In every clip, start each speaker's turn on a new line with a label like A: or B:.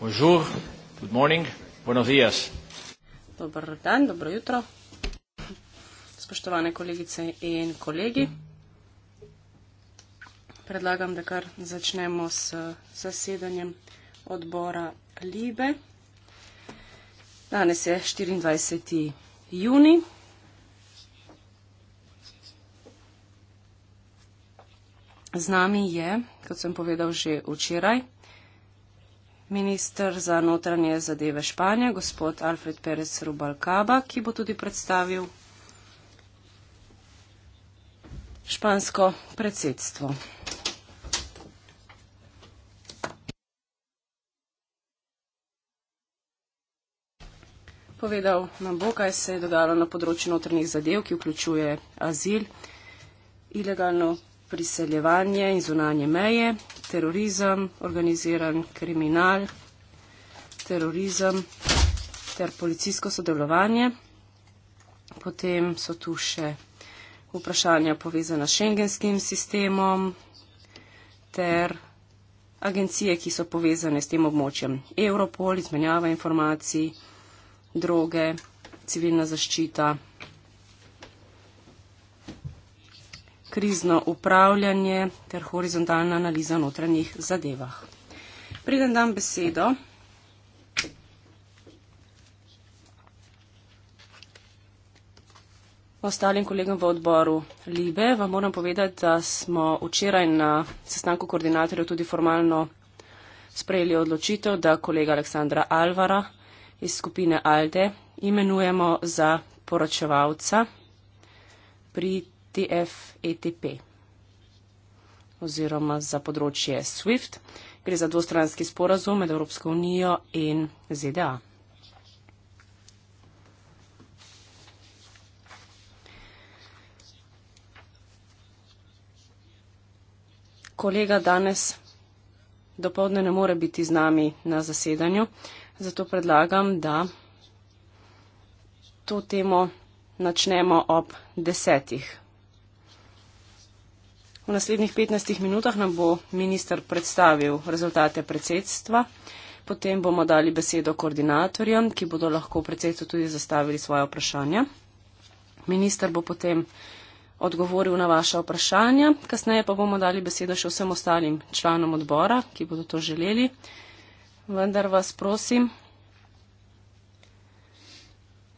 A: Bonjour, good morning, buenos días.
B: Dobar dan, dobro jutro. Spoštovane kolegice in kolegi, predlagam, da kar začnemo s zasedanjem odbora Libe. Danes je 24. juni. Z nami je, kot sem povedal že včeraj, minister za notranje zadeve Španije, gospod Alfred Perez Rubalcaba, ki bo tudi predstavil špansko predsedstvo. Povedal nam bo, kaj se je dogajalo na področju notranjih zadev, ki vključuje azil, ilegalno priseljevanje in zunanje meje, terorizem, organiziran kriminal, terorizem ter policijsko sodelovanje. Potem so tu še vprašanja povezana s šengenskim sistemom ter agencije, ki so povezane s tem območjem. Europol, izmenjava informacij, droge, civilna zaščita. krizno upravljanje ter horizontalna analiza v notranjih zadevah. Preden dam besedo ostalim kolegom v odboru Libe, vam moram povedati, da smo včeraj na sestanku koordinatorjev tudi formalno sprejeli odločitev, da kolega Aleksandra Alvara iz skupine Alde imenujemo za poročevalca pri TFETP oziroma za področje SWIFT. Gre za dvostranski sporazum med Evropsko unijo in ZDA. Kolega danes dopovdne ne more biti z nami na zasedanju, zato predlagam, da to temo načnemo ob desetih. V naslednjih 15 minutah nam bo minister predstavil rezultate predsedstva, potem bomo dali besedo koordinatorjem, ki bodo lahko predsedstvu tudi zastavili svoje vprašanja. Minister bo potem odgovoril na vaše vprašanja, kasneje pa bomo dali besedo še vsem ostalim članom odbora, ki bodo to želeli. Vendar vas prosim,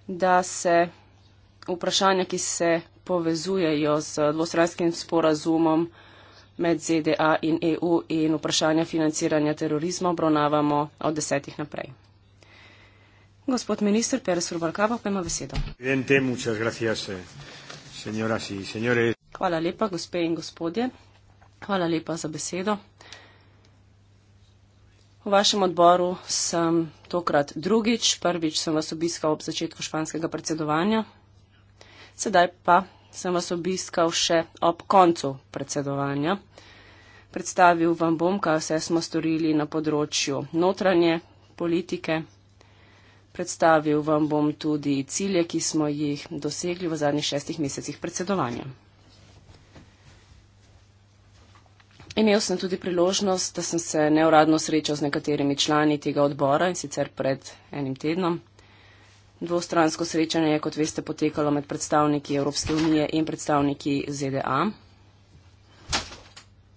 B: da se vprašanja, ki se povezujejo z dvostranskim sporazumom med ZDA in EU in vprašanja financiranja terorizma obravnavamo od desetih naprej. Gospod minister Perez Rubalkava, pa ima besedo. Eh, Hvala lepa, gospe in gospodje. Hvala lepa za besedo. V vašem odboru sem tokrat drugič. Prvič sem vas obiskal ob začetku španskega predsedovanja sedaj pa sem vas obiskal še ob koncu predsedovanja. Predstavil vam bom, kaj vse smo storili na področju notranje politike. Predstavil vam bom tudi cilje, ki smo jih dosegli v zadnjih šestih mesecih predsedovanja. Imel sem tudi priložnost, da sem se neuradno srečal z nekaterimi člani tega odbora in sicer pred enim tednom. Dvostransko srečanje je, kot veste, potekalo med predstavniki Evropske unije in predstavniki ZDA.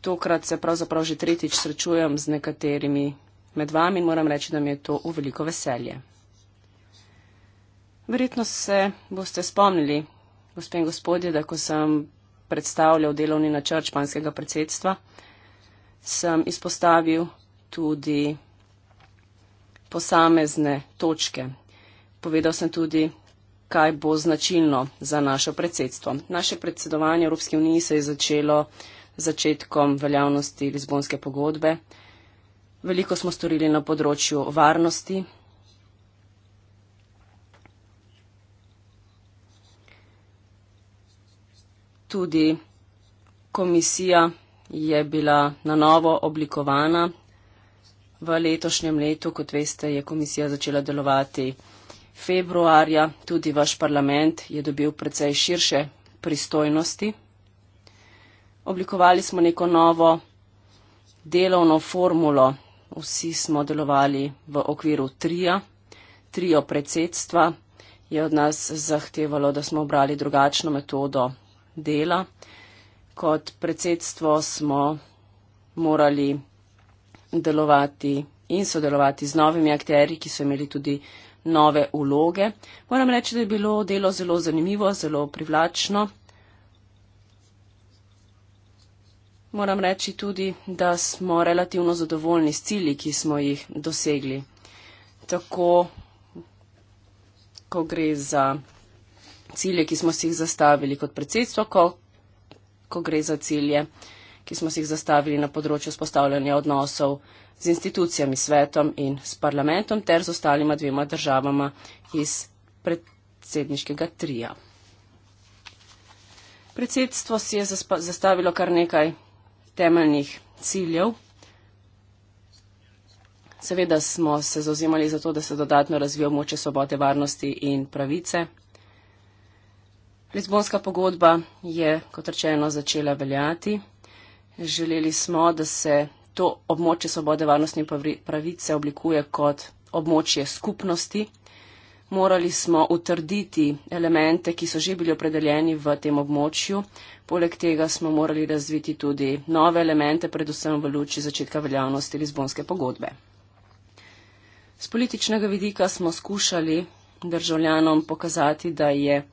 B: Tokrat se pravzaprav že tretjič srečujem z nekaterimi med vami in moram reči, da mi je to v veliko veselje. Verjetno se boste spomnili, gospe in gospodje, da ko sem predstavljal delovni načrt španskega predsedstva, sem izpostavil tudi posamezne točke povedal sem tudi, kaj bo značilno za naše predsedstvo. Naše predsedovanje Evropske unije se je začelo začetkom veljavnosti Lizbonske pogodbe. Veliko smo storili na področju varnosti. Tudi komisija je bila na novo oblikovana. V letošnjem letu, kot veste, je komisija začela delovati februarja tudi vaš parlament je dobil precej širše pristojnosti. Oblikovali smo neko novo delovno formulo. Vsi smo delovali v okviru trija. Trio predsedstva je od nas zahtevalo, da smo obrali drugačno metodo dela. Kot predsedstvo smo morali delovati in sodelovati z novimi akteri, ki so imeli tudi nove vloge. Moram reči, da je bilo delo zelo zanimivo, zelo privlačno. Moram reči tudi, da smo relativno zadovoljni s cilji, ki smo jih dosegli. Tako, ko gre za cilje, ki smo si jih zastavili kot predsedstvo, ko, ko gre za cilje ki smo si jih zastavili na področju spostavljanja odnosov z institucijami, svetom in s parlamentom ter z ostalima dvema državama iz predsedniškega trija. Predsedstvo si je zastavilo kar nekaj temeljnih ciljev. Seveda smo se zauzemali za to, da se dodatno razvijo moče svobode, varnosti in pravice. Lizbonska pogodba je, kot rečeno, začela veljati. Želeli smo, da se to območje svobode, varnosti in pravice oblikuje kot območje skupnosti. Morali smo utrditi elemente, ki so že bili opredeljeni v tem območju. Poleg tega smo morali razviti tudi nove elemente, predvsem v luči začetka veljavnosti Lizbonske pogodbe. Z političnega vidika smo skušali državljanom pokazati, da je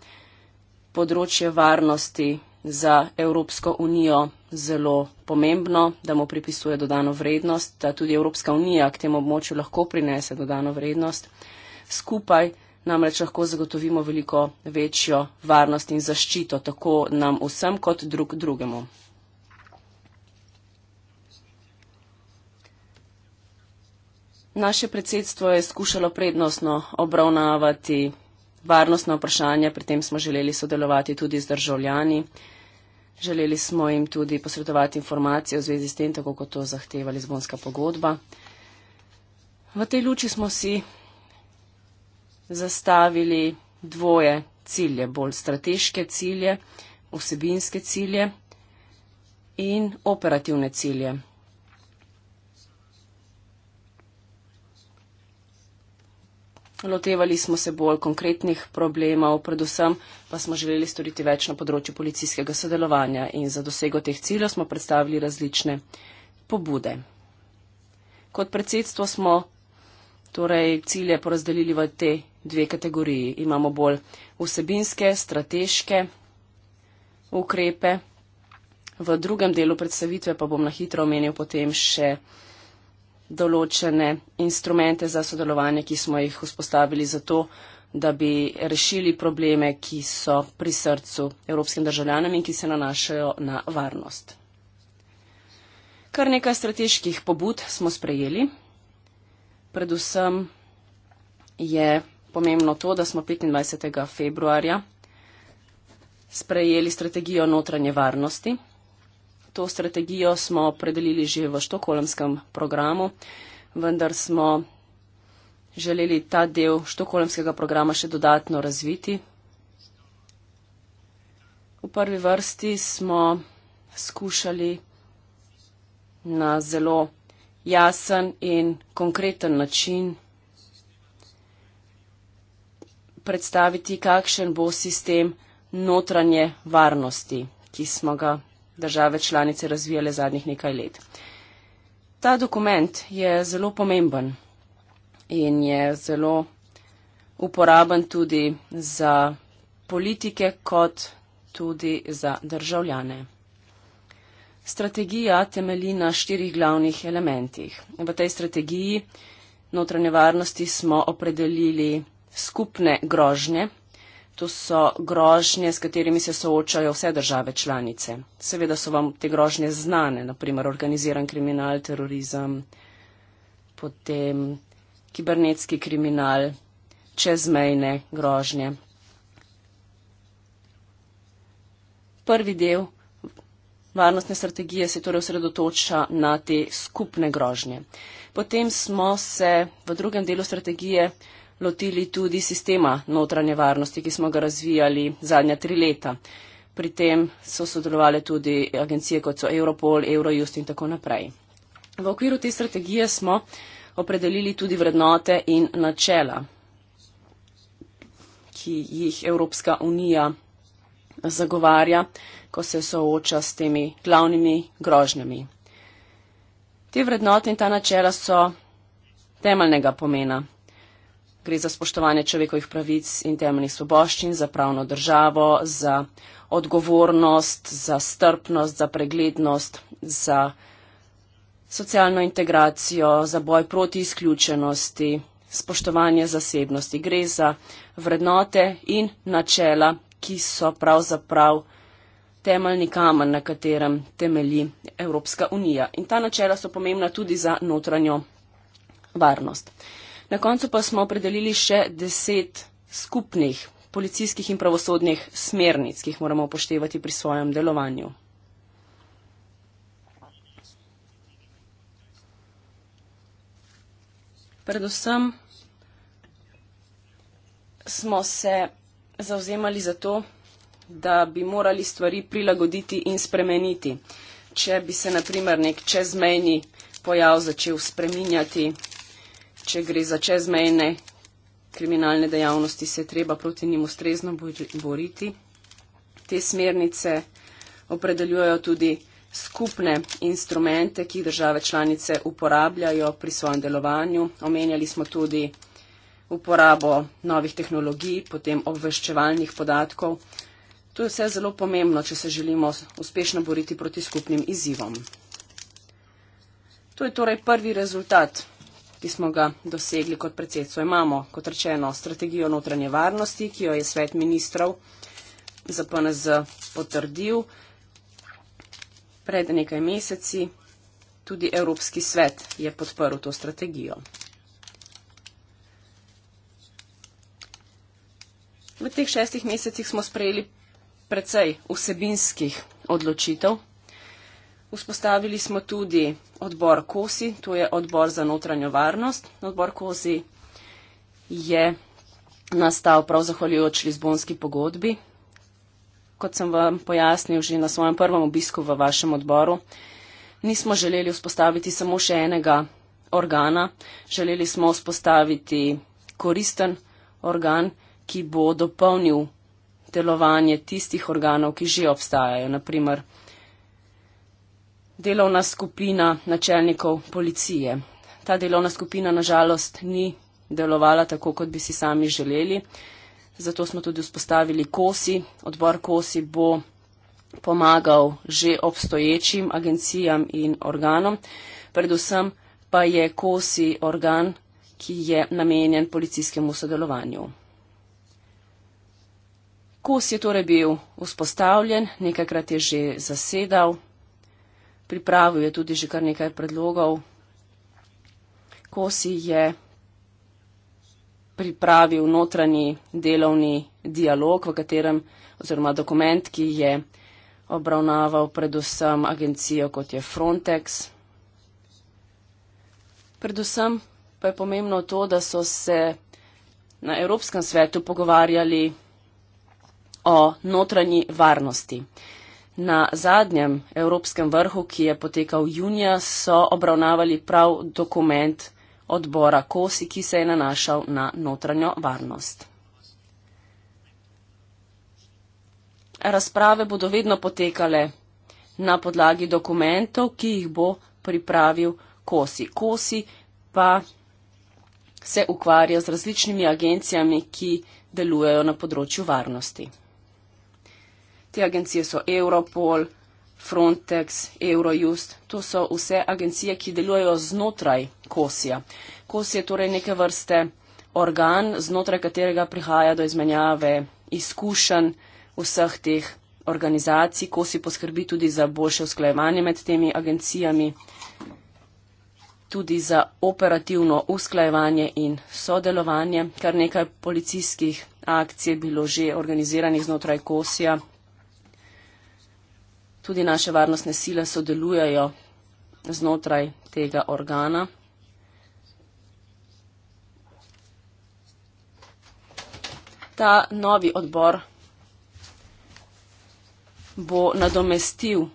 B: področje varnosti za Evropsko unijo zelo pomembno, da mu pripisuje dodano vrednost, da tudi Evropska unija k temu območju lahko prinese dodano vrednost. Skupaj namreč lahko zagotovimo veliko večjo varnost in zaščito, tako nam vsem kot drug drugemu. Naše predsedstvo je skušalo prednostno obravnavati varnostna vprašanja, pri tem smo želeli sodelovati tudi z državljani. Želeli smo jim tudi posredovati informacije v zvezi s tem, tako kot to zahteva Lizbonska pogodba. V tej luči smo si zastavili dvoje cilje, bolj strateške cilje, vsebinske cilje in operativne cilje. Lotevali smo se bolj konkretnih problemov, predvsem pa smo želeli storiti več na področju policijskega sodelovanja in za dosego teh ciljev smo predstavili različne pobude. Kot predsedstvo smo torej, cilje porazdelili v te dve kategoriji. Imamo bolj vsebinske, strateške ukrepe. V drugem delu predstavitve pa bom na hitro omenil potem še določene instrumente za sodelovanje, ki smo jih vzpostavili zato, da bi rešili probleme, ki so pri srcu evropskim državljanom in ki se nanašajo na varnost. Kar nekaj strateških pobud smo sprejeli. Predvsem je pomembno to, da smo 25. februarja sprejeli strategijo notranje varnosti To strategijo smo predelili že v štokolmskem programu, vendar smo želeli ta del štokolmskega programa še dodatno razviti. V prvi vrsti smo skušali na zelo jasen in konkreten način predstaviti, kakšen bo sistem notranje varnosti, ki smo ga države članice razvijale zadnjih nekaj let. Ta dokument je zelo pomemben in je zelo uporaben tudi za politike kot tudi za državljane. Strategija temelji na štirih glavnih elementih. V tej strategiji notranje varnosti smo opredelili skupne grožnje, To so grožnje, s katerimi se soočajo vse države članice. Seveda so vam te grožnje znane, naprimer organiziran kriminal, terorizem, potem kibernetski kriminal, čezmejne grožnje. Prvi del varnostne strategije se torej osredotoča na te skupne grožnje. Potem smo se v drugem delu strategije lotili tudi sistema notranje varnosti, ki smo ga razvijali zadnja tri leta. Pri tem so sodelovali tudi agencije kot so Europol, Eurojust in tako naprej. V okviru te strategije smo opredelili tudi vrednote in načela, ki jih Evropska unija zagovarja, ko se sooča s temi glavnimi grožnjami. Te vrednote in ta načela so temeljnega pomena. Gre za spoštovanje človekovih pravic in temeljnih svoboščin, za pravno državo, za odgovornost, za strpnost, za preglednost, za socialno integracijo, za boj proti izključenosti, spoštovanje zasebnosti. Gre za vrednote in načela, ki so pravzaprav temeljni kamen, na katerem temelji Evropska unija. In ta načela so pomembna tudi za notranjo varnost. Na koncu pa smo opredelili še deset skupnih policijskih in pravosodnih smernic, ki jih moramo upoštevati pri svojem delovanju. Predvsem smo se zauzemali za to, da bi morali stvari prilagoditi in spremeniti. Če bi se naprimer nek čezmejni pojav začel spreminjati če gre za čezmejne kriminalne dejavnosti, se treba proti njim ustrezno boriti. Te smernice opredeljujejo tudi skupne instrumente, ki jih države članice uporabljajo pri svojem delovanju. Omenjali smo tudi uporabo novih tehnologij, potem obveščevalnih podatkov. To je vse zelo pomembno, če se želimo uspešno boriti proti skupnim izzivom. To je torej prvi rezultat ki smo ga dosegli kot predsedstvo. Imamo, kot rečeno, strategijo notranje varnosti, ki jo je svet ministrov za PNZ potrdil pred nekaj meseci. Tudi Evropski svet je podprl to strategijo. V teh šestih mesecih smo sprejeli precej vsebinskih odločitev. Vzpostavili smo tudi odbor Kosi, to je odbor za notranjo varnost. Odbor Kosi je nastal prav zahvaljujoč Lizbonski pogodbi. Kot sem vam pojasnil že na svojem prvem obisku v vašem odboru, nismo želeli vzpostaviti samo še enega organa, želeli smo vzpostaviti koristen organ, ki bo dopolnil delovanje tistih organov, ki že obstajajo. Naprimer, delovna skupina načelnikov policije. Ta delovna skupina nažalost ni delovala tako, kot bi si sami želeli. Zato smo tudi vzpostavili Kosi. Odbor Kosi bo pomagal že obstoječim agencijam in organom. Predvsem pa je Kosi organ, ki je namenjen policijskemu sodelovanju. Kos je torej bil vzpostavljen, nekajkrat je že zasedal pripravil je tudi že kar nekaj predlogov. Kosi je pripravil notranji delovni dialog, v katerem oziroma dokument, ki je obravnaval predvsem agencijo, kot je Frontex. Predvsem pa je pomembno to, da so se na Evropskem svetu pogovarjali o notranji varnosti. Na zadnjem Evropskem vrhu, ki je potekal junija, so obravnavali prav dokument odbora Kosi, ki se je nanašal na notranjo varnost. Razprave bodo vedno potekale na podlagi dokumentov, ki jih bo pripravil Kosi. Kosi pa se ukvarja z različnimi agencijami, ki delujejo na področju varnosti. Te agencije so Europol, Frontex, Eurojust, to so vse agencije, ki delujejo znotraj kosija. Kos je torej neke vrste organ, znotraj katerega prihaja do izmenjave izkušenj vseh teh organizacij. Kosi poskrbi tudi za boljše usklajevanje med temi agencijami, tudi za operativno usklajevanje in sodelovanje. Kar nekaj policijskih akcij je bilo že organiziranih znotraj kosija tudi naše varnostne sile sodelujajo znotraj tega organa. Ta novi odbor bo nadomestil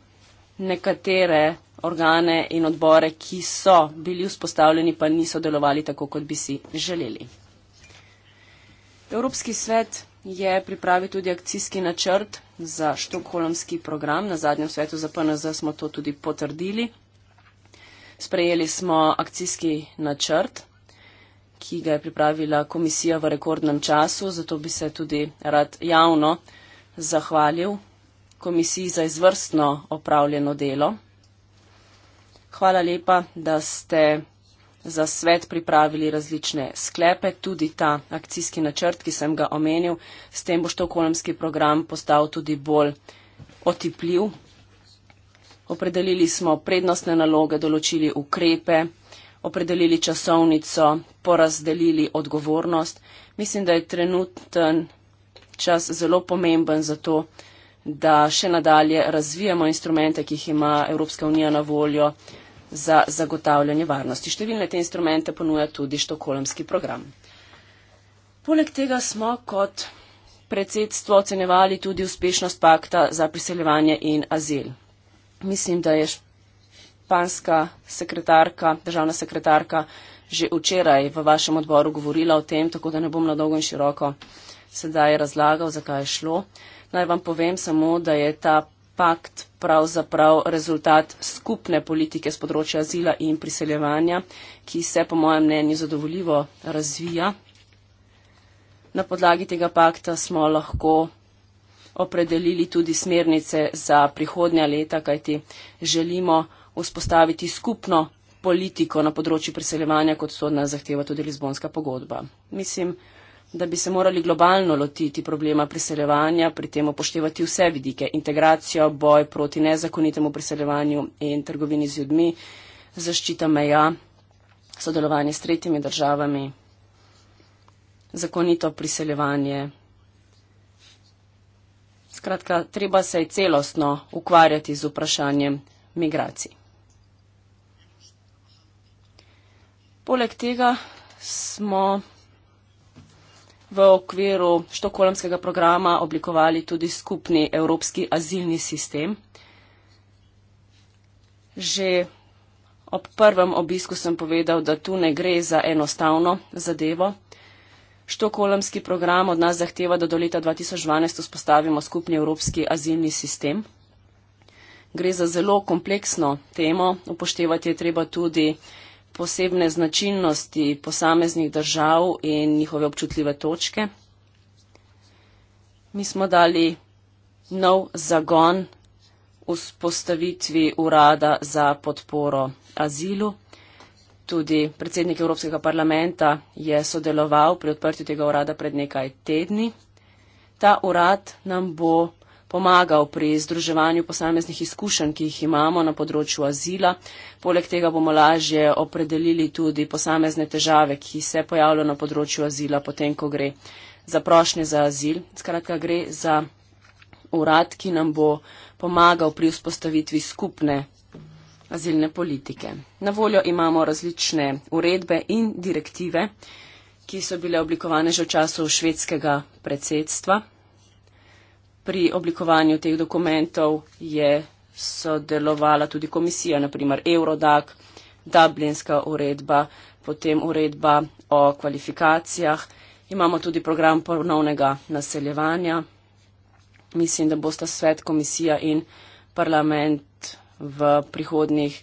B: nekatere organe in odbore, ki so bili vzpostavljeni, pa niso delovali tako, kot bi si želeli. Evropski svet je pripravil tudi akcijski načrt za štokholmski program. Na zadnjem svetu za PNZ smo to tudi potrdili. Sprejeli smo akcijski načrt, ki ga je pripravila komisija v rekordnem času, zato bi se tudi rad javno zahvalil komisiji za izvrstno opravljeno delo. Hvala lepa, da ste za svet pripravili različne sklepe, tudi ta akcijski načrt, ki sem ga omenil, s tem bo štokolemski program postal tudi bolj otipljiv. Opredelili smo prednostne naloge, določili ukrepe, opredelili časovnico, porazdelili odgovornost. Mislim, da je trenuten čas zelo pomemben za to, da še nadalje razvijamo instrumente, ki jih ima Evropska unija na voljo za zagotavljanje varnosti. Številne te instrumente ponuja tudi štokolemski program. Poleg tega smo kot predsedstvo ocenjevali tudi uspešnost pakta za priseljevanje in azil. Mislim, da je španska sekretarka, državna sekretarka že včeraj v vašem odboru govorila o tem, tako da ne bom na dolgo in široko sedaj razlagal, zakaj je šlo. Naj vam povem samo, da je ta pakt pravzaprav rezultat skupne politike z področja azila in priseljevanja, ki se po mojem mnenju zadovoljivo razvija. Na podlagi tega pakta smo lahko opredelili tudi smernice za prihodnja leta, kajti želimo vzpostaviti skupno politiko na področju priseljevanja, kot sodna zahteva tudi Lizbonska pogodba. Mislim, da bi se morali globalno lotiti problema priseljevanja, pri tem upoštevati vse vidike - integracijo, boj proti nezakonitemu priseljevanju in trgovini z ljudmi, zaščita meja, sodelovanje s tretjimi državami, zakonito priseljevanje. Skratka, treba se je celostno ukvarjati z vprašanjem migracij. Poleg tega smo v okviru štokolemskega programa oblikovali tudi skupni evropski azilni sistem. Že ob prvem obisku sem povedal, da tu ne gre za enostavno zadevo. Štokolemski program od nas zahteva, da do leta 2012 vzpostavimo skupni evropski azilni sistem. Gre za zelo kompleksno temo, upoštevati je treba tudi posebne značilnosti posameznih držav in njihove občutljive točke. Mi smo dali nov zagon vzpostavitvi urada za podporo azilu. Tudi predsednik Evropskega parlamenta je sodeloval pri odprtju tega urada pred nekaj tedni. Ta urad nam bo pomagal pri združevanju posameznih izkušenj, ki jih imamo na področju azila. Poleg tega bomo lažje opredelili tudi posamezne težave, ki se pojavljajo na področju azila, potem, ko gre za prošnje za azil. Skratka, gre za urad, ki nam bo pomagal pri vzpostavitvi skupne azilne politike. Na voljo imamo različne uredbe in direktive, ki so bile oblikovane že v času švedskega predsedstva pri oblikovanju teh dokumentov je sodelovala tudi komisija, naprimer Eurodac, Dublinska uredba, potem uredba o kvalifikacijah. Imamo tudi program ponovnega naseljevanja. Mislim, da bosta svet, komisija in parlament v prihodnih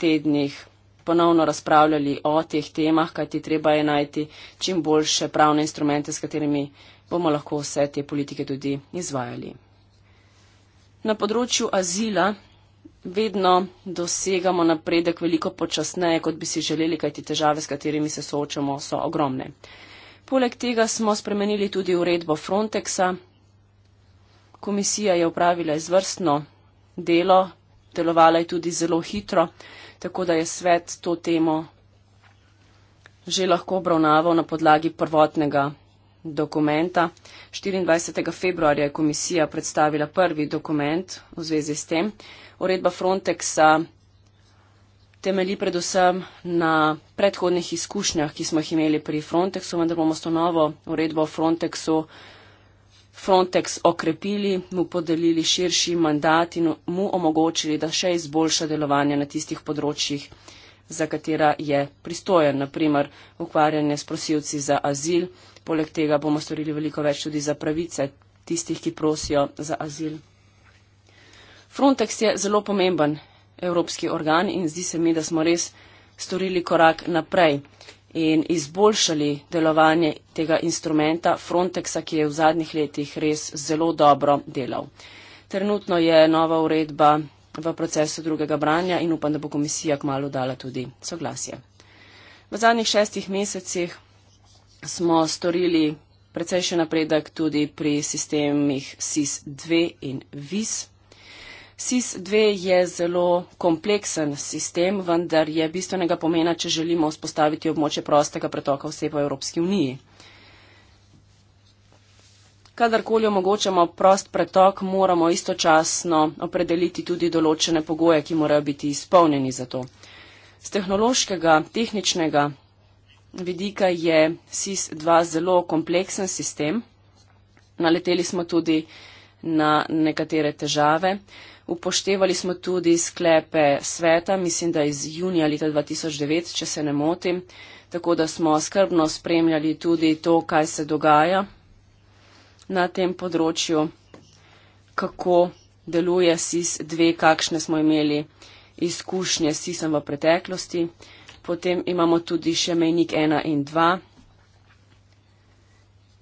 B: tednih ponovno razpravljali o teh temah, kajti treba je najti čim boljše pravne instrumente, s katerimi bomo lahko vse te politike tudi izvajali. Na področju azila vedno dosegamo napredek veliko počasneje, kot bi si želeli, kajti težave, s katerimi se soočamo, so ogromne. Poleg tega smo spremenili tudi uredbo Frontexa. Komisija je upravila izvrstno delo, delovala je tudi zelo hitro, tako da je svet to temo že lahko obravnaval na podlagi prvotnega dokumenta. 24. februarja je komisija predstavila prvi dokument v zvezi s tem. Uredba Frontexa temelji predvsem na predhodnih izkušnjah, ki smo jih imeli pri Frontexu, vendar bomo s to novo uredbo o Frontexu Frontex okrepili, mu podelili širši mandat in mu omogočili, da še izboljša delovanje na tistih področjih, za katera je pristojen, naprimer ukvarjanje s prosilci za azil, Poleg tega bomo storili veliko več tudi za pravice tistih, ki prosijo za azil. Frontex je zelo pomemben evropski organ in zdi se mi, da smo res storili korak naprej in izboljšali delovanje tega instrumenta Frontexa, ki je v zadnjih letih res zelo dobro delal. Trenutno je nova uredba v procesu drugega branja in upam, da bo komisija kmalo dala tudi soglasje. V zadnjih šestih mesecih smo storili precejšen napredek tudi pri sistemih SIS-2 in VIS. SIS-2 je zelo kompleksen sistem, vendar je bistvenega pomena, če želimo vzpostaviti območje prostega pretoka vse po Evropski uniji. Kadarkoli omogočamo prost pretok, moramo istočasno opredeliti tudi določene pogoje, ki morajo biti izpolnjeni za to. Z tehnološkega, tehničnega vidika je SIS-2 zelo kompleksen sistem. Naleteli smo tudi na nekatere težave. Upoštevali smo tudi sklepe sveta, mislim, da iz junija leta 2009, če se ne motim, tako da smo skrbno spremljali tudi to, kaj se dogaja na tem področju, kako deluje SIS-2, kakšne smo imeli izkušnje s SIS-om v preteklosti. Potem imamo tudi še mejnik 1 in 2.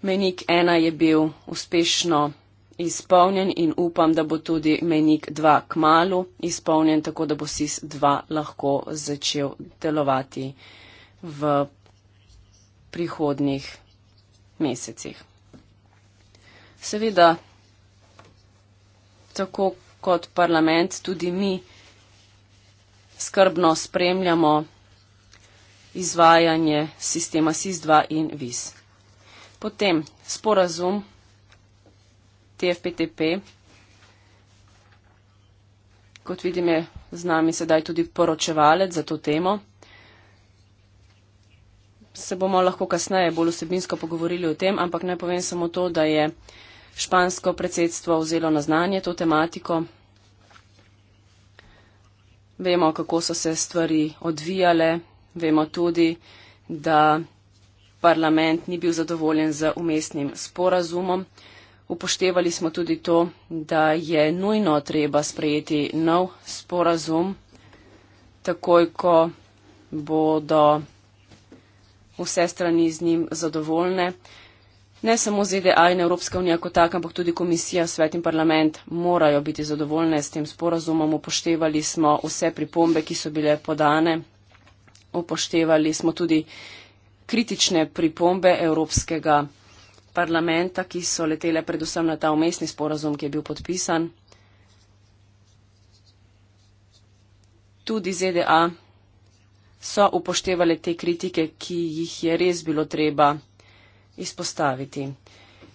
B: Mejnik 1 je bil uspešno izpolnjen in upam, da bo tudi mejnik 2 k malu izpolnjen, tako da bo SIS 2 lahko začel delovati v prihodnjih mesecih. Seveda, tako kot parlament, tudi mi skrbno spremljamo izvajanje sistema SIS-2 in VIS. Potem sporazum TFPTP, kot vidim je z nami sedaj tudi poročevalec za to temo. Se bomo lahko kasneje bolj vsebinsko pogovorili o tem, ampak naj povem samo to, da je špansko predsedstvo vzelo na znanje to tematiko. Vemo, kako so se stvari odvijale, Vemo tudi, da parlament ni bil zadovoljen z umestnim sporazumom. Upoštevali smo tudi to, da je nujno treba sprejeti nov sporazum, takoj ko bodo vse strani z njim zadovoljne. Ne samo ZDA in Evropska unija kot tak, ampak tudi komisija, svet in parlament morajo biti zadovoljne s tem sporazumom. Upoštevali smo vse pripombe, ki so bile podane upoštevali smo tudi kritične pripombe Evropskega parlamenta, ki so letele predvsem na ta umestni sporazum, ki je bil podpisan. Tudi ZDA so upoštevali te kritike, ki jih je res bilo treba izpostaviti.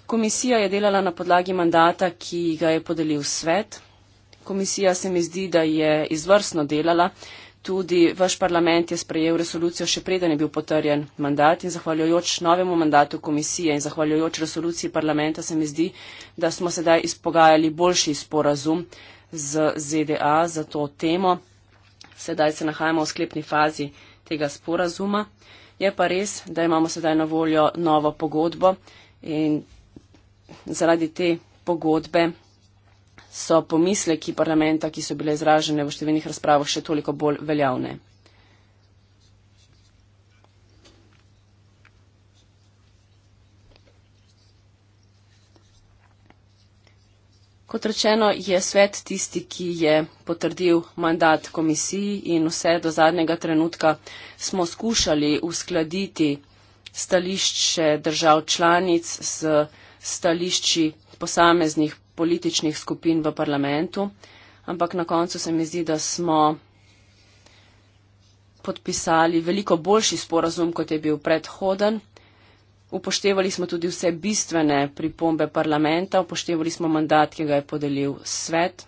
B: Komisija je delala na podlagi mandata, ki ga je podelil svet. Komisija se mi zdi, da je izvrstno delala tudi vaš parlament je sprejel resolucijo še preden je bil potrjen mandat in zahvaljujoč novemu mandatu komisije in zahvaljujoč resoluciji parlamenta se mi zdi, da smo sedaj izpogajali boljši sporazum z ZDA za to temo. Sedaj se nahajamo v sklepni fazi tega sporazuma. Je pa res, da imamo sedaj na voljo novo pogodbo in zaradi te pogodbe so pomisleki parlamenta, ki so bile izražene v številnih razpravah, še toliko bolj veljavne. Kot rečeno, je svet tisti, ki je potrdil mandat komisiji in vse do zadnjega trenutka smo skušali uskladiti stališče držav članic s stališči posameznih političnih skupin v parlamentu, ampak na koncu se mi zdi, da smo podpisali veliko boljši sporazum, kot je bil predhoden. Upoštevali smo tudi vse bistvene pripombe parlamenta, upoštevali smo mandat, ki ga je podelil svet.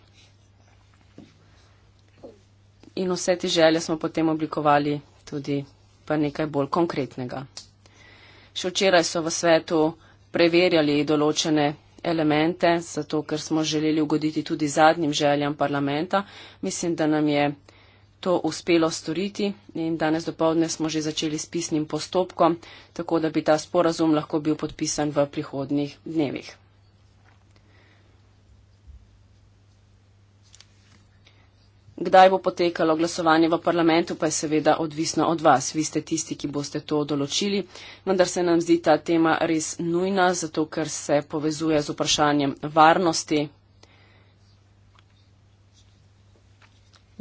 B: In vse te želje smo potem oblikovali tudi pa nekaj bolj konkretnega. Še včeraj so v svetu preverjali določene elemente, zato ker smo želeli ugoditi tudi zadnjim željam parlamenta. Mislim, da nam je to uspelo storiti in danes dopovdne smo že začeli s pisnim postopkom, tako da bi ta sporazum lahko bil podpisan v prihodnjih dnevih. Kdaj bo potekalo glasovanje v parlamentu, pa je seveda odvisno od vas. Vi ste tisti, ki boste to določili, vendar se nam zdi ta tema res nujna, zato ker se povezuje z vprašanjem varnosti.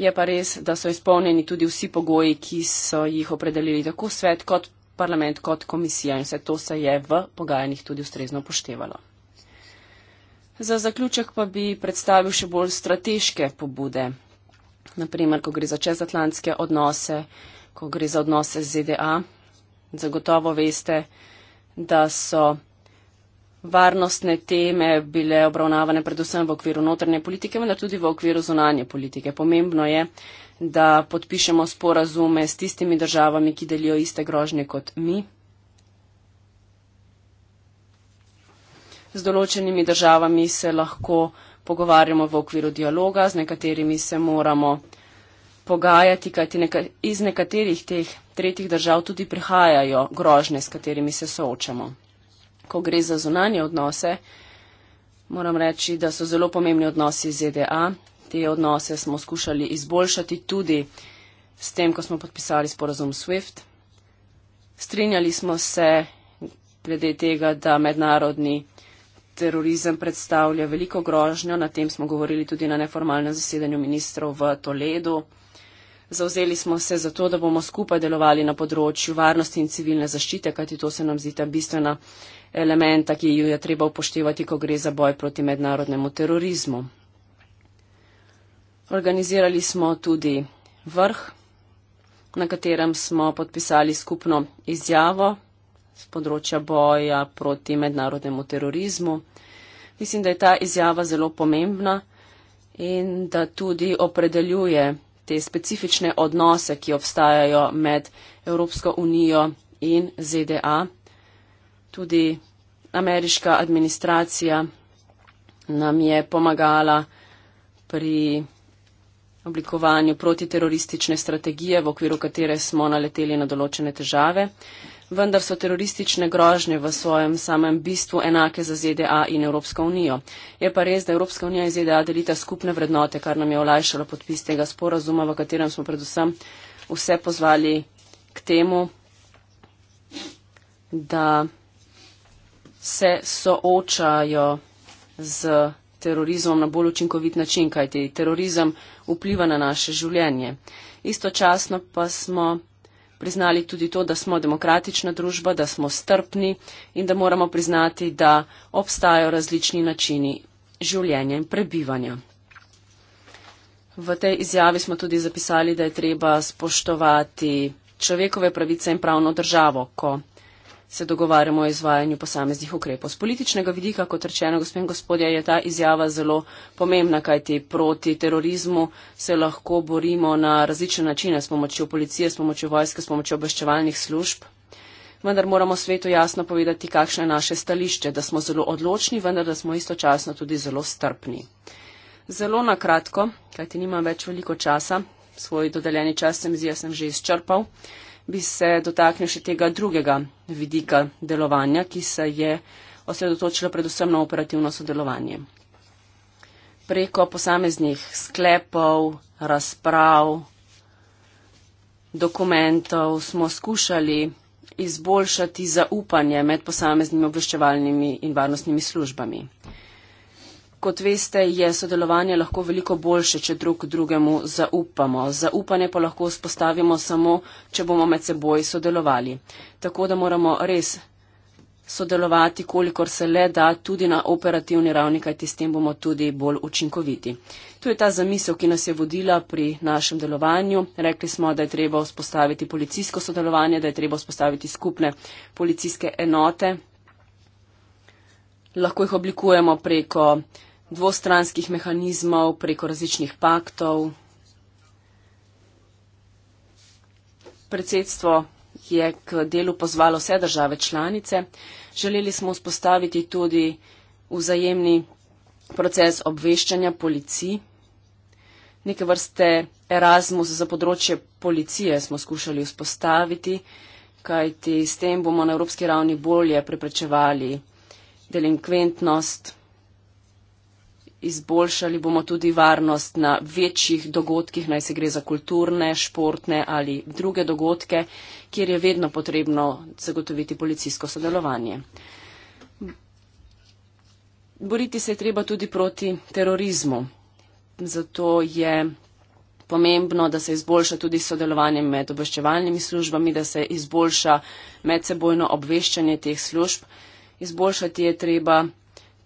B: Je pa res, da so izpolnjeni tudi vsi pogoji, ki so jih opredelili tako svet kot parlament kot komisija in vse to se je v pogajanjih tudi ustrezno upoštevalo. Za zaključek pa bi predstavil še bolj strateške pobude naprimer, ko gre za čezatlantske odnose, ko gre za odnose z ZDA. Zagotovo veste, da so varnostne teme bile obravnavane predvsem v okviru notrne politike, vendar tudi v okviru zunanje politike. Pomembno je, da podpišemo sporazume s tistimi državami, ki delijo iste grožnje kot mi. Z določenimi državami se lahko pogovarjamo v okviru dialoga, z nekaterimi se moramo pogajati, kajti neka, iz nekaterih teh tretjih držav tudi prihajajo grožne, s katerimi se soočamo. Ko gre za zunanje odnose, moram reči, da so zelo pomembni odnosi z ZDA. Te odnose smo skušali izboljšati tudi s tem, ko smo podpisali sporazum SWIFT. Strinjali smo se glede tega, da mednarodni terorizem predstavlja veliko grožnjo, na tem smo govorili tudi na neformalnem zasedanju ministrov v Toledu. Zauzeli smo se za to, da bomo skupaj delovali na področju varnosti in civilne zaščite, kajti to se nam zdi ta bistvena elementa, ki jo je treba upoštevati, ko gre za boj proti mednarodnemu terorizmu. Organizirali smo tudi vrh, na katerem smo podpisali skupno izjavo z področja boja proti mednarodnemu terorizmu. Mislim, da je ta izjava zelo pomembna in da tudi opredeljuje te specifične odnose, ki obstajajo med Evropsko unijo in ZDA. Tudi ameriška administracija nam je pomagala pri oblikovanju protiteroristične strategije, v okviru katere smo naleteli na določene težave vendar so teroristične grožnje v svojem samem bistvu enake za ZDA in Evropsko unijo. Je pa res, da Evropska unija in ZDA delita skupne vrednote, kar nam je olajšalo podpis tega sporazuma, v katerem smo predvsem vse pozvali k temu, da se soočajo z terorizmom na bolj učinkovit način, kajti terorizem vpliva na naše življenje. Istočasno pa smo priznali tudi to, da smo demokratična družba, da smo strpni in da moramo priznati, da obstajajo različni načini življenja in prebivanja. V tej izjavi smo tudi zapisali, da je treba spoštovati človekove pravice in pravno državo, ko se dogovarjamo o izvajanju posameznih ukrepov. Z političnega vidika, kot rečeno, gospod in gospodje, je ta izjava zelo pomembna, kajti proti terorizmu se lahko borimo na različne načine, s pomočjo policije, s pomočjo vojske, s pomočjo obveščevalnih služb. Vendar moramo svetu jasno povedati, kakšno je naše stališče, da smo zelo odločni, vendar da smo istočasno tudi zelo strpni. Zelo na kratko, kajti nimam več veliko časa, svoj dodeljeni čas sem, zdi, sem že izčrpal bi se dotaknil še tega drugega vidika delovanja, ki se je osredotočilo predvsem na operativno sodelovanje. Preko posameznih sklepov, razprav, dokumentov smo skušali izboljšati zaupanje med posameznimi obveščevalnimi in varnostnimi službami. Kot veste, je sodelovanje lahko veliko boljše, če drug drugemu zaupamo. Zaupanje pa lahko spostavimo samo, če bomo med seboj sodelovali. Tako da moramo res sodelovati, kolikor se le da, tudi na operativni ravni, kajti s tem bomo tudi bolj učinkoviti. To je ta zamisel, ki nas je vodila pri našem delovanju. Rekli smo, da je treba vzpostaviti policijsko sodelovanje, da je treba vzpostaviti skupne policijske enote. Lahko jih oblikujemo preko dvostranskih mehanizmov, preko različnih paktov. Predsedstvo je k delu pozvalo vse države članice. Želeli smo vzpostaviti tudi vzajemni proces obveščanja policij. Neke vrste Erasmus za področje policije smo skušali vzpostaviti, kajti s tem bomo na evropski ravni bolje preprečevali delinkventnost izboljšali bomo tudi varnost na večjih dogodkih, naj se gre za kulturne, športne ali druge dogodke, kjer je vedno potrebno zagotoviti policijsko sodelovanje. Boriti se je treba tudi proti terorizmu. Zato je pomembno, da se izboljša tudi sodelovanje med obveščevalnimi službami, da se izboljša medsebojno obveščanje teh služb. Izboljšati je treba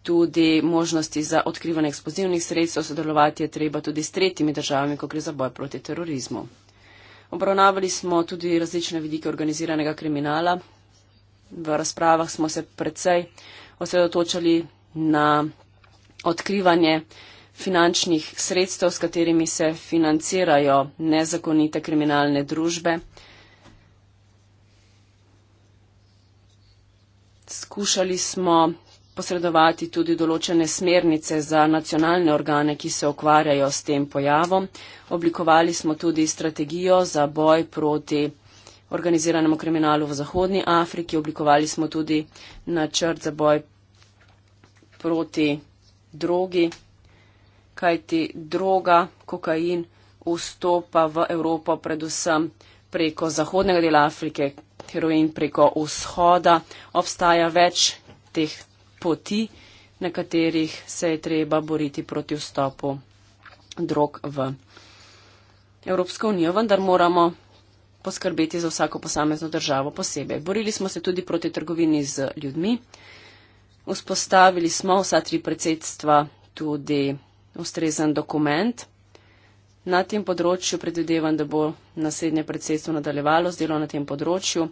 B: tudi možnosti za odkrivanje eksplozivnih sredstev, sodelovati je treba tudi s tretjimi državami, ko gre za boj proti terorizmu. Obravnavali smo tudi različne vidike organiziranega kriminala. V razpravah smo se precej osredotočali na odkrivanje finančnih sredstev, s katerimi se financirajo nezakonite kriminalne družbe. Skušali smo posredovati tudi določene smernice za nacionalne organe, ki se ukvarjajo s tem pojavom. Oblikovali smo tudi strategijo za boj proti organiziranemu kriminalu v Zahodnji Afriki, oblikovali smo tudi načrt za boj proti drogi, kajti droga, kokain vstopa v Evropo predvsem preko zahodnega dela Afrike, heroin preko vzhoda. Obstaja več teh poti, na katerih se je treba boriti proti vstopu drog v Evropsko unijo, vendar moramo poskrbeti za vsako posamezno državo posebej. Borili smo se tudi proti trgovini z ljudmi, vzpostavili smo vsa tri predsedstva tudi ustrezen dokument. Na tem področju predvidevam, da bo naslednje predsedstvo nadaljevalo z delo na tem področju.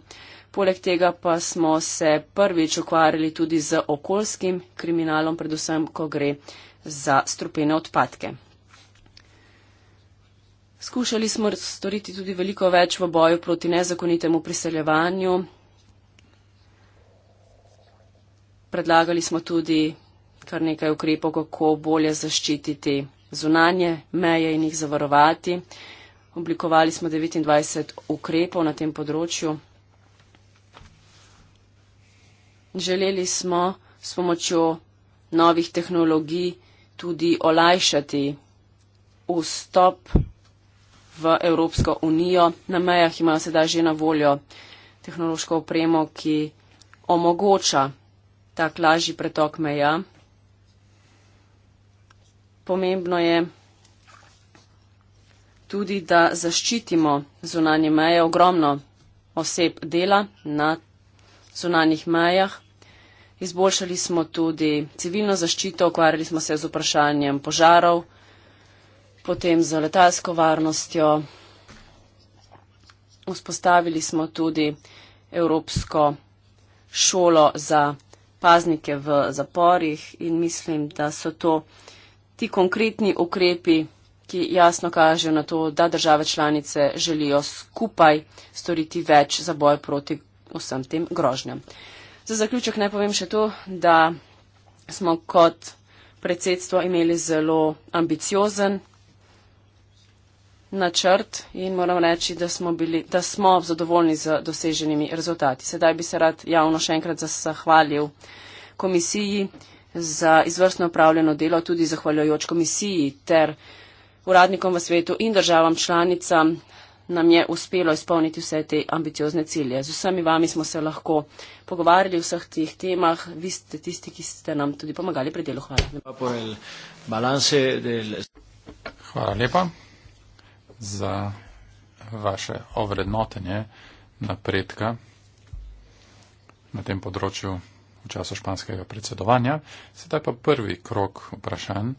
B: Poleg tega pa smo se prvič ukvarjali tudi z okoljskim kriminalom, predvsem, ko gre za strupene odpadke. Skušali smo storiti tudi veliko več v boju proti nezakonitemu priseljevanju. Predlagali smo tudi kar nekaj ukrepov, kako bolje zaščititi zunanje meje in jih zavarovati. Oblikovali smo 29 ukrepov na tem področju. Želeli smo s pomočjo novih tehnologij tudi olajšati vstop v Evropsko unijo. Na mejah imajo sedaj že na voljo tehnološko opremo, ki omogoča tak lažji pretok meja. Pomembno je tudi, da zaščitimo zunanje meje. Ogromno oseb dela na zunanjih mejah. Izboljšali smo tudi civilno zaščito, ukvarjali smo se z vprašanjem požarov, potem z letalsko varnostjo. Vzpostavili smo tudi Evropsko šolo za paznike v zaporih in mislim, da so to ti konkretni ukrepi, ki jasno kažejo na to, da države članice želijo skupaj storiti več za boj proti vsem tem grožnjam. Za zaključek naj povem še to, da smo kot predsedstvo imeli zelo ambiciozen načrt in moram reči, da smo, bili, da smo zadovoljni z doseženimi rezultati. Sedaj bi se rad javno še enkrat zahvalil komisiji za izvrstno upravljeno delo, tudi zahvaljujoč komisiji ter uradnikom v svetu in državam članicam nam je uspelo izpolniti vse te ambiciozne cilje. Z vsemi vami smo se lahko pogovarjali o vseh teh temah, vi ste tisti, ki ste nam tudi pomagali pri delu.
C: Hvala. Hvala lepa za vaše ovrednotenje napredka na tem področju v času španskega predsedovanja. Sedaj pa prvi krok vprašanj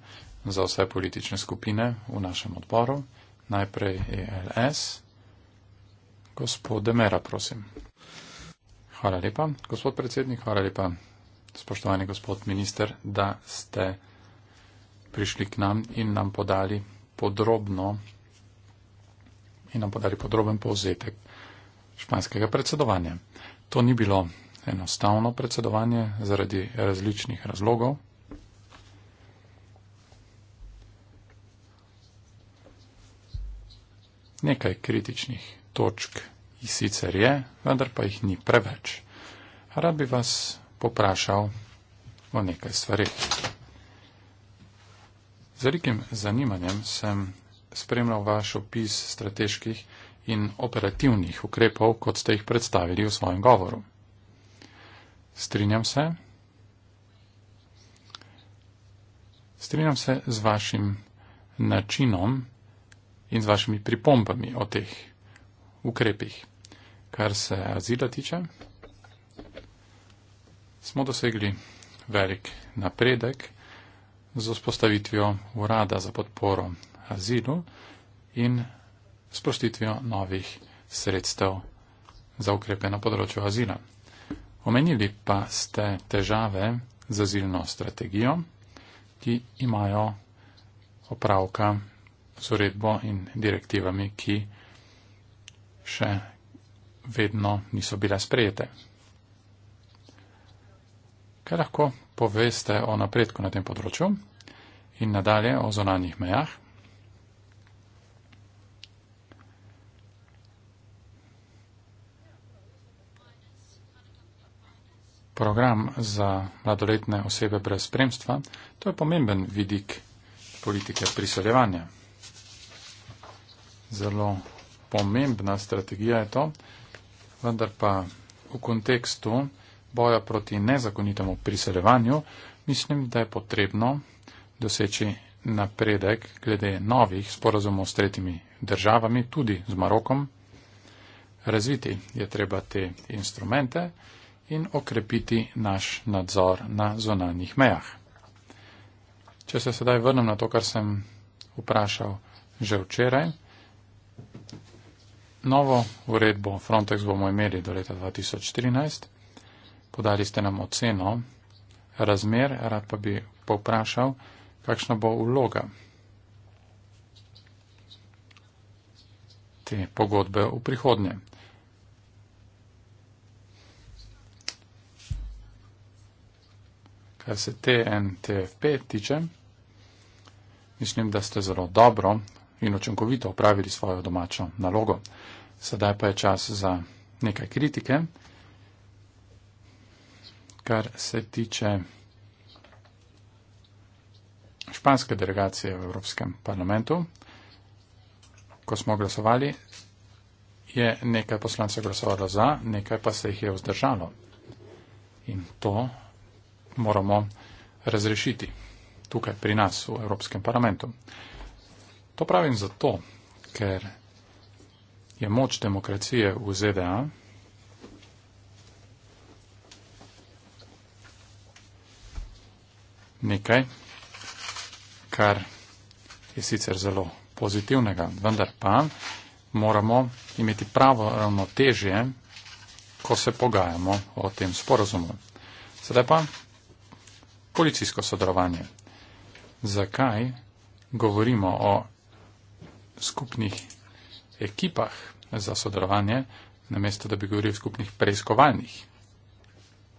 C: za vse politične skupine v našem odboru najprej ELS. Gospod Demera, prosim. Hvala lepa, gospod predsednik, hvala lepa, spoštovani gospod minister, da ste prišli k nam in nam podali podrobno in nam podali podroben povzetek španskega predsedovanja. To ni bilo enostavno predsedovanje zaradi različnih razlogov. Nekaj kritičnih točk jih sicer je, vendar pa jih ni preveč. Rad bi vas poprašal o nekaj stvarih. Z velikim zanimanjem sem spremljal vaš opis strateških in operativnih ukrepov, kot ste jih predstavili v svojem govoru. Strinjam se. Strinjam se z vašim načinom in z vašimi pripombami o teh ukrepih. Kar se azila tiče, smo dosegli velik napredek z vzpostavitvijo urada za podporo azilu in sprostitvijo novih sredstev za ukrepe na področju azila. Omenili pa ste težave z azilno strategijo, ki imajo opravka z uredbo in direktivami, ki še vedno niso bile sprejete. Kaj lahko poveste o napredku na tem področju in nadalje o zonanjih mejah? Program za mladoletne osebe brez spremstva, to je pomemben vidik politike priseljevanja zelo pomembna strategija je to, vendar pa v kontekstu boja proti nezakonitemu priseljevanju mislim, da je potrebno doseči napredek glede novih sporazumov s tretjimi državami, tudi z Marokom. Razviti je treba te instrumente in okrepiti naš nadzor na zonanih mejah. Če se sedaj vrnem na to, kar sem vprašal že včeraj, novo uredbo Frontex bomo imeli do leta 2013. Podali ste nam oceno razmer, rad pa bi povprašal, kakšna bo vloga te pogodbe v prihodnje. Kar se TNTFP tiče, mislim, da ste zelo dobro in očinkovito opravili svojo domačo nalogo. Sedaj pa je čas za nekaj kritike, kar se tiče španske delegacije v Evropskem parlamentu. Ko smo glasovali, je nekaj poslancev glasovalo za, nekaj pa se jih je vzdržalo. In to moramo razrešiti tukaj pri nas v Evropskem parlamentu. To pravim zato, ker je moč demokracije v ZDA nekaj, kar je sicer zelo pozitivnega, vendar pa moramo imeti pravo ravnotežje, ko se pogajamo o tem sporozumu. Sedaj pa policijsko sodelovanje. Zakaj govorimo o skupnih ekipah za sodelovanje, namesto da bi govorili o skupnih preiskovalnih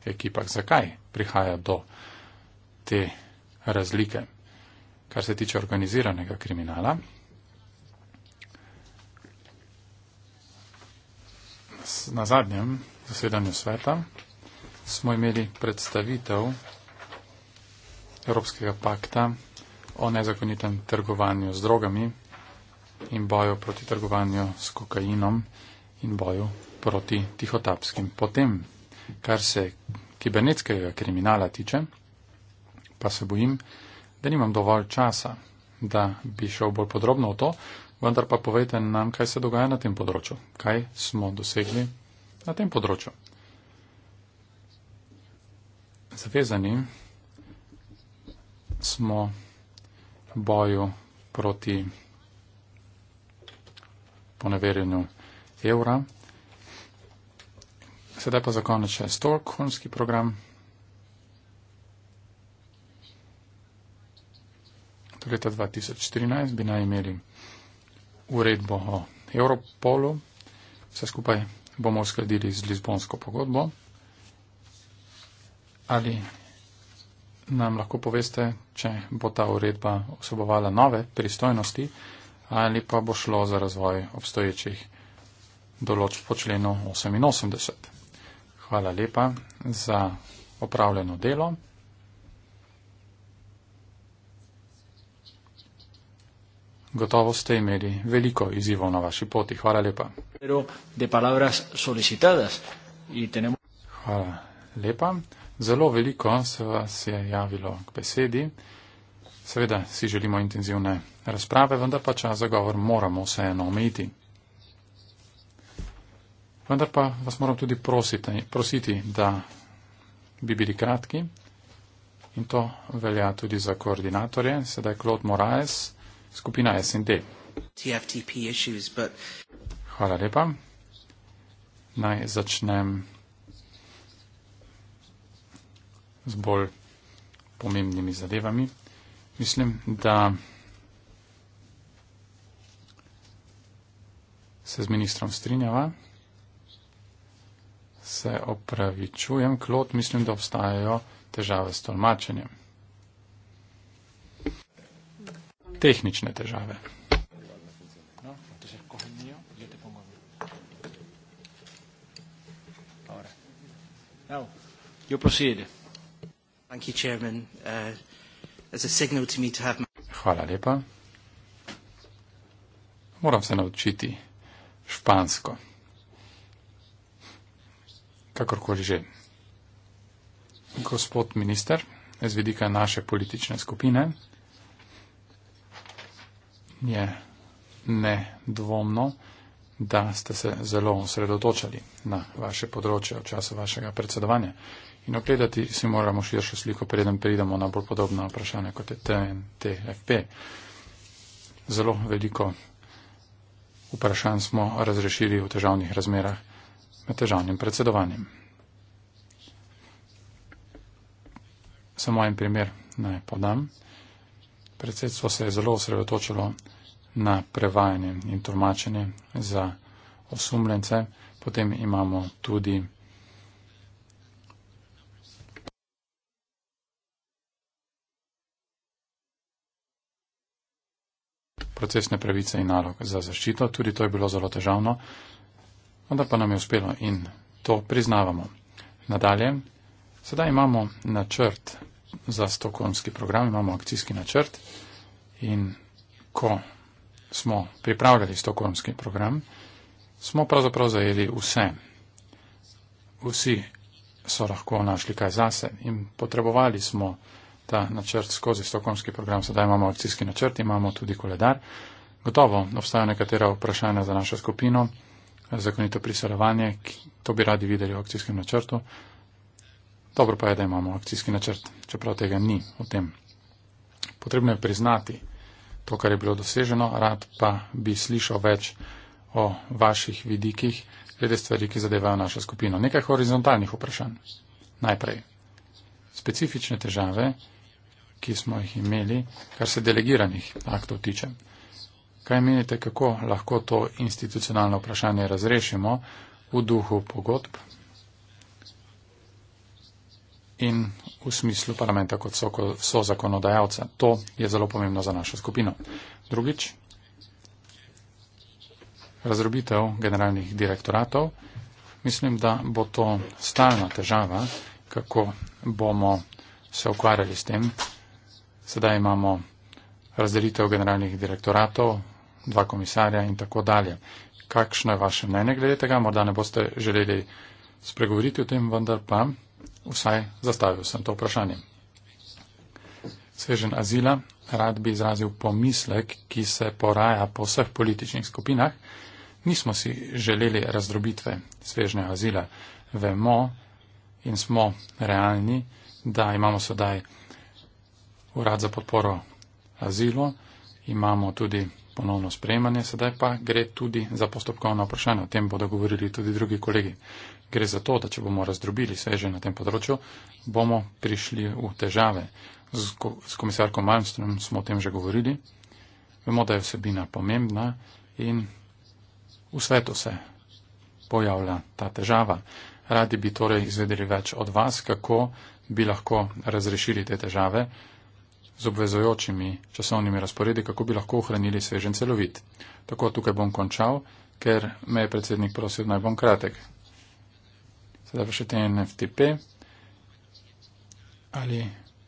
C: ekipah. Zakaj prihaja do te razlike, kar se tiče organiziranega kriminala? Na zadnjem zasedanju sveta smo imeli predstavitev Evropskega pakta o nezakonitem trgovanju z drogami in boju proti trgovanju s kokainom in boju proti tihotapskim. Potem, kar se kibernetskega kriminala tiče, pa se bojim, da nimam dovolj časa, da bi šel bolj podrobno o to, vendar pa povejte nam, kaj se dogaja na tem področju, kaj smo dosegli na tem področju. Zavezani smo boju proti po naverjenju evra. Sedaj pa za konec še Stokholmski program. Do leta 2014 bi naj imeli uredbo o Europolu. Vse skupaj bomo uskladili z Lizbonsko pogodbo. Ali nam lahko poveste, če bo ta uredba osebovala nove pristojnosti? ali pa bo šlo za razvoj obstoječih določb po členu 88. Hvala lepa za opravljeno delo. Gotovo ste imeli veliko izzivov na vaši poti. Hvala lepa. Hvala lepa. Zelo veliko se vas je javilo k besedi. Seveda si želimo intenzivne razprave, vendar pa čas za govor moramo vseeno omejiti. Vendar pa vas moram tudi prositi, prositi, da bi bili kratki in to velja tudi za koordinatorje, sedaj Klod Moraes, skupina SND. TFTP issues, but... Hvala lepa. Naj začnem z bolj pomembnimi zadevami. Mislim, da se z ministrom strinjava. Se opravičujem, klot, mislim, da obstajajo težave s tolmačenjem. Tehnične težave. Jo no, prosede. Thank you, Chairman. Uh, Hvala lepa. Moram se naučiti špansko. Kakorkoli že. Gospod minister, z vidika naše politične skupine je nedvomno, da ste se zelo osredotočali na vaše področje v času vašega predsedovanja in ogledati si moramo širšo sliko, preden pridemo na bolj podobna vprašanja kot je TNTFP. Zelo veliko vprašanj smo razrešili v težavnih razmerah med težavnim predsedovanjem. Samo en primer naj podam. Predsedstvo se je zelo osredotočilo na prevajanje in tolmačenje za osumljence. Potem imamo tudi procesne pravice in nalog za zaščito. Tudi to je bilo zelo težavno, vendar pa nam je uspelo in to priznavamo. Nadalje, sedaj imamo načrt za stokholmski program, imamo akcijski načrt in ko smo pripravljali stokholmski program, smo pravzaprav zajeli vse. Vsi so lahko našli kaj zase in potrebovali smo ta načrt skozi stokholmski program, sedaj imamo akcijski načrt, imamo tudi koledar. Gotovo obstajajo nekatera vprašanja za našo skupino, zakonito priseljevanje, to bi radi videli v akcijskem načrtu. Dobro pa je, da imamo akcijski načrt, čeprav tega ni v tem. Potrebno je priznati to, kar je bilo doseženo, rad pa bi slišal več o vaših vidikih glede stvari, ki zadevajo našo skupino. Nekaj horizontalnih vprašanj. Najprej. Specifične težave ki smo jih imeli, kar se delegiranih aktov tiče. Kaj menite, kako lahko to institucionalno vprašanje razrešimo v duhu pogodb in v smislu parlamenta kot so, so zakonodajalca? To je zelo pomembno za našo skupino. Drugič, razrobitev generalnih direktoratov. Mislim, da bo to stalna težava, kako bomo se ukvarjali s tem, sedaj imamo razdelitev generalnih direktoratov, dva komisarja in tako dalje. Kakšno je vaše mnenje glede tega? Morda ne boste želeli spregovoriti o tem, vendar pa vsaj zastavil sem to vprašanje. Svežen azila rad bi izrazil pomislek, ki se poraja po vseh političnih skupinah. Nismo si želeli razdrobitve svežne azila. Vemo in smo realni, da imamo sedaj urad za podporo azilu, imamo tudi ponovno sprejemanje, sedaj pa gre tudi za postopkovno vprašanje. O tem bodo govorili tudi drugi kolegi. Gre za to, da če bomo razdrobili sveže na tem področju, bomo prišli v težave. Z, ko z komisarko Malmström smo o tem že govorili. Vemo, da je vsebina pomembna in v svetu se pojavlja ta težava. Radi bi torej izvedeli več od vas, kako bi lahko razrešili te težave z obvezojočimi časovnimi razporedi, kako bi lahko ohranili svežen celovit. Tako tukaj bom končal, ker me je predsednik prosil naj bom kratek. Sedaj pa še te NFTP. Ali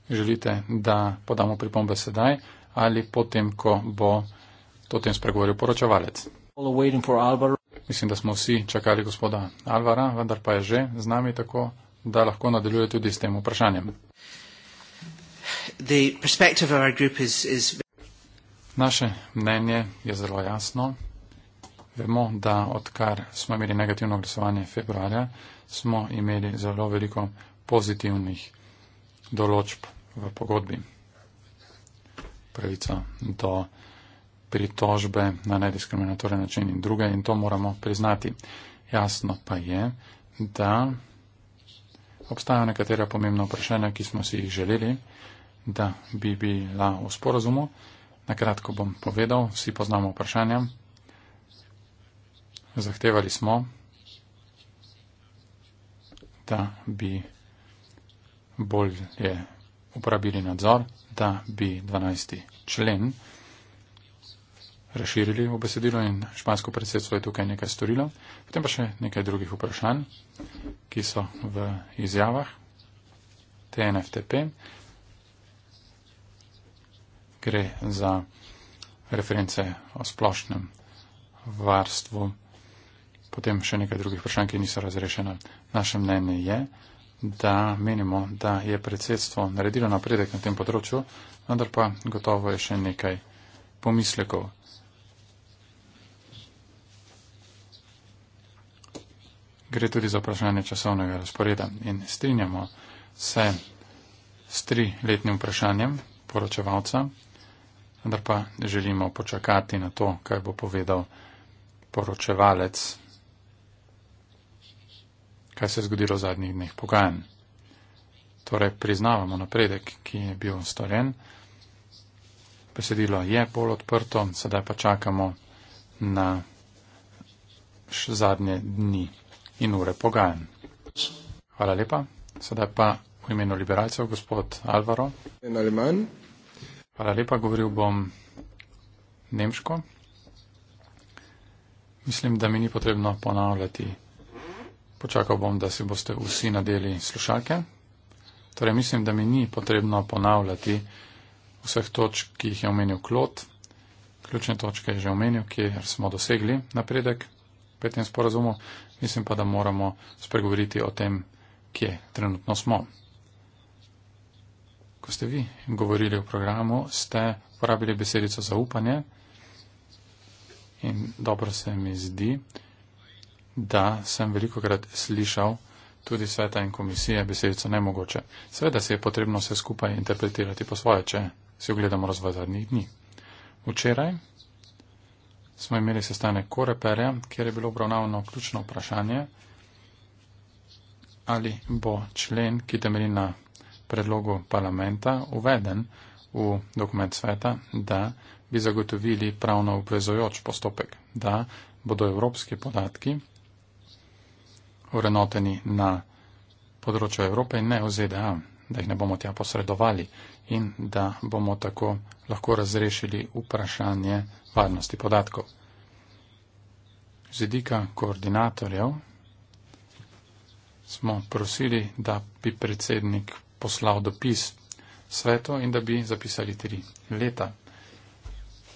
C: želite, da podamo pripombe sedaj ali potem, ko bo to tem spregovoril poročevalec? Mislim, da smo vsi čakali gospoda Alvara, vendar pa je že z nami tako, da lahko nadaljuje tudi s tem vprašanjem the perspective of our group is, is Naše mnenje je zelo jasno. Vemo, da odkar smo imeli negativno glasovanje februarja, smo imeli zelo veliko pozitivnih določb v pogodbi. Pravica do pritožbe na nediskriminatoren način in druge in to moramo priznati. Jasno pa je, da obstajajo nekatera pomembna vprašanja, ki smo si jih želeli da bi bila v sporazumu. Nakratko bom povedal, vsi poznamo vprašanja. Zahtevali smo, da bi bolje uporabili nadzor, da bi 12. člen razširili v besedilo in špansko predsedstvo je tukaj nekaj storilo. Potem pa še nekaj drugih vprašanj, ki so v izjavah TNFTP gre za reference o splošnem varstvu, potem še nekaj drugih vprašanj, ki niso razrešena. Naše mnenje je, da menimo, da je predsedstvo naredilo napredek na tem področju, vendar pa gotovo je še nekaj pomislekov. Gre tudi za vprašanje časovnega razporeda in strinjamo se s triletnim vprašanjem poročevalca vendar pa želimo počakati na to, kaj bo povedal poročevalec, kaj se je zgodilo v zadnjih dneh pogajanj. Torej, priznavamo napredek, ki je bil storjen. Besedilo je pol odprto, sedaj pa čakamo na zadnje dni in ure pogajanj. Hvala lepa. Sedaj pa v imenu liberalcev, gospod Alvaro. En ali manj. Hvala lepa, govoril bom nemško. Mislim, da mi ni potrebno ponavljati. Počakal bom, da si boste vsi nadeli slušalke. Torej, mislim, da mi ni potrebno ponavljati vseh točk, ki jih je omenil Klot. Ključne točke je že omenil, kjer smo dosegli napredek v tem sporazumu. Mislim pa, da moramo spregovoriti o tem, kje trenutno smo ko ste vi govorili v programu, ste uporabili besedico zaupanje in dobro se mi zdi, da sem veliko krat slišal tudi sveta in komisije besedico nemogoče. Seveda se je potrebno vse skupaj interpretirati po svoje, če si ogledamo razvoj zadnjih dni. Včeraj smo imeli sestanek Koreperja, kjer je bilo obravnavno ključno vprašanje, ali bo člen, ki temelji na predlogu parlamenta uveden v dokument sveta, da bi zagotovili pravno obvezojoč postopek, da bodo evropski podatki urenoteni na področju Evrope in ne v ZDA, da jih ne bomo tja posredovali in da bomo tako lahko razrešili vprašanje varnosti podatkov. Zidika koordinatorjev smo prosili, da bi predsednik poslal dopis svetu in da bi zapisali tri leta.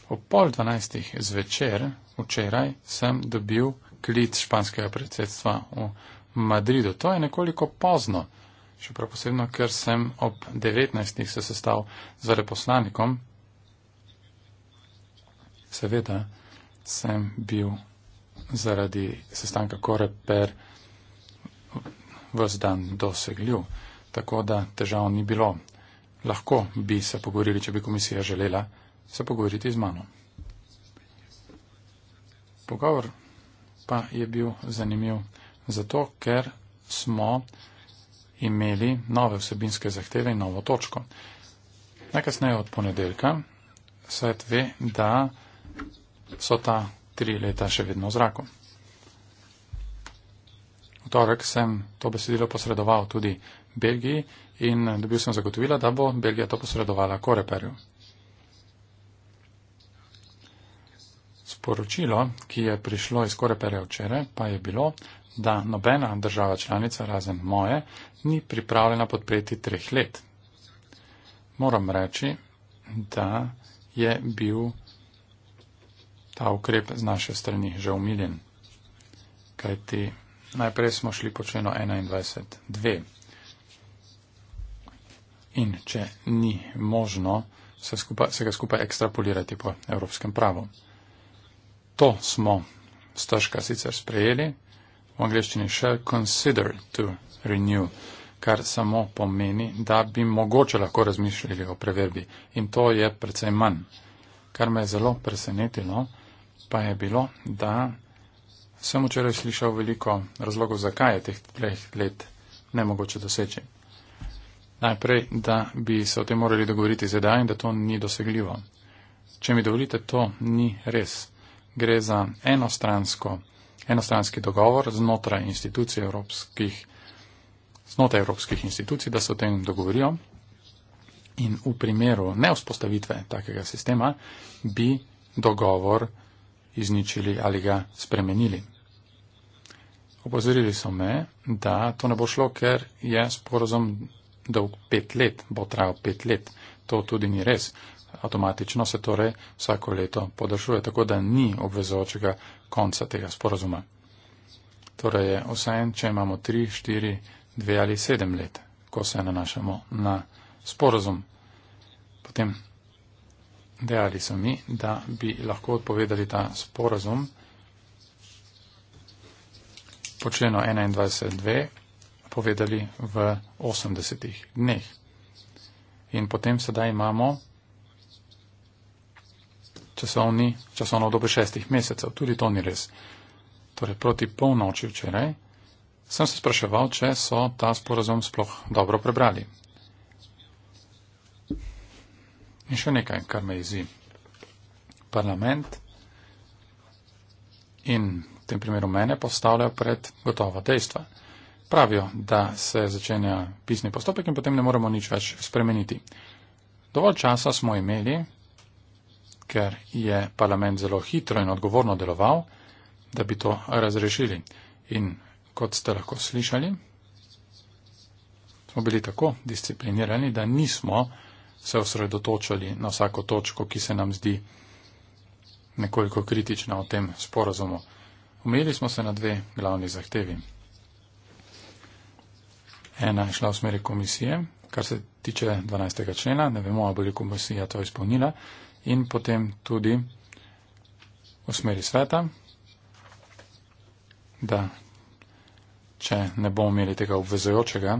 C: O pol dvanajstih zvečer, včeraj, sem dobil klic španskega predsedstva v Madridu. To je nekoliko pozno, še prav posebno, ker sem ob devetnajstih se sestal z reposlanikom. Seveda sem bil zaradi sestanka Koreper vzdan dosegljiv tako da težav ni bilo. Lahko bi se pogovorili, če bi komisija želela se pogovoriti z mano. Pogovor pa je bil zanimiv zato, ker smo imeli nove vsebinske zahteve in novo točko. Najkasneje od ponedeljka svet ve, da so ta tri leta še vedno v zraku. V torek sem to besedilo posredoval tudi Belgiji in dobil sem zagotovila, da bo Belgija to posredovala Koreperju. Sporočilo, ki je prišlo iz Koreperja včeraj, pa je bilo, da nobena država članica razen moje ni pripravljena podpreti treh let. Moram reči, da je bil ta ukrep z naše strani že umiljen, kajti najprej smo šli po členu 21.2 in če ni možno, se, skupaj, se ga skupaj ekstrapolirati po evropskem pravu. To smo stržka sicer sprejeli, v angleščini še consider to renew, kar samo pomeni, da bi mogoče lahko razmišljali o preverbi in to je precej manj. Kar me je zelo presenetilo, pa je bilo, da sem včeraj slišal veliko razlogov, zakaj je teh treh let nemogoče doseči najprej, da bi se o tem morali dogovoriti sedaj in da to ni dosegljivo. Če mi dovolite, to ni res. Gre za enostranski dogovor znotraj institucij evropskih, znotraj evropskih institucij, da se o tem dogovorijo in v primeru neuspostavitve takega sistema bi dogovor izničili ali ga spremenili. Opozorili so me, da to ne bo šlo, ker je sporozum dolg pet let, bo trajal pet let. To tudi ni res. Automatično se torej vsako leto podaljšuje, tako da ni obvezočega konca tega sporazuma. Torej je vsajen, če imamo tri, štiri, dve ali sedem let, ko se nanašamo na sporazum. Potem dejali so mi, da bi lahko odpovedali ta sporazum po členu 21.2 povedali v 80 dneh. In potem sedaj imamo časovni, časovno dobe šestih mesecev. Tudi to ni res. Torej, proti polnoči včeraj sem se spraševal, če so ta sporazum sploh dobro prebrali. In še nekaj, kar me izzi. Parlament in v tem primeru mene postavljajo pred gotova dejstva pravijo, da se začenja pisni postopek in potem ne moremo nič več spremeniti. Dovolj časa smo imeli, ker je parlament zelo hitro in odgovorno deloval, da bi to razrešili. In kot ste lahko slišali, smo bili tako disciplinirani, da nismo se osredotočali na vsako točko, ki se nam zdi nekoliko kritična o tem sporazumu. Umeli smo se na dve glavni zahtevi ena je šla v smeri komisije, kar se tiče 12. člena, ne vemo, ali bo komisija to izpolnila, in potem tudi v smeri sveta, da če ne bomo imeli tega obvezojočega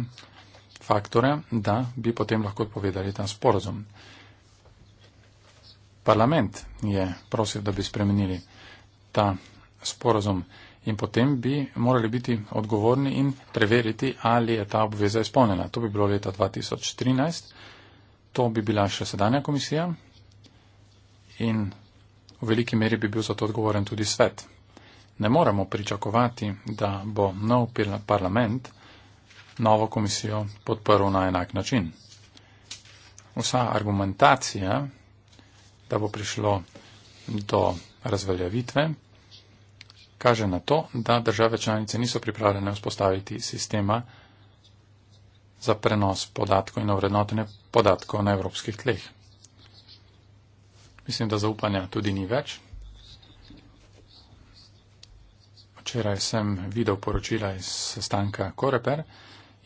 C: faktorja, da bi potem lahko odpovedali ta sporozum. Parlament je prosil, da bi spremenili ta sporozum in potem bi morali biti odgovorni in preveriti, ali je ta obveza izpolnjena. To bi bilo leta 2013, to bi bila še sedanja komisija in v veliki meri bi bil za to odgovoren tudi svet. Ne moremo pričakovati, da bo nov parlament novo komisijo podprl na enak način. Vsa argumentacija, da bo prišlo do razveljavitve, kaže na to, da države članice niso pripravljene vzpostaviti sistema za prenos podatkov in ovrednotenje podatkov na evropskih tleh. Mislim, da zaupanja tudi ni več. Včeraj sem videl poročila iz sestanka Koreper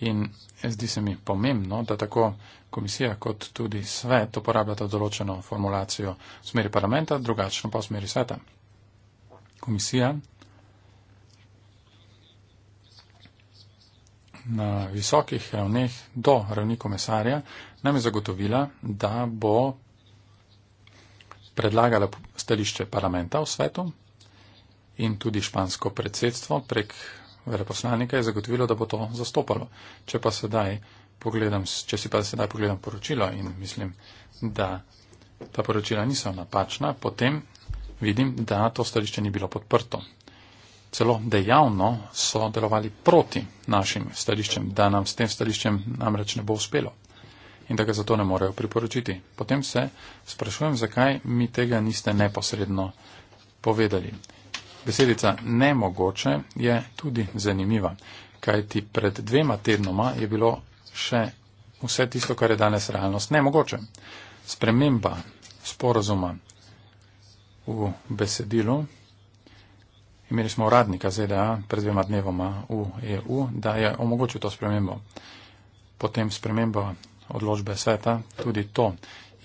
C: in zdi se mi pomembno, da tako komisija kot tudi svet uporabljata določeno formulacijo v smeri parlamenta, drugačno pa v smeri sveta. Komisija na visokih ravneh do ravni komisarja, nam je zagotovila, da bo predlagala stališče parlamenta v svetu in tudi špansko predsedstvo prek veleposlanika je zagotovilo, da bo to zastopalo. Če pa sedaj pogledam, če si pa sedaj pogledam poročilo in mislim, da ta poročila niso napačna, potem vidim, da to stališče ni bilo podprto celo dejavno so delovali proti našim stališčem, da nam s tem stališčem namreč ne bo uspelo in da ga zato ne morejo priporočiti. Potem se sprašujem, zakaj mi tega niste neposredno povedali. Besedica nemogoče je tudi zanimiva, kajti pred dvema tednoma je bilo še vse tisto, kar je danes realnost nemogoče. Sprememba sporazuma v besedilu imeli smo uradnika ZDA pred dvema dnevoma v EU, da je omogočil to spremembo. Potem spremembo odložbe sveta, tudi to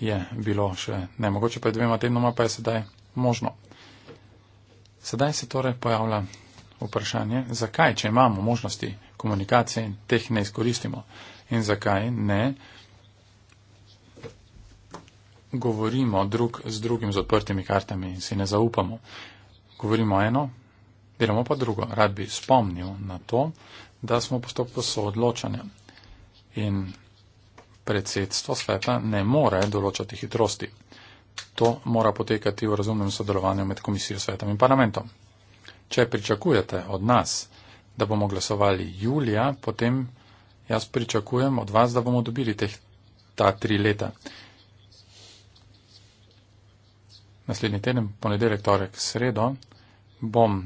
C: je bilo še nemogoče pred dvema tednoma, pa je sedaj možno. Sedaj se torej pojavlja vprašanje, zakaj, če imamo možnosti komunikacije, teh ne izkoristimo in zakaj ne govorimo drug z drugim z odprtimi kartami in si ne zaupamo. Govorimo eno, Deloma pa drugo, rad bi spomnil na to, da smo v postopku soodločanja in predsedstvo sveta ne more določati hitrosti. To mora potekati v razumnem sodelovanju med komisijo svetom in parlamentom. Če pričakujete od nas, da bomo glasovali julija, potem jaz pričakujem od vas, da bomo dobili teh, ta tri leta. Naslednji teden, ponedeljek, torek, sredo, bom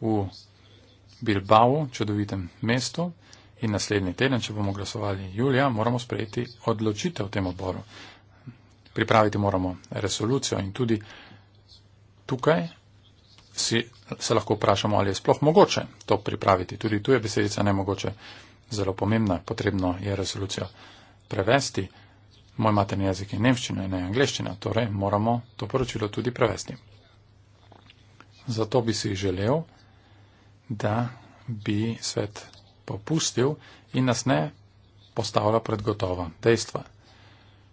C: v Bilbao, čudovitem mestu. In naslednji teden, če bomo glasovali julija, moramo sprejeti odločitev v tem odboru. Pripraviti moramo resolucijo in tudi tukaj si, se lahko vprašamo, ali je sploh mogoče to pripraviti. Tudi tu je besedica nemogoče zelo pomembna. Potrebno je resolucijo prevesti. Moj materni jezik je nemščina in ne angliščina, torej moramo to poročilo tudi prevesti. Zato bi si želel, da bi svet popustil in nas ne postavlja pred gotova dejstva.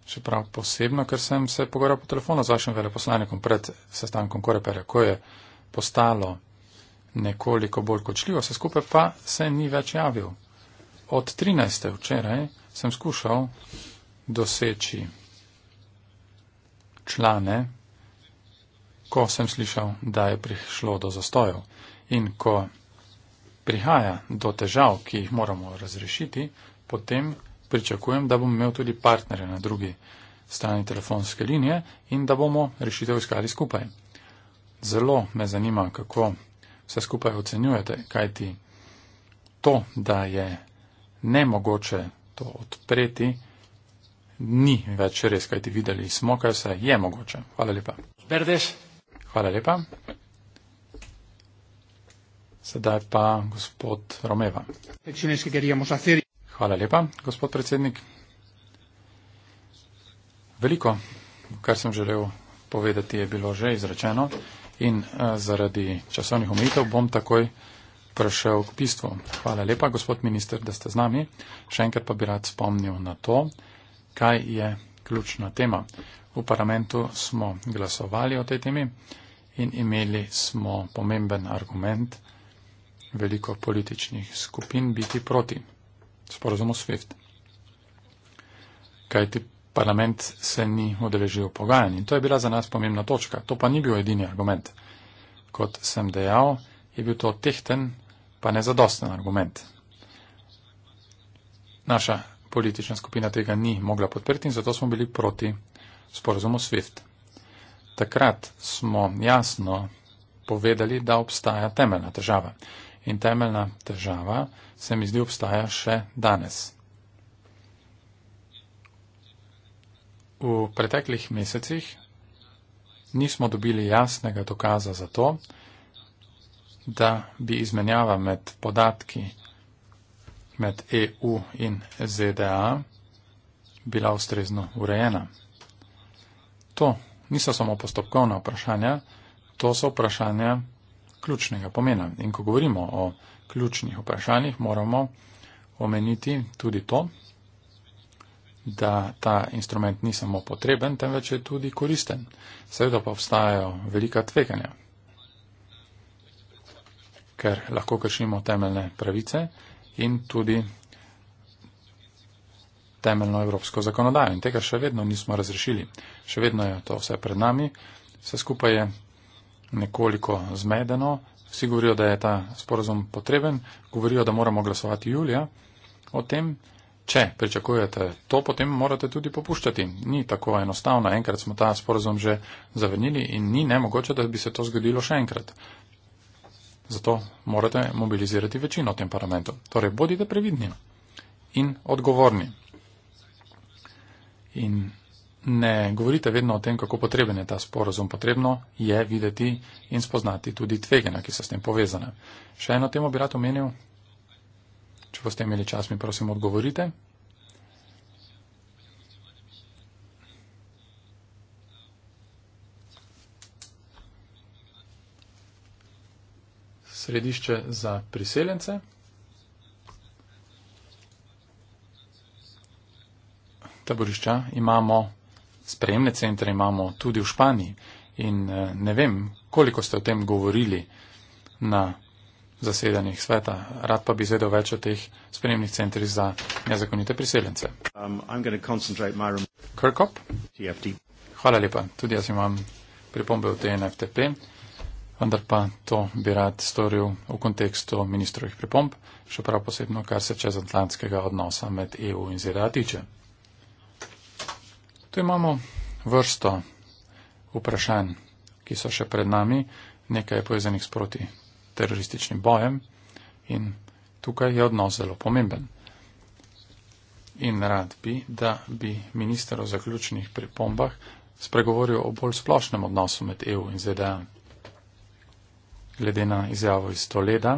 C: Še prav posebno, ker sem se pogovarjal po telefonu z vašim veleposlanikom pred sestankom Koreperja, ko je postalo nekoliko bolj kočljivo, se skupaj pa se ni več javil. Od 13. včeraj sem skušal doseči člane, ko sem slišal, da je prišlo do zastojev. In ko prihaja do težav, ki jih moramo razrešiti, potem pričakujem, da bom imel tudi partnere na drugi strani telefonske linije in da bomo rešitev iskali skupaj. Zelo me zanima, kako vse skupaj ocenjujete, kajti to, da je nemogoče to odpreti, ni več res, kajti videli smo, kaj vse je mogoče. Hvala lepa. Verdes. Hvala lepa. Sedaj pa gospod Romeva. Hvala lepa, gospod predsednik. Veliko, kar sem želel povedati, je bilo že izrečeno in eh, zaradi časovnih omejitev bom takoj prešel k bistvu. Hvala lepa, gospod minister, da ste z nami. Še enkrat pa bi rad spomnil na to, kaj je ključna tema. V parlamentu smo glasovali o tej temi in imeli smo pomemben argument, veliko političnih skupin biti proti sporozumu SWIFT. Kajti parlament se ni odeležil pogajanj in to je bila za nas pomembna točka. To pa ni bil edini argument. Kot sem dejal, je bil to tehten, pa nezadosten argument. Naša politična skupina tega ni mogla podpreti in zato smo bili proti sporozumu SWIFT. Takrat smo jasno povedali, da obstaja temeljna težava in temeljna težava se mi zdi obstaja še danes. V preteklih mesecih nismo dobili jasnega dokaza za to, da bi izmenjava med podatki med EU in ZDA bila ustrezno urejena. To niso samo postopkovna vprašanja, to so vprašanja ključnega pomena. In ko govorimo o ključnih vprašanjih, moramo omeniti tudi to, da ta instrument ni samo potreben, temveč je tudi koristen. Seveda pa obstajajo velika tveganja, ker lahko kršimo temeljne pravice in tudi temeljno evropsko zakonodajo. In tega še vedno nismo razrešili. Še vedno je to vse pred nami. Vse skupaj je nekoliko zmedeno. Vsi govorijo, da je ta sporozum potreben, govorijo, da moramo glasovati julija o tem. Če pričakujete to, potem morate tudi popuščati. Ni tako enostavno. Enkrat smo ta sporozum že zavrnili in ni nemogoče, da bi se to zgodilo še enkrat. Zato morate mobilizirati večino v tem parlamentu. Torej, bodite previdni in odgovorni. In ne govorite vedno o tem, kako potreben je ta sporozum. Potrebno je videti in spoznati tudi tvegena, ki so s tem povezane. Še eno temo bi rad omenil. Če boste imeli čas, mi prosim odgovorite. Središče za priseljence. Taborišča imamo Sprejemne centre imamo tudi v Španiji in eh, ne vem, koliko ste o tem govorili na zasedanjih sveta. Rad pa bi zvedel več o teh sprejemnih centrih za nezakonite priseljence. Um, Kirkop? TFT. Hvala lepa. Tudi jaz imam pripombe v TNFTP, vendar pa to bi rad storil v kontekstu ministrovih pripomb, še prav posebno, kar se čezatlantskega odnosa med EU in ZDA tiče. Tu imamo vrsto vprašanj, ki so še pred nami, nekaj je povezanih s proti terorističnim bojem in tukaj je odnos zelo pomemben. In rad bi, da bi minister o zaključnih pripombah spregovoril o bolj splošnem odnosu med EU in ZDA, glede na izjavo iz Toleda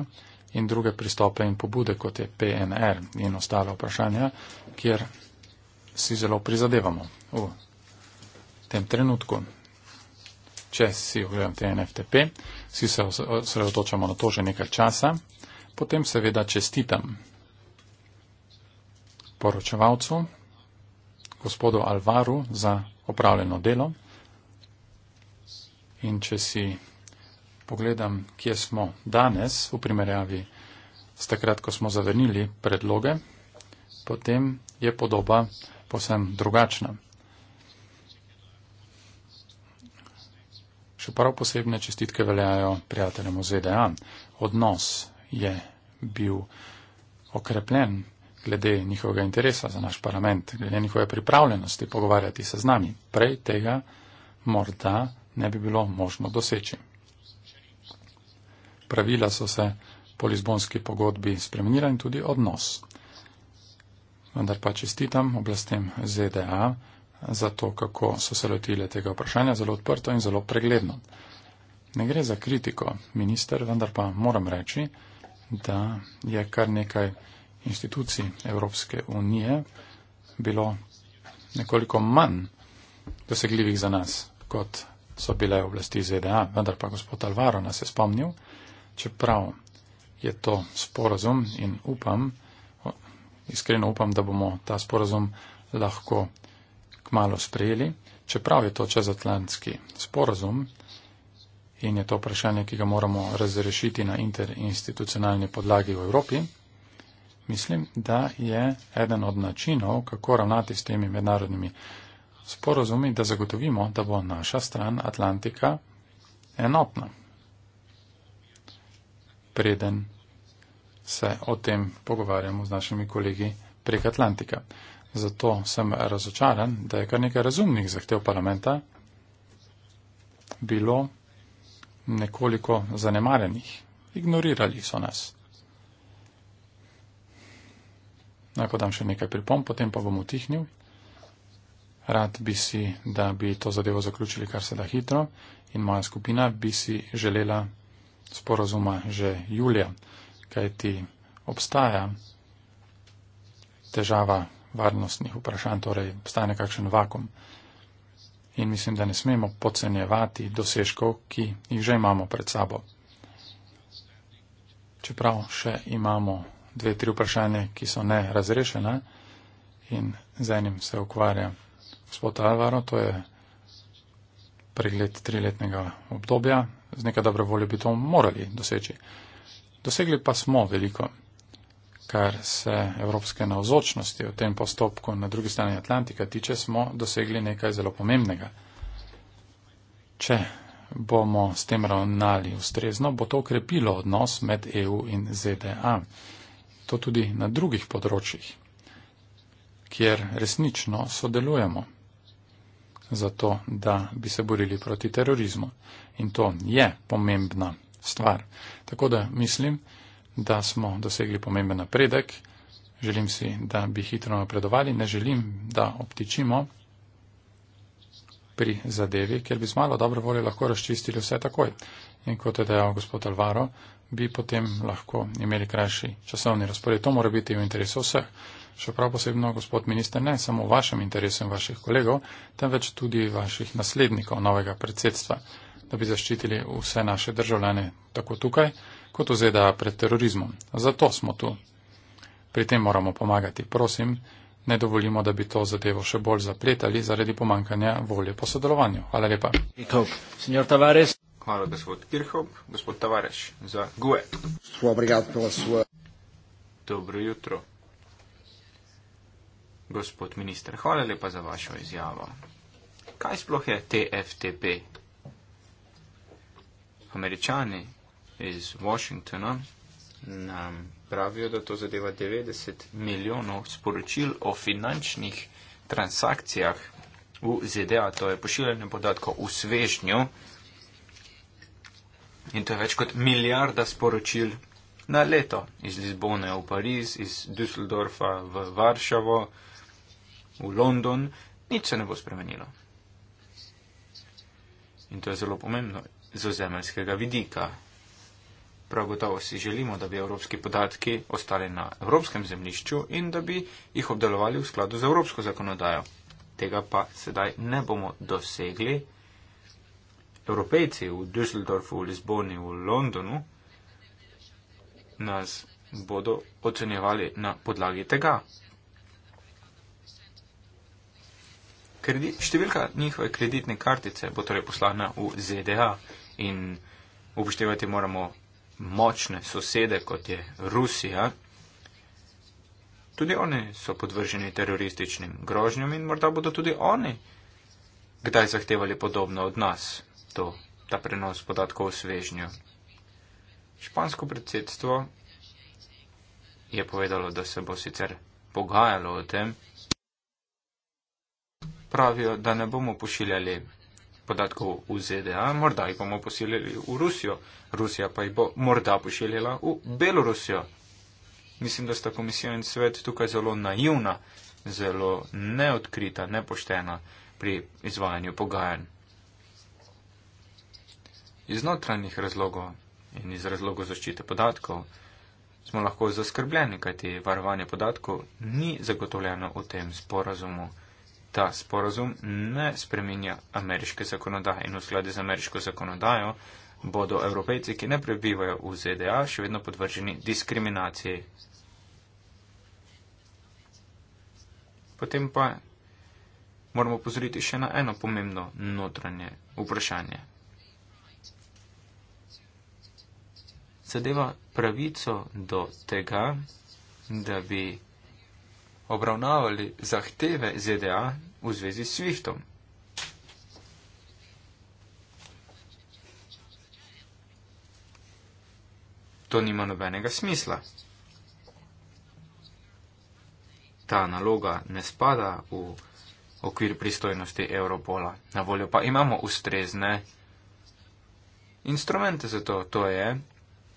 C: in druge pristope in pobude, kot je PNR in ostale vprašanja, kjer si zelo prizadevamo v tem trenutku. Če si ogledam te NFTP, si se osredotočamo na to že nekaj časa, potem seveda čestitam poročevalcu, gospodu Alvaru, za opravljeno delo. In če si pogledam, kje smo danes v primerjavi s takrat, ko smo zavrnili predloge, potem je podoba posem drugačna. Še prav posebne čestitke veljajo prijateljem v ZDA. Odnos je bil okrepljen glede njihovega interesa za naš parlament, glede njihove pripravljenosti pogovarjati se z nami. Prej tega morda ne bi bilo možno doseči. Pravila so se po Lizbonski pogodbi spremenila in tudi odnos vendar pa čestitam oblastem ZDA za to, kako so se lotile tega vprašanja zelo odprto in zelo pregledno. Ne gre za kritiko, minister, vendar pa moram reči, da je kar nekaj institucij Evropske unije bilo nekoliko manj dosegljivih za nas, kot so bile oblasti ZDA. Vendar pa gospod Alvaro nas je spomnil, čeprav je to sporazum in upam, da iskreno upam, da bomo ta sporazum lahko kmalo sprejeli, čeprav je to čezatlantski sporazum in je to vprašanje, ki ga moramo razrešiti na interinstitucionalni podlagi v Evropi. Mislim, da je eden od načinov, kako ravnati s temi mednarodnimi sporozumi, da zagotovimo, da bo naša stran Atlantika enotna. Preden se o tem pogovarjamo z našimi kolegi prek Atlantika. Zato sem razočaran, da je kar nekaj razumnih zahtev parlamenta bilo nekoliko zanemarenih. Ignorirali so nas. Naj podam še nekaj pripomb, potem pa bom utihnil. Rad bi si, da bi to zadevo zaključili kar se da hitro in moja skupina bi si želela sporozuma že julija kajti obstaja težava varnostnih vprašanj, torej obstaja nekakšen vakum. In mislim, da ne smemo podcenjevati dosežkov, ki jih že imamo pred sabo. Čeprav še imamo dve, tri vprašanja, ki so ne razrešene in z enim se ukvarja gospod Alvaro, to je pregled triletnega obdobja, z nekaj dobre volje bi to morali doseči. Dosegli pa smo veliko, kar se evropske navzočnosti v tem postopku na drugi strani Atlantika tiče, smo dosegli nekaj zelo pomembnega. Če bomo s tem ravnali ustrezno, bo to ukrepilo odnos med EU in ZDA. To tudi na drugih področjih, kjer resnično sodelujemo za to, da bi se borili proti terorizmu. In to je pomembna stvar. Tako da mislim, da smo dosegli pomemben napredek. Želim si, da bi hitro napredovali. Ne želim, da obtičimo pri zadevi, ker bi z malo dobre volje lahko razčistili vse takoj. In kot je dejal gospod Alvaro, bi potem lahko imeli krajši časovni razpored. To mora biti v interesu vseh. Še prav posebno, gospod minister, ne samo v vašem interesu in vaših kolegov, temveč tudi vaših naslednikov novega predsedstva da bi zaščitili vse naše državljane tako tukaj, kot v ZDA pred terorizmom. Zato smo tu. Pri tem moramo pomagati. Prosim, ne dovolimo, da bi to zadevo še bolj zapletali zaradi pomankanja volje po sodelovanju. Hvala lepa.
A: Hvala, gospod Kirchhoff. Gospod Tavares za GUE. Dobro jutro. Gospod minister, hvala lepa za vašo izjavo. Kaj sploh je TFTP? američani iz Washingtona nam pravijo, da to zadeva 90 milijonov sporočil o finančnih transakcijah v ZDA, to je pošiljanje podatkov v svežnju in to je več kot milijarda sporočil na leto iz Lizbone v Pariz, iz Düsseldorfa v Varšavo, v London, nič se ne bo spremenilo. In to je zelo pomembno z ozemeljskega vidika. Prav gotovo si želimo, da bi evropski podatki ostali na evropskem zemljišču in da bi jih obdelovali v skladu z evropsko zakonodajo. Tega pa sedaj ne bomo dosegli. Evropejci v Düsseldorfu, v Lizboni, v Londonu nas bodo ocenjevali na podlagi tega. Kredi, številka njihove kreditne kartice bo torej poslana v ZDA in upoštevati moramo močne sosede, kot je Rusija. Tudi oni so podvrženi terorističnim grožnjam in morda bodo tudi oni kdaj zahtevali podobno od nas to, ta prenos podatkov v svežnju. Špansko predsedstvo je povedalo, da se bo sicer pogajalo o tem. Pravijo, da ne bomo pošiljali podatkov v ZDA, morda jih bomo posiljali v Rusijo, Rusija pa jih bo morda pošiljala v Belorusijo. Mislim, da sta komisija in svet tukaj zelo naivna, zelo neodkrita, nepoštena pri izvajanju pogajanj. Iz notranjih razlogov in iz razlogov zaščite podatkov smo lahko zaskrbljeni, kajti varovanje podatkov ni zagotovljeno v tem sporazumu ta sporazum ne spreminja ameriške zakonodaje in v skladi z ameriško zakonodajo bodo evropejci, ki ne prebivajo v ZDA, še vedno podvrženi diskriminaciji. Potem pa moramo pozoriti še na eno pomembno notranje vprašanje. Zadeva pravico do tega, da bi obravnavali zahteve ZDA v zvezi s SWIFTom. To nima nobenega smisla. Ta naloga ne spada v okvir pristojnosti Europola. Na voljo pa imamo ustrezne instrumente za to. To je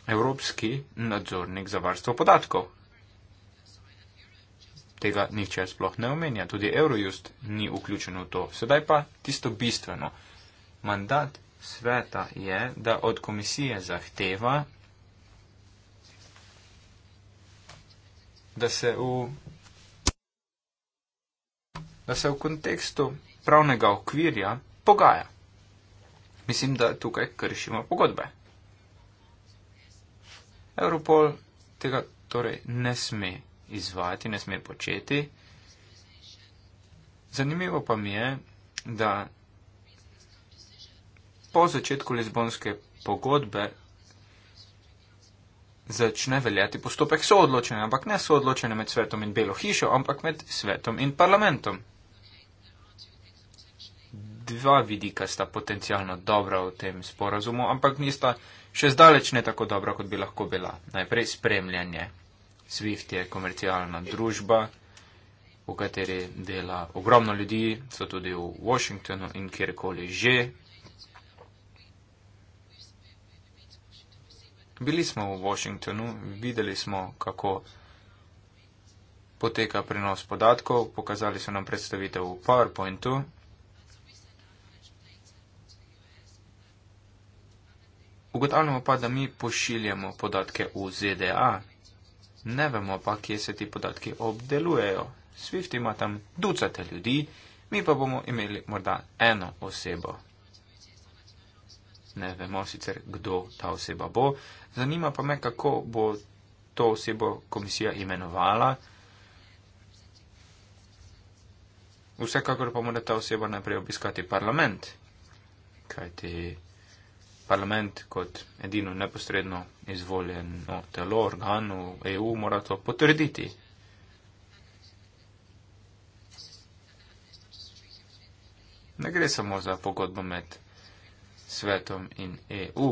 A: Evropski nadzornik za varstvo podatkov, tega nihče sploh ne omenja. Tudi Eurojust ni vključen v to. Sedaj pa tisto bistveno. Mandat sveta je, da od komisije zahteva, da se v, da se v kontekstu pravnega okvirja pogaja. Mislim, da tukaj kršimo pogodbe. Europol tega torej ne sme izvajati, ne sme početi. Zanimivo pa mi je, da po začetku Lizbonske pogodbe začne veljati postopek soodločenja, ampak ne soodločenja med svetom in belo hišo, ampak med svetom in parlamentom. Dva vidika sta potencialno dobra v tem sporazumu, ampak nista še zdaleč ne tako dobra, kot bi lahko bila. Najprej spremljanje. Swift je komercialna družba, v kateri dela ogromno ljudi, so tudi v Washingtonu in kjerkoli že. Bili smo v Washingtonu, videli smo, kako poteka prenos podatkov, pokazali so nam predstavitev v PowerPointu. Ugotavljamo pa, da mi pošiljamo podatke v ZDA, Ne vemo pa, kje se ti podatki obdelujejo. Swift ima tam ducate ljudi, mi pa bomo imeli morda eno osebo. Ne vemo sicer, kdo ta oseba bo, zanima pa me, kako bo to osebo komisija imenovala. Vsekakor pa mora ta oseba najprej obiskati parlament, kajti parlament kot edino neposredno izvoljeno telo, organ v EU mora to potrditi. Ne gre samo za pogodbo med svetom in EU.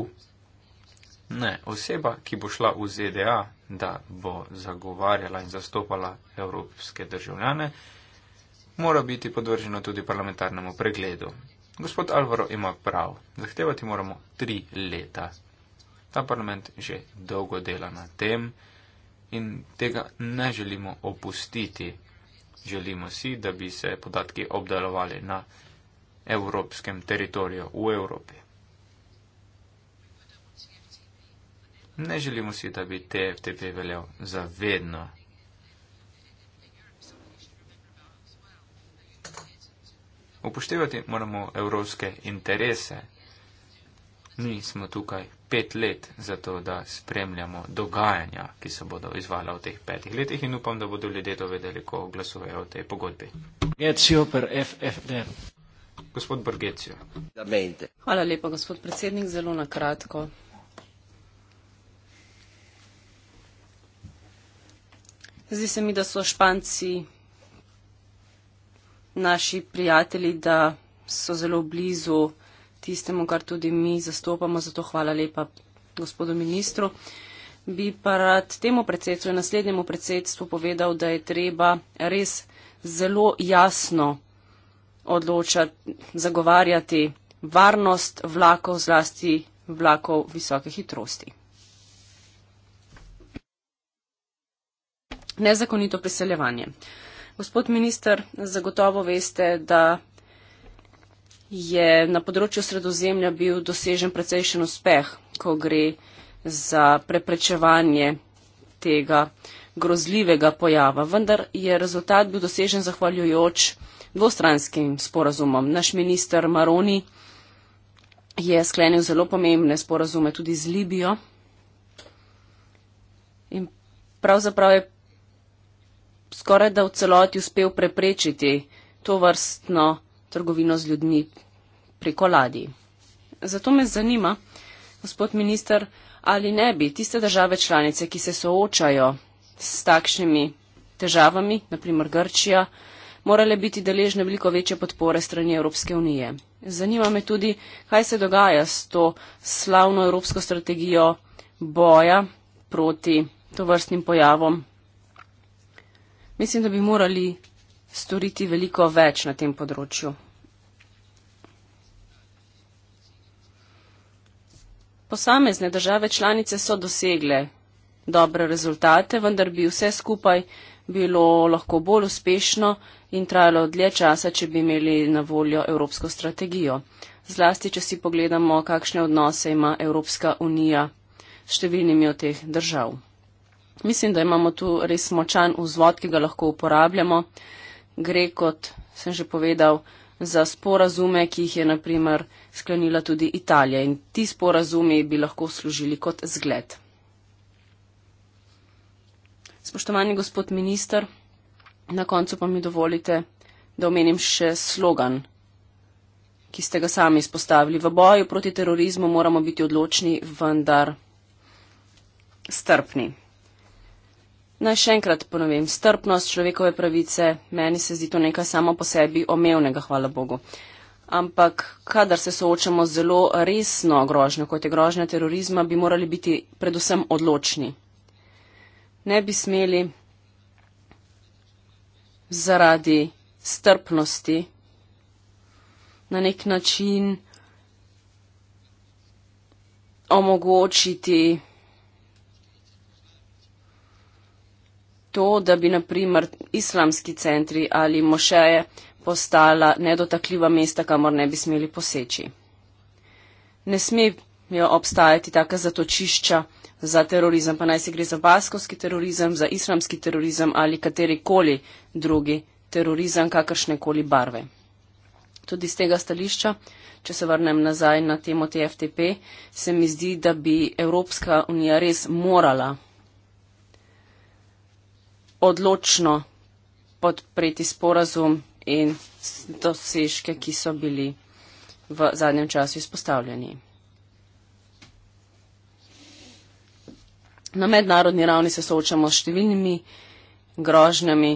A: Ne, oseba, ki bo šla v ZDA, da bo zagovarjala in zastopala evropske državljane, mora biti podvržena tudi parlamentarnemu pregledu. Gospod Alvaro ima prav, zahtevati moramo tri leta. Ta parlament že dolgo dela na tem in tega ne želimo opustiti. Želimo si, da bi se podatki obdelovali na evropskem teritoriju v Evropi. Ne želimo si, da bi TFTP veljal za vedno. Upoštevati moramo evropske interese. Mi smo tukaj pet let za to, da spremljamo dogajanja, ki se bodo izvala v teh petih letih in upam, da bodo ljudje to vedeli, ko glasujejo o tej pogodbi. Gospod Brgecijo.
B: Hvala lepa, gospod predsednik, zelo na kratko. Zdi se mi, da so Španci naši prijatelji, da so zelo blizu tistemu, kar tudi mi zastopamo. Zato hvala lepa gospodu ministru. Bi pa rad temu predsedstvu in naslednjemu predsedstvu povedal, da je treba res zelo jasno odločati, zagovarjati varnost vlakov, zlasti vlakov visoke hitrosti. Nezakonito priseljevanje. Gospod minister, zagotovo veste, da je na področju sredozemlja bil dosežen precejšen uspeh, ko gre za preprečevanje tega grozljivega pojava. Vendar je rezultat bil dosežen zahvaljujoč dvostranskim sporazumom. Naš minister Maroni je sklenil zelo pomembne sporazume tudi z Libijo in pravzaprav je skoraj da v celoti uspel preprečiti to vrstno trgovino z ljudmi preko ladij. Zato me zanima, gospod minister, ali ne bi tiste države članice, ki se soočajo s takšnimi težavami, naprimer Grčija, morale biti deležne veliko večje podpore strani Evropske unije. Zanima me tudi, kaj se dogaja s to slavno evropsko strategijo boja proti tovrstnim pojavom Mislim, da bi morali storiti veliko več na tem področju. Posamezne države članice so dosegle dobre rezultate, vendar bi vse skupaj bilo lahko bolj uspešno in trajalo dlje časa, če bi imeli na voljo evropsko strategijo. Zlasti, če si pogledamo, kakšne odnose ima Evropska unija s številnimi od teh držav. Mislim, da imamo tu res močan vzvod, ki ga lahko uporabljamo. Gre, kot sem že povedal, za sporazume, ki jih je naprimer sklenila tudi Italija in ti sporazumi bi lahko služili kot zgled. Spoštovani gospod minister, na koncu pa mi dovolite, da omenim še slogan, ki ste ga sami izpostavili. V boju proti terorizmu moramo biti odločni, vendar strpni. Naj še enkrat ponovim, strpnost, človekove pravice, meni se zdi to nekaj samo po sebi omevnega, hvala Bogu. Ampak, kadar se soočamo z zelo resno grožnjo, kot je grožnja terorizma, bi morali biti predvsem odločni. Ne bi smeli zaradi strpnosti na nek način omogočiti to, da bi naprimer islamski centri ali mošeje postala nedotakljiva mesta, kamor ne bi smeli poseči. Ne smejo obstajati taka zatočišča za terorizem, pa naj se gre za baskovski terorizem, za islamski terorizem ali katerikoli drugi terorizem kakršnekoli barve. Tudi z tega stališča, če se vrnem nazaj na temo TFTP, se mi zdi, da bi Evropska unija res morala odločno podpreti sporazum in dosežke, ki so bili v zadnjem času izpostavljeni. Na mednarodni ravni se soočamo s številnimi grožnjami.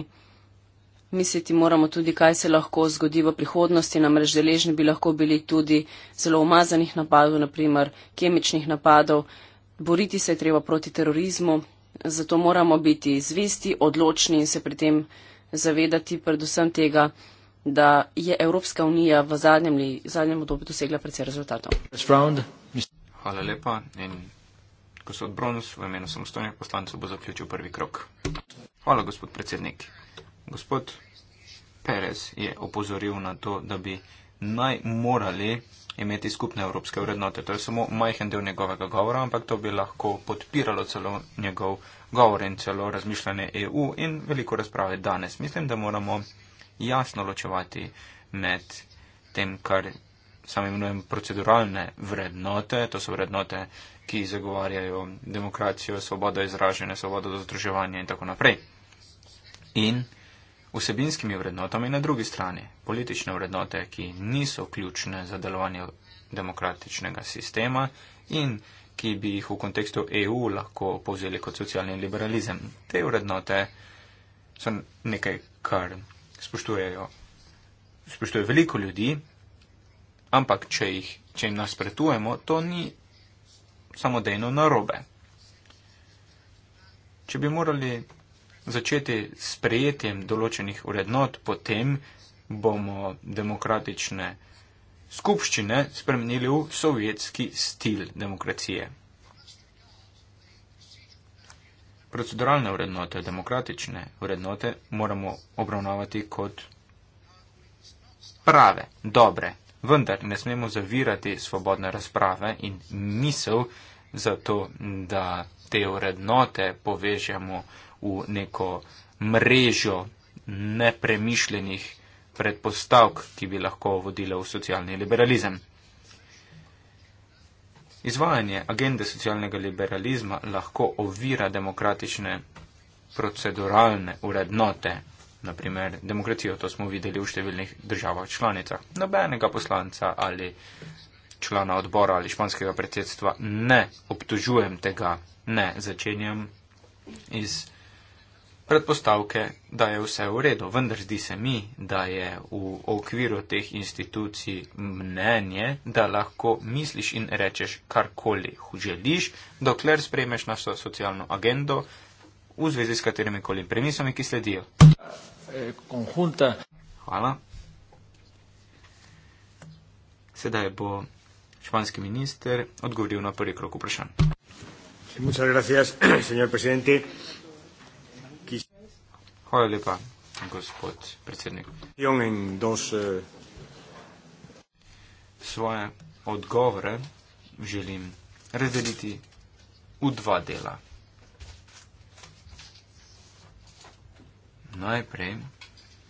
B: Misliti moramo tudi, kaj se lahko zgodi v prihodnosti. Namreč deležni bi lahko bili tudi zelo umazanih napadov, naprimer kemičnih napadov. Boriti se je treba proti terorizmu, Zato moramo biti zvesti, odločni in se pri tem zavedati predvsem tega, da je Evropska unija v zadnjem, li, zadnjem obdobju dosegla precej rezultatov.
A: Hvala lepa. In gospod Brons v imenu samostojnih poslancev bo zaključil prvi krok. Hvala, gospod predsednik. Gospod Perez je opozoril na to, da bi naj morali imeti skupne evropske vrednote. To je samo majhen del njegovega govora, ampak to bi lahko podpiralo celo njegov govor in celo razmišljanje EU in veliko razprave danes. Mislim, da moramo jasno ločevati med tem, kar sami imenujem proceduralne vrednote. To so vrednote, ki zagovarjajo demokracijo, svobodo izražanja, svobodo do združevanja in tako naprej. In vsebinskimi vrednotami, na drugi strani politične vrednote, ki niso ključne za delovanje demokratičnega sistema in ki bi jih v kontekstu EU lahko povzeli kot socialni liberalizem. Te vrednote so nekaj, kar spoštujejo. Spoštuje veliko ljudi, ampak če, jih, če jim nasprotujemo, to ni samodejno narobe. Če bi morali začeti s prejetjem določenih urednot, potem bomo demokratične skupščine spremenili v sovjetski stil demokracije. Proceduralne urednote, demokratične urednote moramo obravnavati kot prave, dobre, vendar ne smemo zavirati svobodne razprave in misel za to, da te urednote povežemo v neko mrežo nepremišljenih predpostavk, ki bi lahko vodile v socialni liberalizem. Izvajanje agende socialnega liberalizma lahko ovira demokratične proceduralne urednote, naprimer demokracijo, to smo videli v številnih državah članicah. Nobenega poslanca ali člana odbora ali španskega predsedstva ne obtužujem tega, ne začenjam iz predpostavke, da je vse v redu. Vendar zdi se mi, da je v okviru teh institucij mnenje, da lahko misliš in rečeš karkoli želiš, dokler spremeš našo socialno agendo v zvezi s katerimi koli premisami, ki sledijo. Hvala. Sedaj bo španski minister odgovoril na prvi krok vprašanj. Muchas gracias, señor presidente. Hvala lepa, gospod predsednik. Jongen, dos, eh. Svoje odgovore želim razdeliti v dva dela. Najprej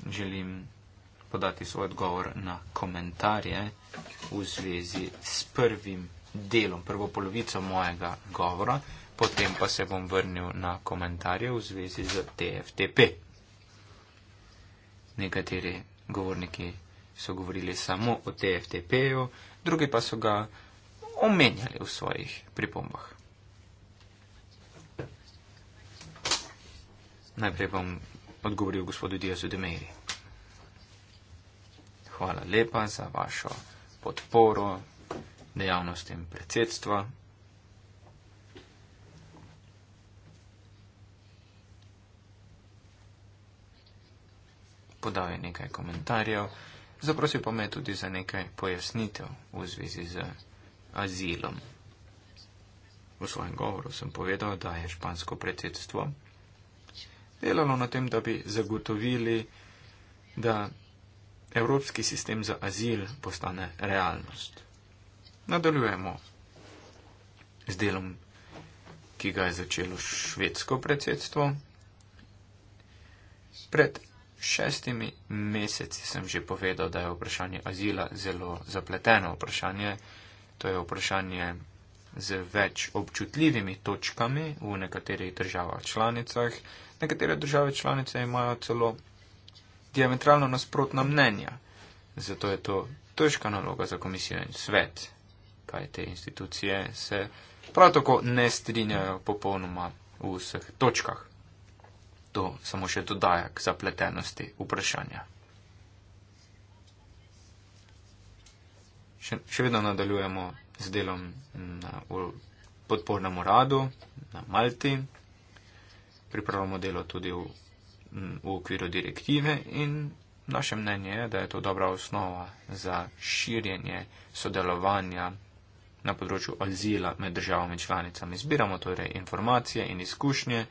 A: želim podati svoj odgovor na komentarje v zvezi s prvim delom, prvo polovico mojega govora, potem pa se bom vrnil na komentarje v zvezi z TFTP nekateri govorniki so govorili samo o TFTP-ju, drugi pa so ga omenjali v svojih pripombah. Najprej bom odgovoril gospodu Diazu de Meiri. Hvala lepa za vašo podporo dejavnostem predsedstva. podal je nekaj komentarjev, zaprosil pa me je tudi za nekaj pojasnitev v zvezi z azilom. V svojem govoru sem povedal, da je špansko predsedstvo delalo na tem, da bi zagotovili, da evropski sistem za azil postane realnost. Nadaljujemo z delom, ki ga je začelo švedsko predsedstvo. Pred šestimi meseci sem že povedal, da je vprašanje azila zelo zapleteno vprašanje. To je vprašanje z več občutljivimi točkami v nekaterih državah članicah. Nekatere države članice imajo celo diametralno nasprotna mnenja. Zato je to težka naloga za komisijo in svet, kaj te institucije se prav tako ne strinjajo popolnoma v vseh točkah to samo še dodaja k zapletenosti vprašanja. Še, še vedno nadaljujemo z delom na, v podpornem uradu na Malti. Pripravljamo delo tudi v, v okviru direktive in naše mnenje je, da je to dobra osnova za širjenje sodelovanja na področju azila med državami članicami. Zbiramo torej informacije in izkušnje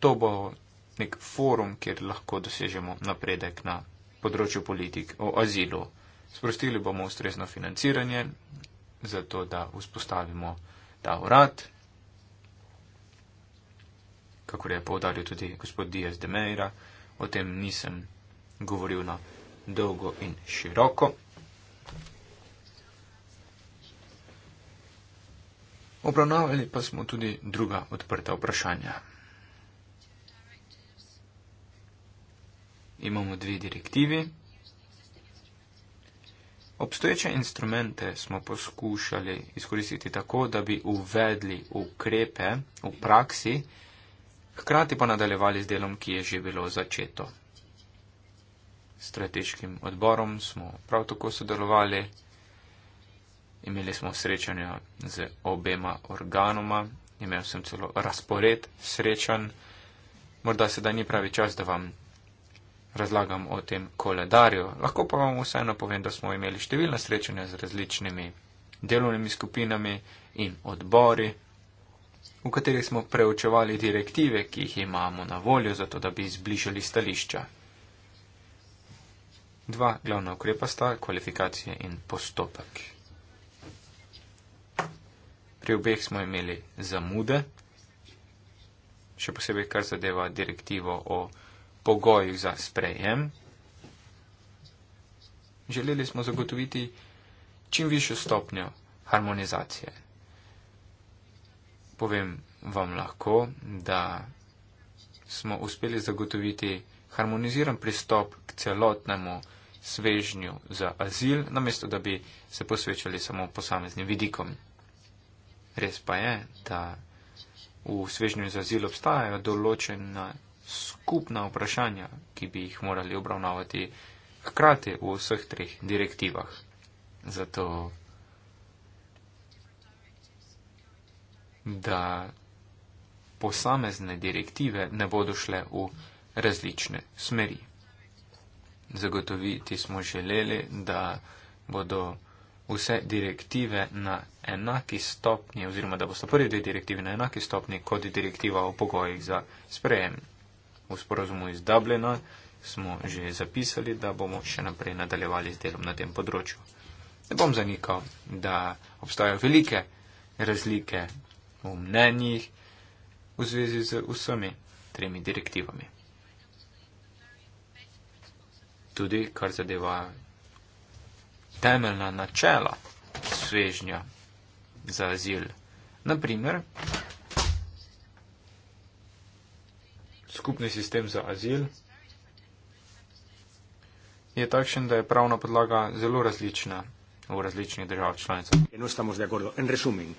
A: to bo nek forum, kjer lahko dosežemo napredek na področju politik o azilu. Sprostili bomo ustrezno financiranje, zato da vzpostavimo ta urad, kako je povdaril tudi gospod Diaz de Meira, o tem nisem govoril na dolgo in široko. Obravnavali pa smo tudi druga odprta vprašanja. imamo dve direktivi. Obstoječe instrumente smo poskušali izkoristiti tako, da bi uvedli ukrepe v praksi, hkrati pa nadaljevali z delom, ki je že bilo začeto. Strateškim odborom smo prav tako sodelovali, imeli smo srečanja z obema organoma, imel sem celo razpored srečanj, morda sedaj ni pravi čas, da vam razlagam o tem koledarju. Lahko pa vam vseeno povem, da smo imeli številna srečanja z različnimi delovnimi skupinami in odbori, v katerih smo preučevali direktive, ki jih imamo na voljo, zato da bi izbližali stališča. Dva glavna ukrepa sta kvalifikacije in postopek. Pri obeh smo imeli zamude, še posebej kar zadeva direktivo o pogojih za sprejem. Želeli smo zagotoviti čim višjo stopnjo harmonizacije. Povem vam lahko, da smo uspeli zagotoviti harmoniziran pristop k celotnemu svežnju za azil, namesto da bi se posvečali samo posameznim vidikom. Res pa je, da v svežnju za azil obstajajo določene skupna vprašanja, ki bi jih morali obravnavati hkrati v vseh treh direktivah. Zato, da posamezne direktive ne bodo šle v različne smeri. Zagotoviti smo želeli, da bodo vse direktive na enaki stopni, oziroma da bosta prvi dve direktivi na enaki stopni kot direktiva o pogojih za sprejem. V sporozumu iz Dublina smo že zapisali, da bomo še naprej nadaljevali z delom na tem področju. Ne bom zanikal, da obstajajo velike razlike v mnenjih v zvezi z vsemi tremi direktivami. Tudi, kar zadeva temeljna načela svežnja za azil. Naprimer, skupni sistem za azil je takšen, da je pravna podlaga zelo različna v različnih držav članicah. No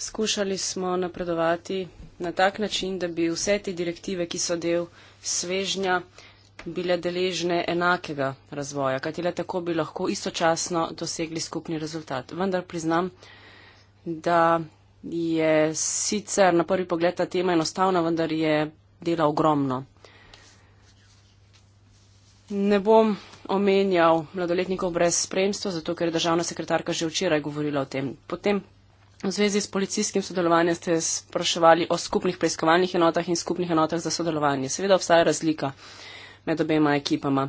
B: Skušali smo napredovati na tak način, da bi vse te direktive, ki so del svežnja, bile deležne enakega razvoja, kajti le tako bi lahko istočasno dosegli skupni rezultat. Vendar priznam, da je sicer na prvi pogled ta tema enostavna, vendar je dela ogromno. Ne bom omenjal mladoletnikov brez spremstva, zato ker je državna sekretarka že včeraj govorila o tem. Potem v zvezi s policijskim sodelovanjem ste spraševali o skupnih preiskovalnih enotah in skupnih enotah za sodelovanje. Seveda obstaja razlika med obema ekipama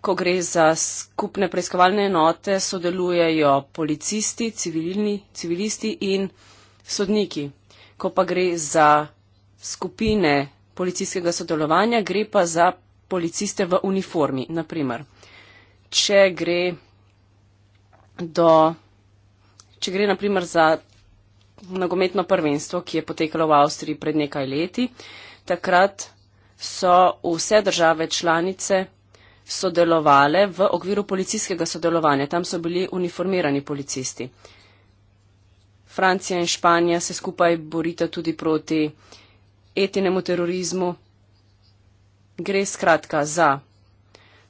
B: ko gre za skupne preiskovalne enote, sodelujejo policisti, civilni, civilisti in sodniki. Ko pa gre za skupine policijskega sodelovanja, gre pa za policiste v uniformi, naprimer. Če gre, do, če gre naprimer za nogometno prvenstvo, ki je potekalo v Avstriji pred nekaj leti, takrat so vse države članice sodelovale v okviru policijskega sodelovanja. Tam so bili uniformirani policisti. Francija in Španija se skupaj borita tudi proti etinemu terorizmu. Gre skratka za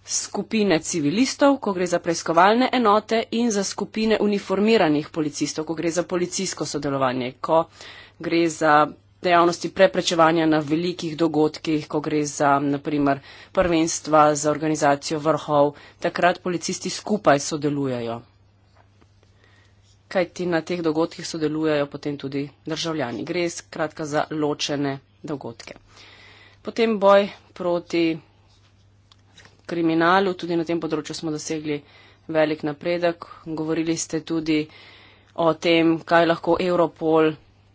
B: skupine civilistov, ko gre za preiskovalne enote in za skupine uniformiranih policistov, ko gre za policijsko sodelovanje, ko gre za dejavnosti preprečevanja na velikih dogodkih, ko gre za naprimer prvenstva, za organizacijo vrhov, takrat policisti skupaj sodelujejo. Kaj ti na teh dogodkih sodelujejo potem tudi državljani. Gre skratka za ločene dogodke. Potem boj proti kriminalu, tudi na tem področju smo dosegli velik napredek. Govorili ste tudi o tem, kaj lahko Europol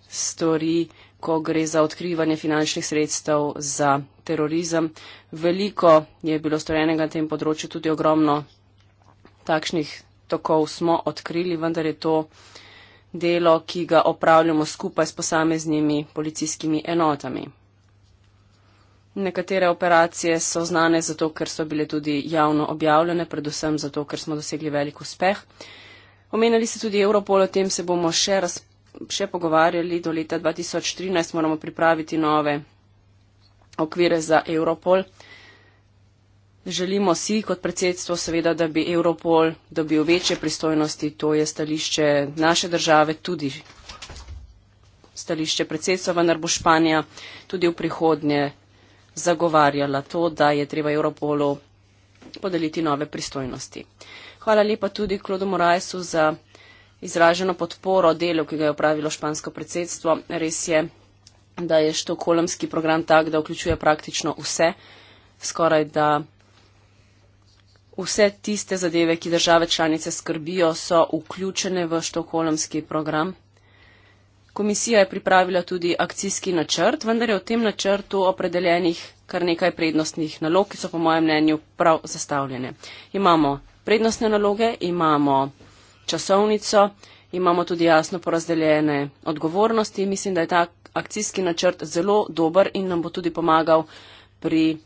B: stori, ko gre za odkrivanje finančnih sredstev za terorizem. Veliko je bilo storjenega na tem področju, tudi ogromno takšnih tokov smo odkrili, vendar je to delo, ki ga opravljamo skupaj s posameznimi policijskimi enotami. Nekatere operacije so znane zato, ker so bile tudi javno objavljene, predvsem zato, ker smo dosegli velik uspeh. Omenjali ste tudi Europol, o tem se bomo še razpravljali še pogovarjali, do leta 2013 moramo pripraviti nove okvire za Europol. Želimo si kot predsedstvo seveda, da bi Europol dobil večje pristojnosti, to je stališče naše države, tudi stališče predsedstva, vendar bo Španija tudi v prihodnje zagovarjala to, da je treba Europolu podeliti nove pristojnosti. Hvala lepa tudi Klodu Morajsu za izraženo podporo delu, ki ga je upravilo špansko predsedstvo. Res je, da je štokolemski program tak, da vključuje praktično vse, skoraj da vse tiste zadeve, ki države članice skrbijo, so vključene v štokolemski program. Komisija je pripravila tudi akcijski načrt, vendar je v tem načrtu opredeljenih kar nekaj prednostnih nalog, ki so po mojem mnenju prav zastavljene. Imamo prednostne naloge, imamo časovnico, imamo tudi jasno porazdeljene odgovornosti. Mislim, da je ta akcijski načrt zelo dober in nam bo tudi pomagal pri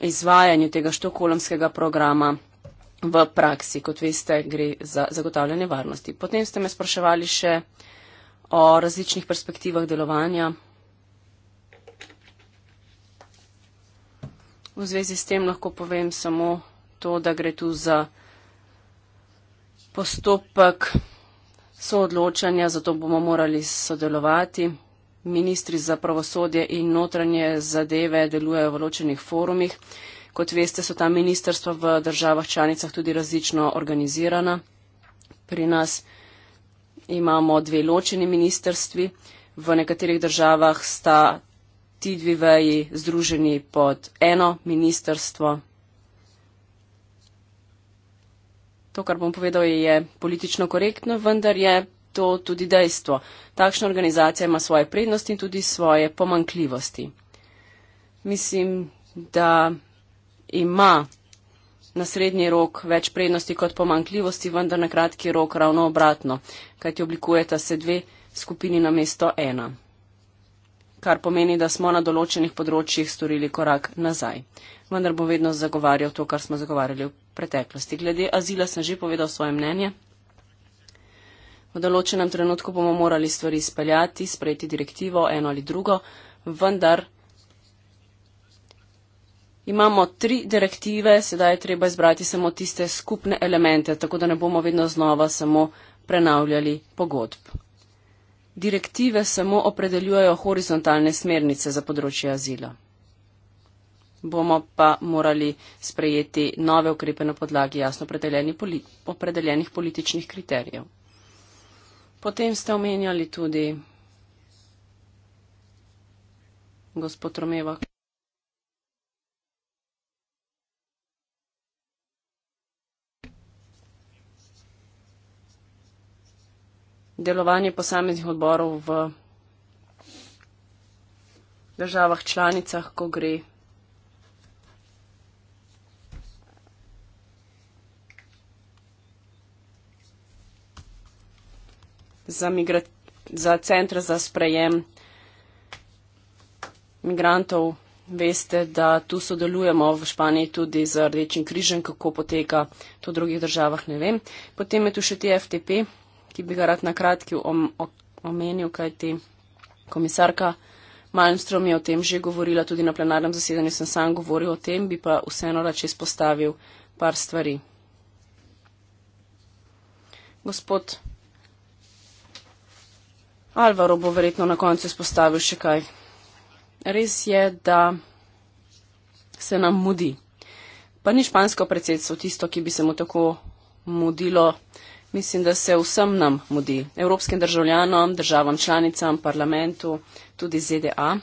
B: izvajanju tega štokolemskega programa v praksi, kot veste, gre za zagotavljanje varnosti. Potem ste me spraševali še o različnih perspektivah delovanja. V zvezi s tem lahko povem samo to, da gre tu za postopek soodločanja, zato bomo morali sodelovati. Ministri za pravosodje in notranje zadeve delujejo v ločenih forumih. Kot veste, so ta ministerstva v državah članicah tudi različno organizirana. Pri nas imamo dve ločeni ministerstvi, v nekaterih državah sta ti dve veji združeni pod eno ministerstvo, To, kar bom povedal, je politično korektno, vendar je to tudi dejstvo. Takšna organizacija ima svoje prednosti in tudi svoje pomankljivosti. Mislim, da ima na srednji rok več prednosti kot pomankljivosti, vendar na kratki rok ravno obratno, kajti oblikujeta se dve skupini na mesto ena kar pomeni, da smo na določenih področjih storili korak nazaj. Vendar bo vedno zagovarjal to, kar smo zagovarjali v preteklosti. Glede azila sem že povedal svoje mnenje. V določenem trenutku bomo morali stvari speljati, sprejeti direktivo, eno ali drugo, vendar imamo tri direktive, sedaj je treba izbrati samo tiste skupne elemente, tako da ne bomo vedno znova samo prenavljali pogodb direktive samo opredeljujejo horizontalne smernice za področje azila. Bomo pa morali sprejeti nove ukrepe na podlagi jasno opredeljeni poli opredeljenih političnih kriterijev. Potem ste omenjali tudi gospod Romevak. delovanje posameznih odborov v državah članicah, ko gre. Za, za centra za sprejem migrantov, veste, da tu sodelujemo v Španiji tudi z Rdečim križem, kako poteka to v drugih državah, ne vem. Potem je tu še TFTP ki bi ga rad na kratki om, omenil, kaj ti komisarka Malmström je o tem že govorila, tudi na plenarnem zasedanju sem sam govoril o tem, bi pa vseeno rad če izpostavil par stvari. Gospod Alvaro bo verjetno na koncu izpostavil še kaj. Res je, da se nam mudi. Pa ni špansko predsedstvo tisto, ki bi se mu tako mudilo Mislim, da se vsem nam mudi, evropskim državljanom, državam članicam, parlamentu, tudi ZDA.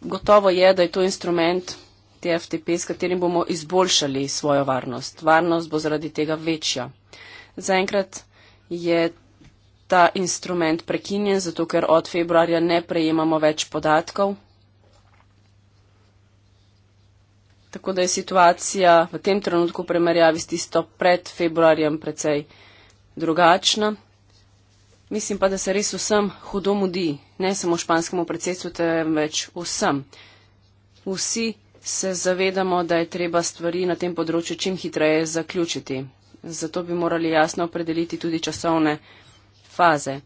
B: Gotovo je, da je to instrument TFTP, s katerim bomo izboljšali svojo varnost. Varnost bo zaradi tega večja. Zaenkrat je ta instrument prekinjen, zato ker od februarja ne prejemamo več podatkov, Tako da je situacija v tem trenutku primerjavi s tisto pred februarjem precej drugačna. Mislim pa, da se res vsem hudo mudi, ne samo španskemu predsedstvu, temveč vsem. Vsi se zavedamo, da je treba stvari na tem področju čim hitreje zaključiti. Zato bi morali jasno opredeliti tudi časovne faze.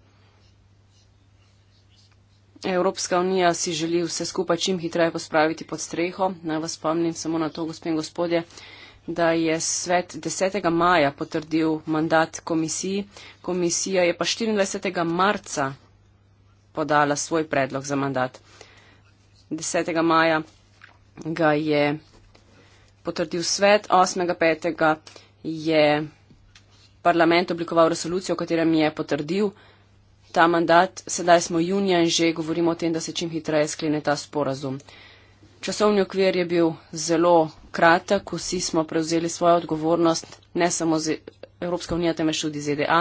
B: Evropska unija si želi vse skupaj čim hitreje pospraviti pod streho. Naj vas spomnim samo na to, gospod in gospodje, da je svet 10. maja potrdil mandat komisiji. Komisija je pa 24. marca podala svoj predlog za mandat. 10. maja ga je potrdil svet, 8.5. je parlament oblikoval resolucijo, v katerem je potrdil ta mandat, sedaj smo junija in že govorimo o tem, da se čim hitreje sklene ta sporazum. Časovni okvir je bil zelo kratek, vsi smo prevzeli svojo odgovornost, ne samo z Evropska unija, temveč tudi ZDA,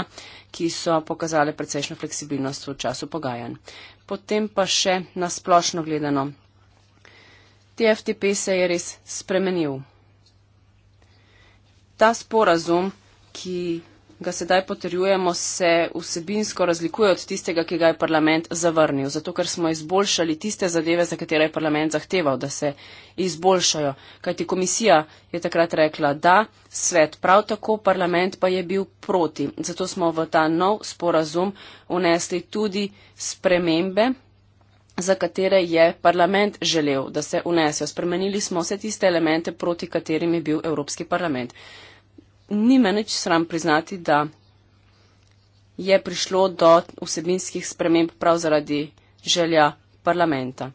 B: ki so pokazali precejšno fleksibilnost v času pogajanj. Potem pa še nasplošno gledano. TFTP se je res spremenil. Ta sporazum, ki ga sedaj potrjujemo, se vsebinsko razlikuje od tistega, ki ga je parlament zavrnil, zato ker smo izboljšali tiste zadeve, za katere je parlament zahteval, da se izboljšajo. Kajti komisija je takrat rekla da, svet prav tako, parlament pa je bil proti. Zato smo v ta nov sporazum unesli tudi spremembe za katere je parlament želel, da se unesijo. Spremenili smo vse tiste elemente, proti katerim je bil Evropski parlament ni meneč sram priznati, da je prišlo do vsebinskih sprememb prav zaradi želja parlamenta.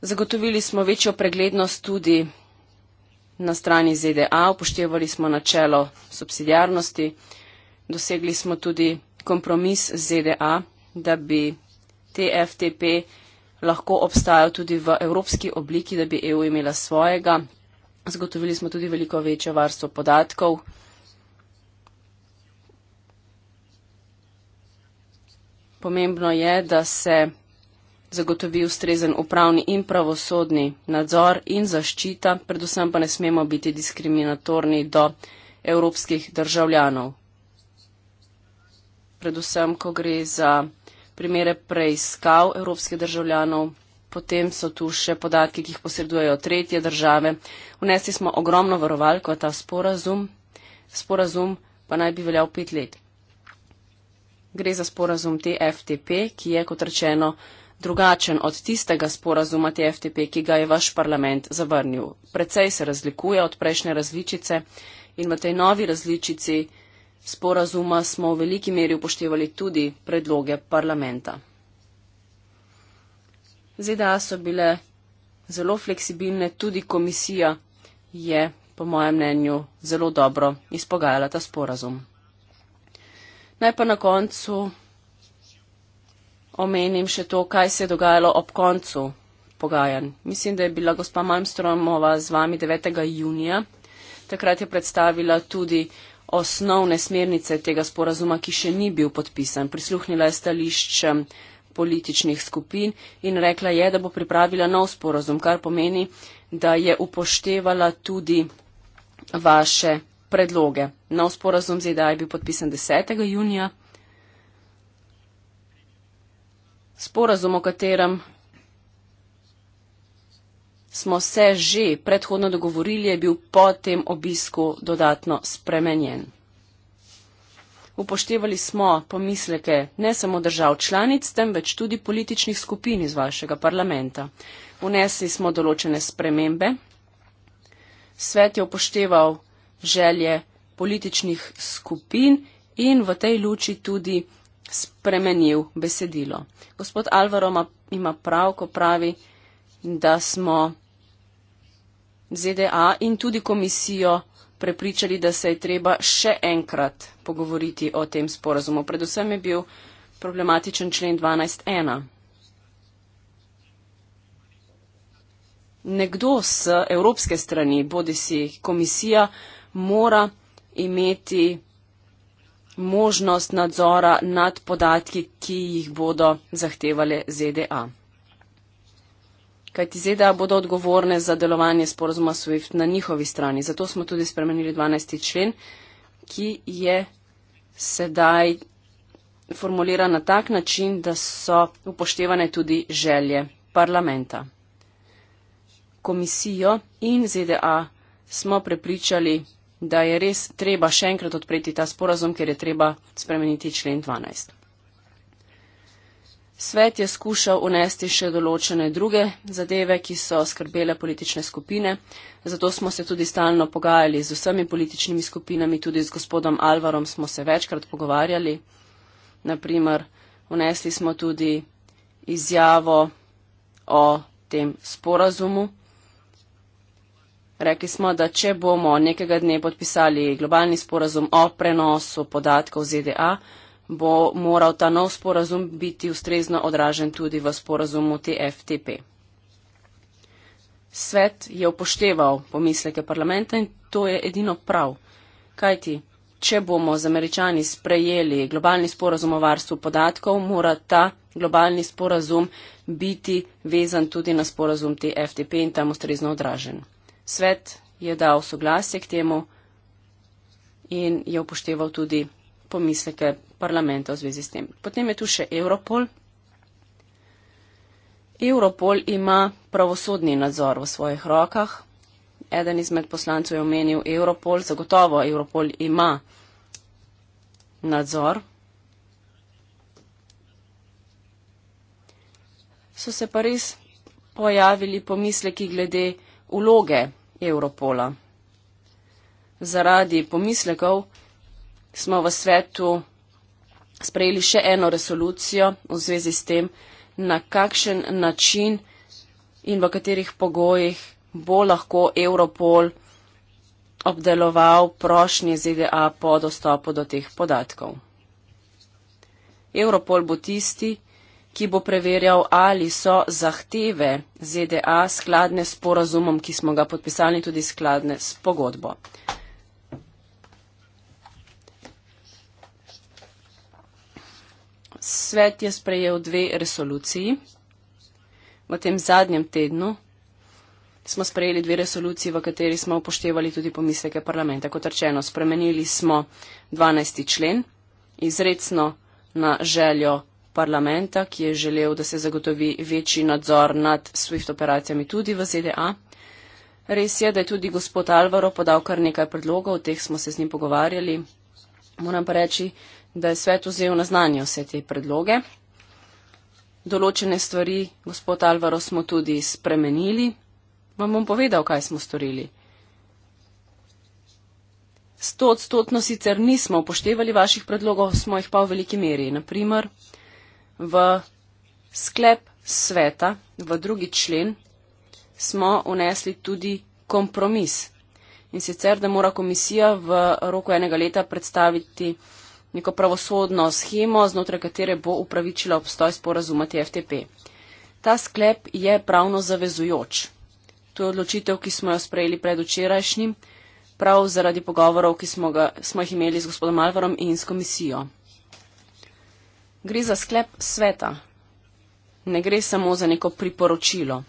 B: Zagotovili smo večjo preglednost tudi na strani ZDA, upoštevali smo načelo subsidijarnosti, dosegli smo tudi kompromis z ZDA, da bi te FTP lahko obstajal tudi v evropski obliki, da bi EU imela svojega Zagotovili smo tudi veliko večjo varstvo podatkov. Pomembno je, da se zagotovi ustrezen upravni in pravosodni nadzor in zaščita, predvsem pa ne smemo biti diskriminatorni do evropskih državljanov. Predvsem, ko gre za primere preiskav evropskih državljanov, potem so tu še podatki, ki jih posredujejo tretje države. Vnesli smo ogromno varovalko, ta sporazum, sporazum pa naj bi veljal pet let. Gre za sporazum te FTP, ki je, kot rečeno, drugačen od tistega sporazuma te FTP, ki ga je vaš parlament zavrnil. Predvsej se razlikuje od prejšnje različice in v tej novi različici sporazuma smo v veliki meri upoštevali tudi predloge parlamenta. ZDA so bile zelo fleksibilne, tudi komisija je, po mojem mnenju, zelo dobro izpogajala ta sporazum. Naj pa na koncu omenim še to, kaj se je dogajalo ob koncu pogajanj. Mislim, da je bila gospa Malmstromova z vami 9. junija. Takrat je predstavila tudi osnovne smernice tega sporazuma, ki še ni bil podpisan. Prisluhnila je stališčem političnih skupin in rekla je, da bo pripravila nov sporozum, kar pomeni, da je upoštevala tudi vaše predloge. Nov sporozum z EDA je bil podpisan 10. junija. Sporazum, o katerem smo se že predhodno dogovorili, je bil po tem obisku dodatno spremenjen upoštevali smo pomisleke ne samo držav članic, temveč tudi političnih skupin iz vašega parlamenta. Vnesli smo določene spremembe. Svet je upošteval želje političnih skupin in v tej luči tudi spremenil besedilo. Gospod Alvaro ima prav, ko pravi, da smo ZDA in tudi komisijo prepričali, da se je treba še enkrat pogovoriti o tem sporazumu. Predvsem je bil problematičen člen 12.1. Nekdo z evropske strani, bodi si komisija, mora imeti možnost nadzora nad podatki, ki jih bodo zahtevali ZDA kajti ZDA bodo odgovorne za delovanje sporozuma SWIFT na njihovi strani. Zato smo tudi spremenili 12. člen, ki je sedaj formuliran na tak način, da so upoštevane tudi želje parlamenta. Komisijo in ZDA smo prepričali, da je res treba še enkrat odpreti ta sporazum, ker je treba spremeniti člen 12. Svet je skušal unesti še določene druge zadeve, ki so skrbele politične skupine, zato smo se tudi stalno pogajali z vsemi političnimi skupinami, tudi z gospodom Alvarom smo se večkrat pogovarjali. Naprimer, unesli smo tudi izjavo o tem sporazumu. Rekli smo, da če bomo nekega dne podpisali globalni sporazum o prenosu podatkov ZDA, bo moral ta nov sporazum biti ustrezno odražen tudi v sporazumu TFTP. Svet je upošteval pomisleke parlamenta in to je edino prav. Kaj ti, če bomo z američani sprejeli globalni sporazum o varstvu podatkov, mora ta globalni sporazum biti vezan tudi na sporazum TFTP in tam ustrezno odražen. Svet je dal soglasje k temu in je upošteval tudi pomisleke parlamenta v zvezi s tem. Potem je tu še Europol. Europol ima pravosodni nadzor v svojih rokah. Eden izmed poslancev je omenil Europol. Zagotovo Europol ima nadzor. So se pa res pojavili pomisleki glede vloge Europola. Zaradi pomislekov, smo v svetu sprejeli še eno resolucijo v zvezi s tem, na kakšen način in v katerih pogojih bo lahko Europol obdeloval prošnje ZDA po dostopu do teh podatkov. Europol bo tisti, ki bo preverjal, ali so zahteve ZDA skladne s porazumom, ki smo ga podpisali, tudi skladne s pogodbo. svet je sprejel dve resoluciji. V tem zadnjem tednu smo sprejeli dve resoluciji, v kateri smo upoštevali tudi pomisleke parlamenta. Kot rečeno, spremenili smo 12. člen izredno na željo parlamenta, ki je želel, da se zagotovi večji nadzor nad SWIFT operacijami tudi v ZDA. Res je, da je tudi gospod Alvaro podal kar nekaj predlogov, o teh smo se z njim pogovarjali. Moram pa reči, da je svet vzel na znanje vse te predloge. Določene stvari, gospod Alvaro, smo tudi spremenili. Vam bom povedal, kaj smo storili. Sto odstotno sicer nismo upoštevali vaših predlogov, smo jih pa v veliki meri. Naprimer, v sklep sveta, v drugi člen, smo unesli tudi kompromis. In sicer, da mora komisija v roku enega leta predstaviti neko pravosodno schemo, znotraj katere bo upravičila obstoj sporazuma TFTP. Ta sklep je pravno zavezujoč. To je odločitev, ki smo jo sprejeli predvčerajšnjim, prav zaradi pogovorov, ki smo, ga, smo jih imeli z gospodom Alvarom in s komisijo. Gre za sklep sveta. Ne gre samo za neko priporočilo.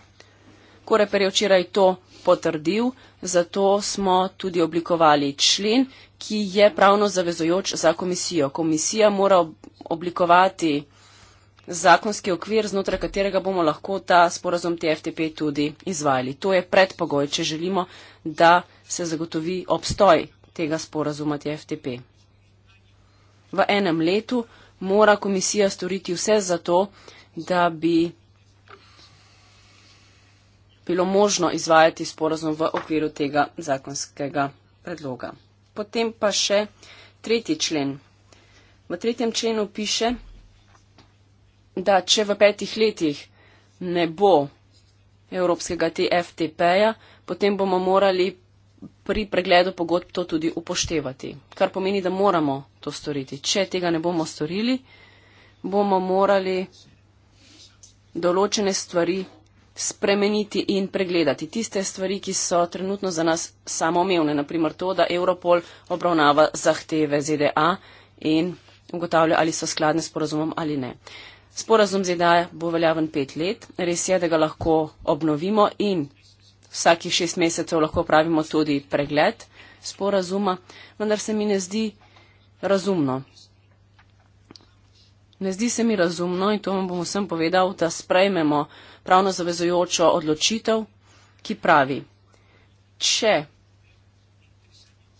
B: Koreper je včeraj to potrdil, zato smo tudi oblikovali člen, ki je pravno zavezojoč za komisijo. Komisija mora oblikovati zakonski okvir, znotraj katerega bomo lahko ta sporazum TFTP tudi izvajali. To je predpogoj, če želimo, da se zagotovi obstoj tega sporazuma TFTP. V enem letu mora komisija storiti vse za to, da bi bilo možno izvajati sporozum v okviru tega zakonskega predloga. Potem pa še tretji člen. V tretjem členu piše, da če v petih letih ne bo evropskega TFTP-ja, potem bomo morali pri pregledu pogodb to tudi upoštevati. Kar pomeni, da moramo to storiti. Če tega ne bomo storili, bomo morali določene stvari spremeniti in pregledati tiste stvari, ki so trenutno za nas samoumevne. Naprimer to, da Europol obravnava zahteve ZDA in ugotavlja, ali so skladne s porazumom ali ne. Sporazum ZDA bo veljaven pet let, res je, da ga lahko obnovimo in vsaki šest mesecev lahko pravimo tudi pregled sporazuma, vendar se mi ne zdi razumno. Ne zdi se mi razumno in to vam bom vsem povedal, da sprejmemo pravno zavezojočo odločitev, ki pravi, če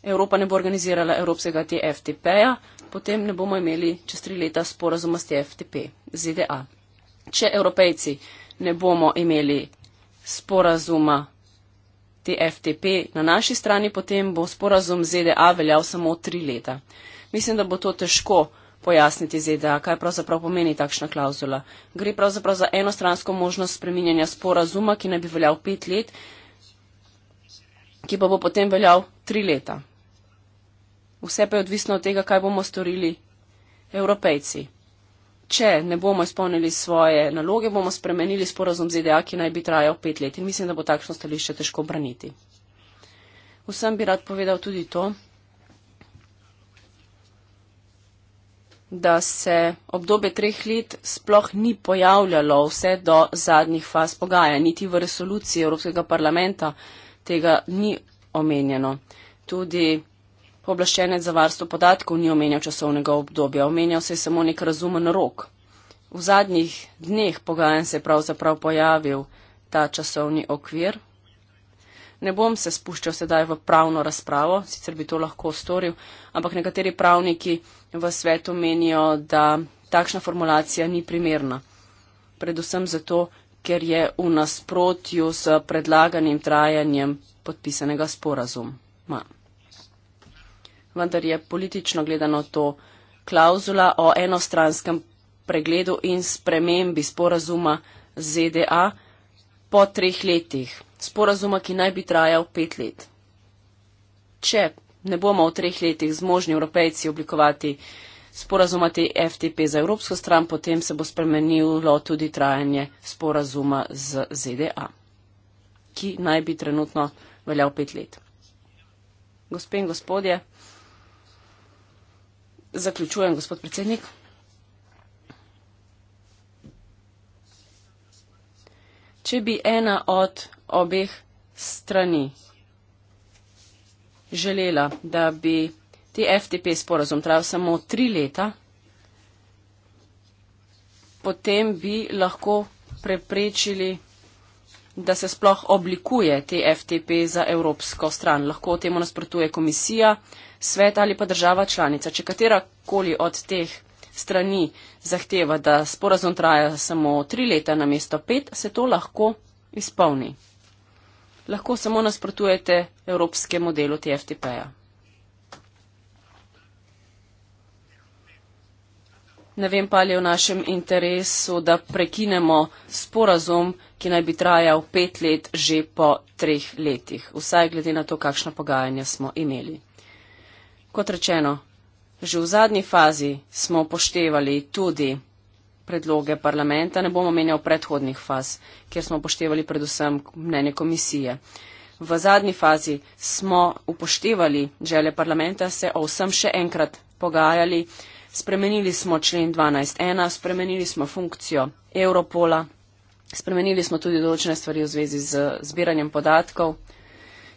B: Evropa ne bo organizirala evropskega TFTP-ja, potem ne bomo imeli čez tri leta sporazuma s TFTP, ZDA. Če evropejci ne bomo imeli sporazuma TFTP na naši strani, potem bo sporazum ZDA veljal samo tri leta. Mislim, da bo to težko pojasniti ZDA, kaj pravzaprav pomeni takšna klauzula. Gre pravzaprav za enostransko možnost spreminjanja sporazuma, ki ne bi veljal pet let, ki pa bo potem veljal tri leta. Vse pa je odvisno od tega, kaj bomo storili evropejci. Če ne bomo izpolnili svoje naloge, bomo spremenili sporazum ZDA, ki naj bi trajal pet let in mislim, da bo takšno stališče težko braniti. Vsem bi rad povedal tudi to. da se obdobje treh let sploh ni pojavljalo vse do zadnjih faz pogajanj, niti v resoluciji Evropskega parlamenta tega ni omenjeno. Tudi pooblaščenec za varstvo podatkov ni omenjal časovnega obdobja, omenjal se je samo nek razumen rok. V zadnjih dneh pogajanj se je pravzaprav pojavil ta časovni okvir, Ne bom se spuščal sedaj v pravno razpravo, sicer bi to lahko storil, ampak nekateri pravniki v svetu menijo, da takšna formulacija ni primerna. Predvsem zato, ker je v nasprotju s predlaganim trajanjem podpisanega sporazuma. Vendar je politično gledano to klauzula o enostranskem pregledu in spremembi sporazuma ZDA po treh letih sporazuma, ki naj bi trajal pet let. Če ne bomo v treh letih zmožni evropejci oblikovati sporazuma te FTP za evropsko stran, potem se bo spremenilo tudi trajanje sporazuma z ZDA, ki naj bi trenutno veljal pet let. Gospe in gospodje, zaključujem, gospod predsednik. če bi ena od obeh strani želela, da bi ti FTP sporazum trajal samo tri leta, potem bi lahko preprečili, da se sploh oblikuje te FTP za evropsko stran. Lahko temu nasprotuje komisija, svet ali pa država članica. Če katerakoli od teh strani zahteva, da sporazum traja samo tri leta na mesto pet, se to lahko izpolni. Lahko samo nasprotujete evropskemu delu TFTP-ja. Ne vem pa, ali je v našem interesu, da prekinemo sporazum, ki naj bi trajal pet let že po treh letih, vsaj glede na to, kakšna pogajanja smo imeli. Kot rečeno, Že v zadnji fazi smo upoštevali tudi predloge parlamenta, ne bomo menjal predhodnih faz, kjer smo upoštevali predvsem mnenje komisije. V zadnji fazi smo upoštevali želje parlamenta, se o vsem še enkrat pogajali, spremenili smo člen 12.1, spremenili smo funkcijo Europola, spremenili smo tudi določene stvari v zvezi z zbiranjem podatkov.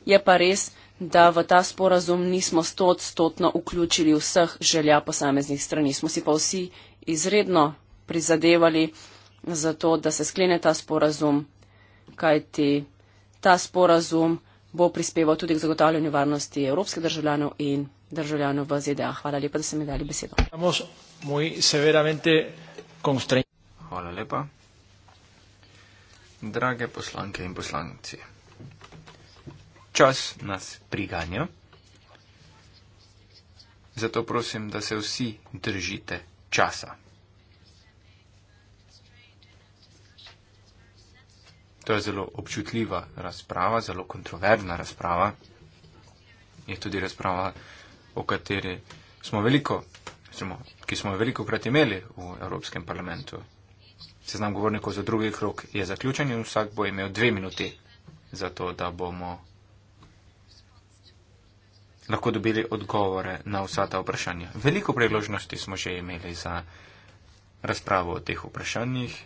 B: Je pa res, da v ta sporazum nismo stotstotno vključili vseh želja posameznih strani. Smo si pa vsi izredno prizadevali za to, da se sklene ta sporazum, kajti ta sporazum bo prispeval tudi k zagotavljanju varnosti evropskih državljanov in državljanov v ZDA. Hvala lepa, da ste mi dali besedo.
A: Hvala lepa. Drage poslanke in poslanci čas nas priganja. Zato prosim, da se vsi držite časa. To je zelo občutljiva razprava, zelo kontroverna razprava. Je tudi razprava, o kateri smo veliko, smo, ki smo jo veliko krat imeli v Evropskem parlamentu. Seznam govornikov za drugi krok je zaključen in vsak bo imel dve minuti za to, da bomo lahko dobili odgovore na vsa ta vprašanja. Veliko priložnosti smo že imeli za razpravo o teh vprašanjih.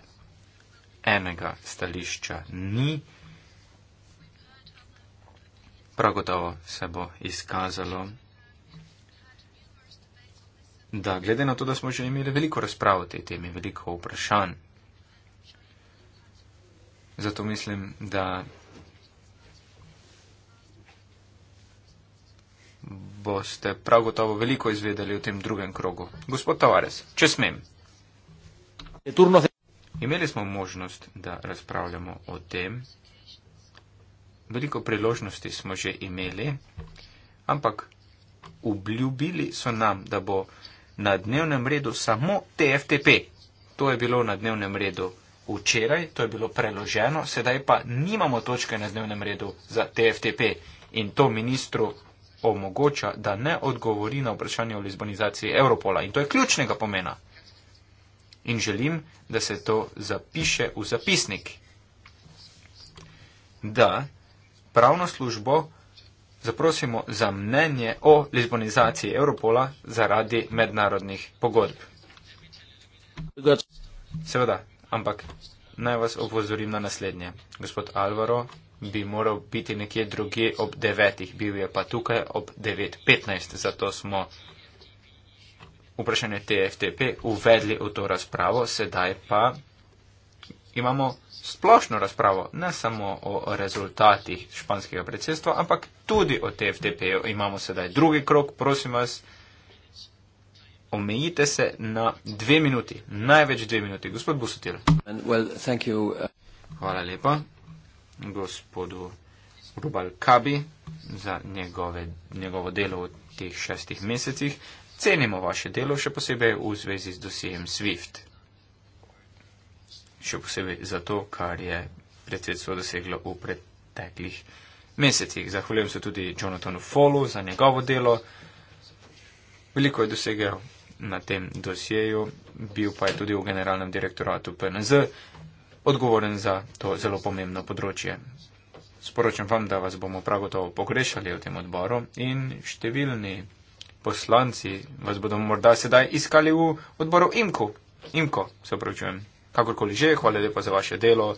A: Enega stališča ni. Prav gotovo se bo izkazalo, da glede na to, da smo že imeli veliko razprav o tej temi, veliko vprašanj. Zato mislim, da boste prav gotovo veliko izvedeli v tem drugem krogu. Gospod Tavares, če smem. Imeli smo možnost, da razpravljamo o tem. Veliko priložnosti smo že imeli, ampak obljubili so nam, da bo na dnevnem redu samo TFTP. To je bilo na dnevnem redu včeraj, to je bilo preloženo, sedaj pa nimamo točke na dnevnem redu za TFTP. In to ministru omogoča, da ne odgovori na vprašanje o lizbonizaciji Evropola. In to je ključnega pomena. In želim, da se to zapiše v zapisnik. Da pravno službo zaprosimo za mnenje o lizbonizaciji Evropola zaradi mednarodnih pogodb. Seveda, ampak naj vas opozorim na naslednje. Gospod Alvaro, bi moral biti nekje drugi ob devetih, bil je pa tukaj ob 9.15, zato smo vprašanje TFTP uvedli v to razpravo, sedaj pa imamo splošno razpravo, ne samo o rezultatih španskega predsedstva, ampak tudi o TFTP-ju. Imamo sedaj drugi krok, prosim vas, omejite se na dve minuti, največ dve minuti. Gospod Busutil. Well, uh, Hvala lepa gospodu Rubalkabi za njegove, njegovo delo v teh šestih mesecih. Cenimo vaše delo, še posebej v zvezi z dosijem SWIFT. Še posebej zato, kar je predsedstvo doseglo v preteklih mesecih. Zahvaljujem se tudi Jonathanu Follu za njegovo delo. Veliko je dosegel na tem dosjeju, bil pa je tudi v generalnem direktoratu PNZ, odgovoren za to zelo pomembno področje. Sporočam vam, da vas bomo prav gotovo pogrešali v tem odboru in številni poslanci vas bodo morda sedaj iskali v odboru IMKO. IMKO, se opravičujem. Kakorkoli že, hvala lepa za vaše delo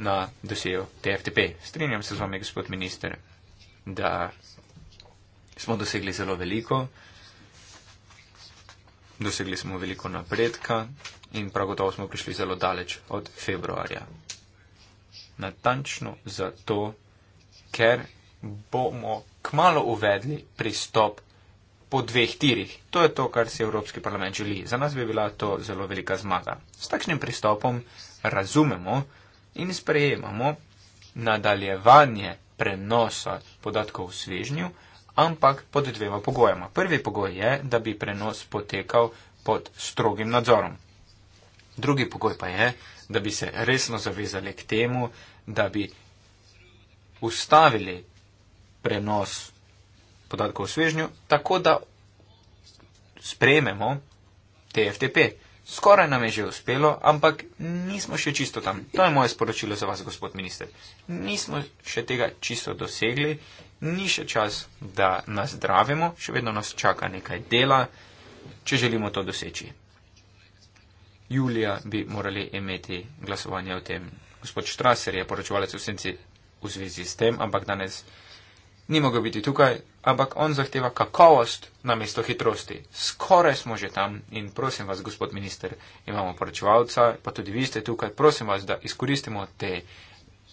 A: na dosijo TFTP. Strinjam se z vami, gospod minister, da smo dosegli zelo veliko. Dosegli smo veliko napredka in prav gotovo smo prišli zelo daleč od februarja. Natančno zato, ker bomo kmalo uvedli pristop po dveh tirih. To je to, kar si Evropski parlament želi. Za nas bi bila to zelo velika zmaga. S takšnim pristopom razumemo in sprejemamo nadaljevanje prenosa podatkov v svežnju, ampak pod dvema pogojama. Prvi pogoj je, da bi prenos potekal pod strogim nadzorom. Drugi pogoj pa je, da bi se resno zavezali k temu, da bi ustavili prenos podatkov v svežnju, tako da sprejmemo TFTP. Skoraj nam je že uspelo, ampak nismo še čisto tam. To je moje sporočilo za vas, gospod minister. Nismo še tega čisto dosegli, ni še čas, da nas zdravimo, še vedno nas čaka nekaj dela, če želimo to doseči julija bi morali imeti glasovanje o tem. Gospod Štraser je poročevalec v senci v zvezi s tem, ampak danes ni mogel biti tukaj, ampak on zahteva kakovost na mesto hitrosti. Skoraj smo že tam in prosim vas, gospod minister, imamo poročevalca, pa tudi vi ste tukaj, prosim vas, da izkoristimo te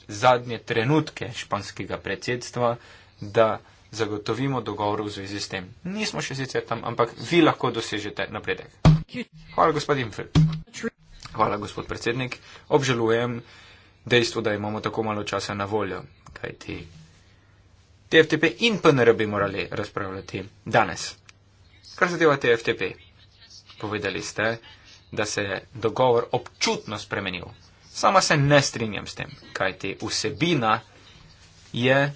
A: zadnje trenutke španskega predsedstva, da zagotovimo dogovor v zvezi s tem. Nismo še sicer tam, ampak vi lahko dosežete napredek. Hvala, gospod Infeld. Hvala, gospod predsednik. Obžalujem dejstvo, da imamo tako malo časa na voljo, kaj ti TFTP in PNR bi morali razpravljati danes. Kar se deva TFTP, povedali ste, da se je dogovor občutno spremenil. Sama se ne strinjam s tem, kaj ti vsebina je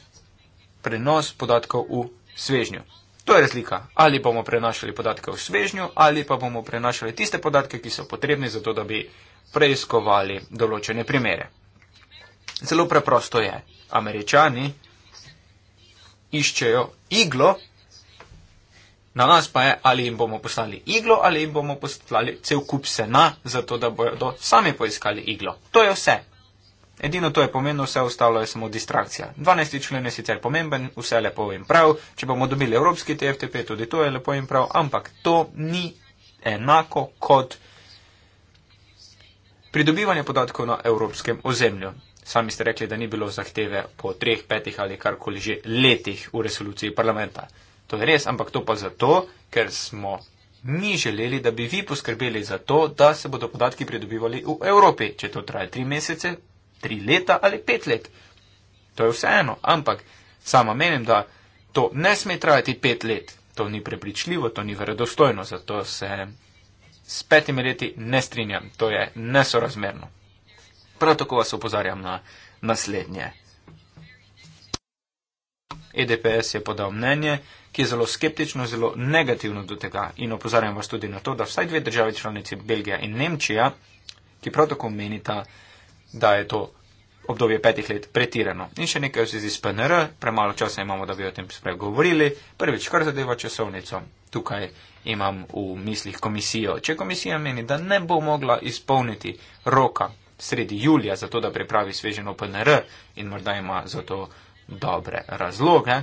A: prenos podatkov v svežnju. To je razlika. Ali bomo prenašali podatke v svežnju, ali pa bomo prenašali tiste podatke, ki so potrebni za to, da bi preiskovali določene primere. Zelo preprosto je. Američani iščejo iglo, na nas pa je, ali jim bomo poslali iglo, ali jim bomo poslali cel kup sena, zato da bodo sami poiskali iglo. To je vse. Edino to je pomembno, vse ostalo je samo distrakcija. 12. člen je sicer pomemben, vse lepo in prav, če bomo dobili evropski TFTP, tudi to je lepo in prav, ampak to ni enako kot pridobivanje podatkov na evropskem ozemlju. Sami ste rekli, da ni bilo zahteve po treh, petih ali karkoli že letih v resoluciji parlamenta. To je res, ampak to pa zato, ker smo mi želeli, da bi vi poskrbeli za to, da se bodo podatki pridobivali v Evropi. Če to traje tri mesece, tri leta ali pet let. To je vseeno, ampak sama menim, da to ne sme trajati pet let. To ni prepričljivo, to ni verodostojno, zato se s petimi leti ne strinjam. To je nesorazmerno. Prav tako vas opozarjam na naslednje. EDPS je podal mnenje, ki je zelo skeptično, zelo negativno do tega in opozarjam vas tudi na to, da vsaj dve države članice, Belgija in Nemčija, ki prav tako menita, da je to obdobje petih let pretirano. In še nekaj v zvezi s PNR, premalo časa imamo, da bi o tem spregovorili. Prvič, kar zadeva časovnico, tukaj imam v mislih komisijo. Če komisija meni, da ne bo mogla izpolniti roka sredi julija za to, da pripravi svežen PNR in morda ima za to dobre razloge,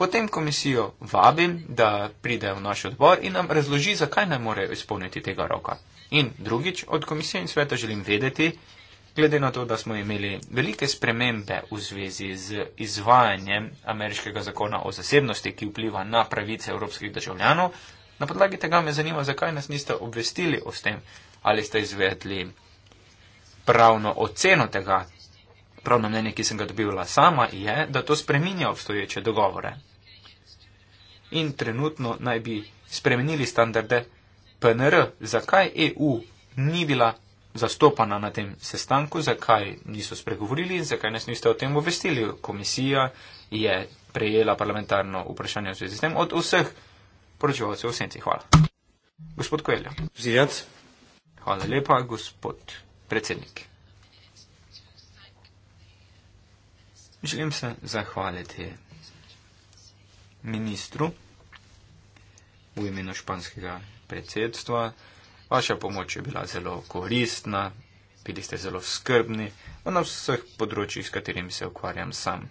A: potem komisijo vabim, da pride v naš odbor in nam razloži, zakaj ne morejo izpolniti tega roka. In drugič, od komisije in sveta želim vedeti, glede na to, da smo imeli velike spremembe v zvezi z izvajanjem ameriškega zakona o zasebnosti, ki vpliva na pravice evropskih državljanov, na podlagi tega me zanima, zakaj nas niste obvestili o tem, ali ste izvedli pravno oceno tega. Pravno mnenje, ki sem ga dobila sama, je, da to spreminja obstoječe dogovore. In trenutno naj bi spremenili standarde PNR, zakaj EU ni bila zastopana na tem sestanku, zakaj niso spregovorili, zakaj nas niste o tem obvestili. Komisija je prejela parlamentarno vprašanje v zvezi s tem od vseh poročevalcev v senci. Hvala. Gospod Koelja. Zidjac. Hvala lepa, gospod predsednik. Želim se zahvaliti ministru v imenu španskega predsedstva. Vaša pomoč je bila zelo koristna, bili ste zelo skrbni na vseh področjih, s katerimi se ukvarjam sam.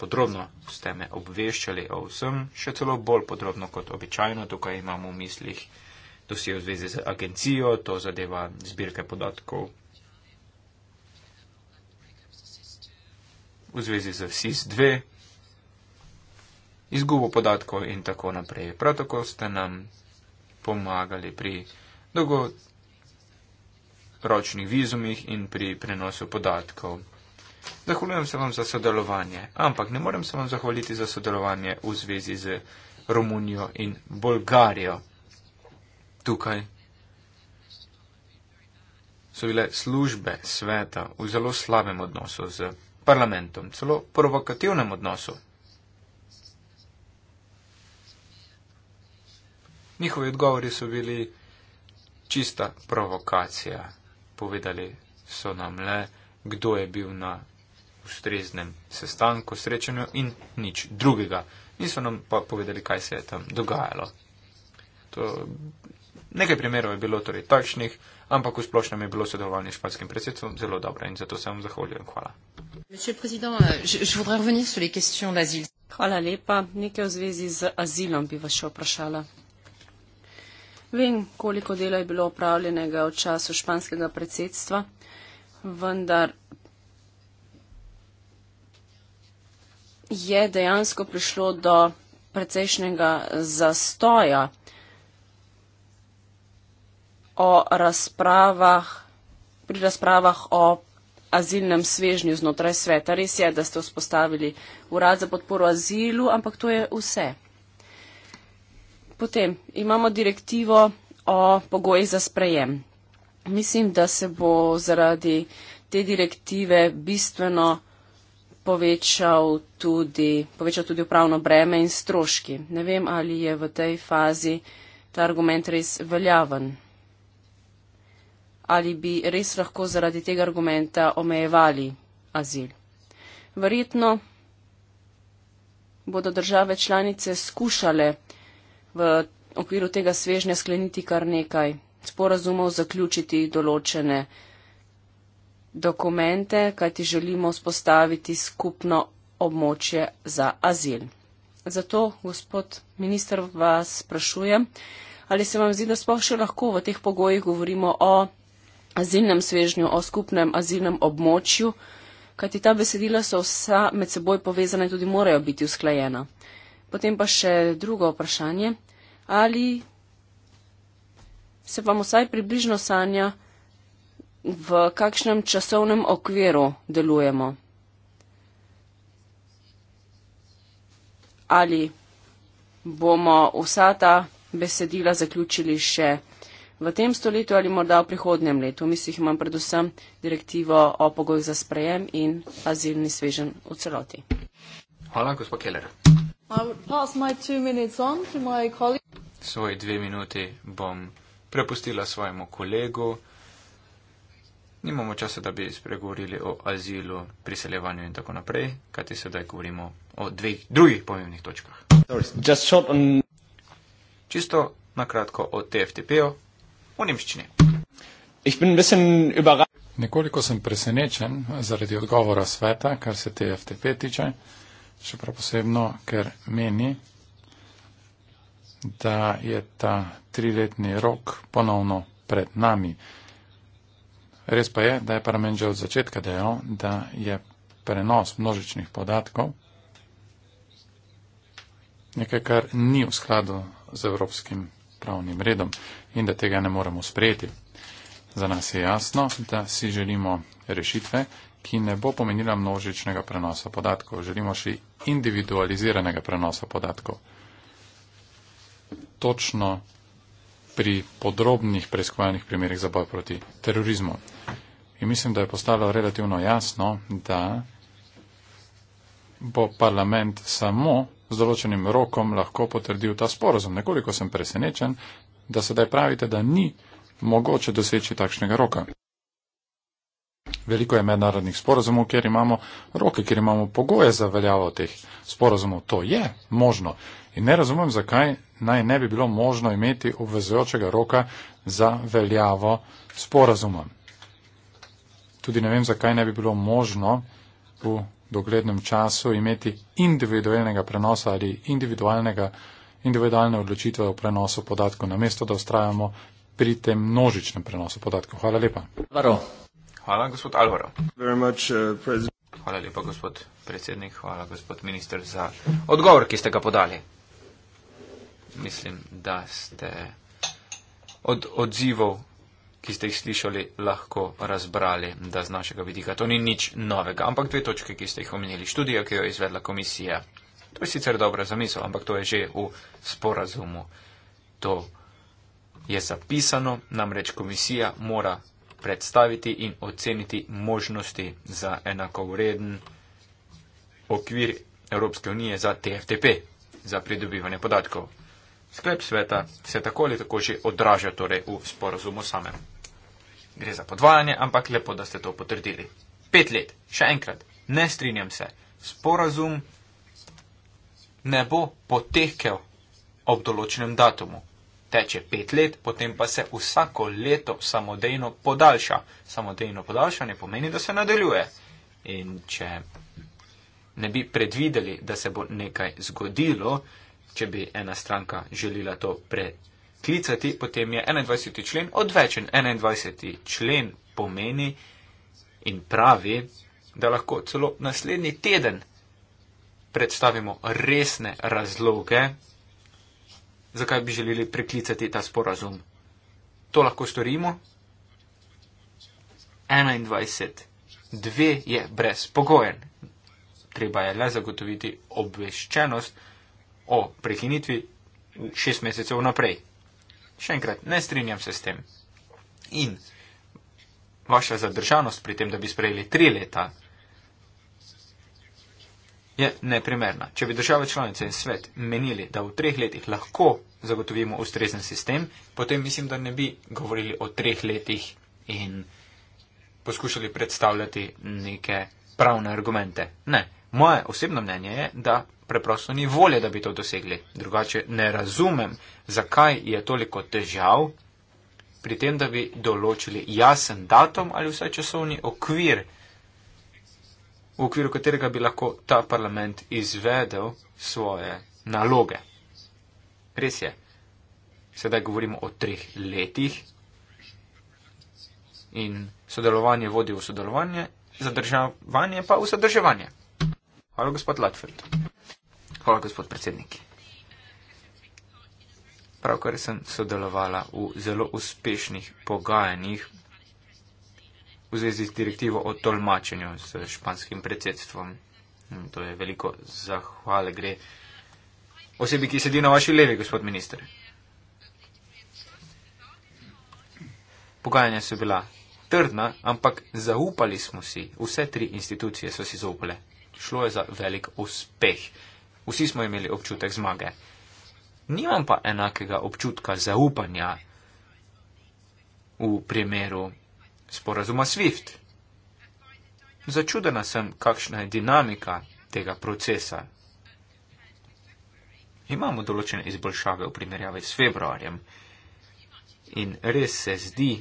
A: Podrobno ste me obveščali o vsem, še celo bolj podrobno kot običajno, tukaj imam v mislih dosijo zveze z agencijo, to zadeva zbirke podatkov. V zvezi z SIS-2, izgubo podatkov in tako naprej. Prav tako ste nam pomagali pri dolgoročnih vizumih in pri prenosu podatkov. Zahvaljujem se vam za sodelovanje, ampak ne morem se vam zahvaliti za sodelovanje v zvezi z Romunijo in Bolgarijo. Tukaj so bile službe sveta v zelo slabem odnosu z parlamentom, celo provokativnem odnosu. Njihovi odgovori so bili čista provokacija. Povedali so nam le, kdo je bil na ustreznem sestanku, srečanju in nič drugega. Niso nam pa povedali, kaj se je tam dogajalo. To, nekaj primerov je bilo torej takšnih, ampak v splošnem je bilo sodelovanje s španskim predsedstvom zelo dobro in zato se vam zahvaljujem. Hvala.
B: Euh, Hvala lepa. Nekaj v zvezi z azilom bi vas še vprašala. Vem, koliko dela je bilo opravljenega v času španskega predsedstva, vendar je dejansko prišlo do precejšnjega zastoja o razpravah, pri razpravah o azilnem svežnju znotraj sveta. Res je, da ste vzpostavili urad za podporo azilu, ampak to je vse potem imamo direktivo o pogojih za sprejem. Mislim, da se bo zaradi te direktive bistveno povečal tudi, povečal tudi upravno breme in stroški. Ne vem, ali je v tej fazi ta argument res veljaven. Ali bi res lahko zaradi tega argumenta omejevali azil. Verjetno bodo države članice skušale v okviru tega svežnja skleniti kar nekaj sporazumov, zaključiti določene dokumente, kajti želimo spostaviti skupno območje za azil. Zato, gospod minister, vas sprašujem, ali se vam zdi, da sploh še lahko v teh pogojih govorimo o azilnem svežnju, o skupnem azilnem območju, kajti ta besedila so vsa med seboj povezana in tudi morajo biti usklajena. Potem pa še drugo vprašanje. Ali se vam vsaj približno sanja, v kakšnem časovnem okviru delujemo? Ali bomo vsa ta besedila zaključili še v tem stoletju ali morda v prihodnem letu? Mislim, imam predvsem direktivo o pogojih za sprejem in azilni svežen v celoti.
A: Hvala, gospod Keller. Svoje dve minuti bom prepustila svojemu kolegu. Nimamo časa, da bi spregovorili o azilu, priseljevanju in tako naprej, kajti sedaj govorimo o dveh drugih pomembnih točkah. On... Čisto na kratko o TFTP-u v Nemščini.
C: Nekoliko sem presenečen zaradi odgovora sveta, kar se TFTP tiče še prav posebno, ker meni, da je ta triletni rok ponovno pred nami. Res pa je, da je parlament že od začetka dejal, da je prenos množičnih podatkov nekaj, kar ni v skladu z evropskim pravnim redom in da tega ne moremo sprejeti. Za nas je jasno, da si želimo rešitve, ki ne bo pomenila množičnega prenosa podatkov. Želimo še individualiziranega prenosa podatkov. Točno pri podrobnih preiskovalnih primerih za boj proti terorizmu. In mislim, da je postalo relativno jasno, da bo parlament samo z določenim rokom lahko potrdil ta sporozum. Nekoliko sem presenečen, da sedaj pravite, da ni mogoče doseči takšnega roka veliko je mednarodnih sporazumov, kjer imamo roke, kjer imamo pogoje za veljavo teh sporazumov. To je možno. In ne razumem, zakaj naj ne bi bilo možno imeti obvezujočega roka za veljavo sporazuma. Tudi ne vem, zakaj ne bi bilo možno v doglednem času imeti individualnega prenosa ali individualnega, individualne odločitve o prenosu podatkov, namesto da ustrajamo pri tem množičnem prenosu podatkov. Hvala lepa. Hvala.
A: Hvala, gospod Alvaro. Much, uh, hvala lepa, gospod predsednik. Hvala, gospod minister, za odgovor, ki ste ga podali. Mislim, da ste od odzivov, ki ste jih slišali, lahko razbrali, da z našega vidika to ni nič novega. Ampak dve točke, ki ste jih omenili, študija, ki jo je izvedla komisija. To je sicer dobra zamisel, ampak to je že v sporazumu. To je zapisano, namreč komisija mora predstaviti in oceniti možnosti za enakovreden okvir Evropske unije za TFTP, za pridobivanje podatkov. Sklep sveta se tako ali tako že odraža torej v sporozumu samem. Gre za podvajanje, ampak lepo, da ste to potrdili. Pet let, še enkrat, ne strinjam se, sporozum ne bo potekel ob določenem datumu teče pet let, potem pa se vsako leto samodejno podaljša. Samodejno podaljšanje pomeni, da se nadaljuje. In če ne bi predvideli, da se bo nekaj zgodilo, če bi ena stranka želila to preklicati, potem je 21. člen odvečen. 21. člen pomeni in pravi, da lahko celo naslednji teden predstavimo resne razloge, zakaj bi želeli preklicati ta sporazum. To lahko storimo. 21. 2 je brezpogojen. Treba je le zagotoviti obveščenost o prekinitvi šest mesecev naprej. Še enkrat, ne strinjam se s tem. In vaša zadržanost pri tem, da bi sprejeli tri leta je neprimerna. Če bi države članice in svet menili, da v treh letih lahko zagotovimo ustrezen sistem, potem mislim, da ne bi govorili o treh letih in poskušali predstavljati neke pravne argumente. Ne. Moje osebno mnenje je, da preprosto ni volje, da bi to dosegli. Drugače ne razumem, zakaj je toliko težav pri tem, da bi določili jasen datum ali vsaj časovni okvir v okviru katerega bi lahko ta parlament izvedel svoje naloge. Res je, sedaj govorimo o treh letih in sodelovanje vodi v sodelovanje, zadržavanje pa v zadrževanje. Hvala, gospod Latfeld. Hvala, gospod predsednik. Pravkar sem sodelovala v zelo uspešnih pogajanjih v zvezi z direktivo o tolmačenju s španskim predsedstvom. In mm, to je veliko zahvale gre osebi, ki sedi na vaši levi, gospod minister. Pogajanja so bila trdna, ampak zaupali smo si, vse tri institucije so si zaupale. Šlo je za velik uspeh. Vsi smo imeli občutek zmage. Nimam pa enakega občutka zaupanja v primeru sporazuma SWIFT. Začudena sem, kakšna je dinamika tega procesa. Imamo določene izboljšave v primerjavi s februarjem in res se zdi,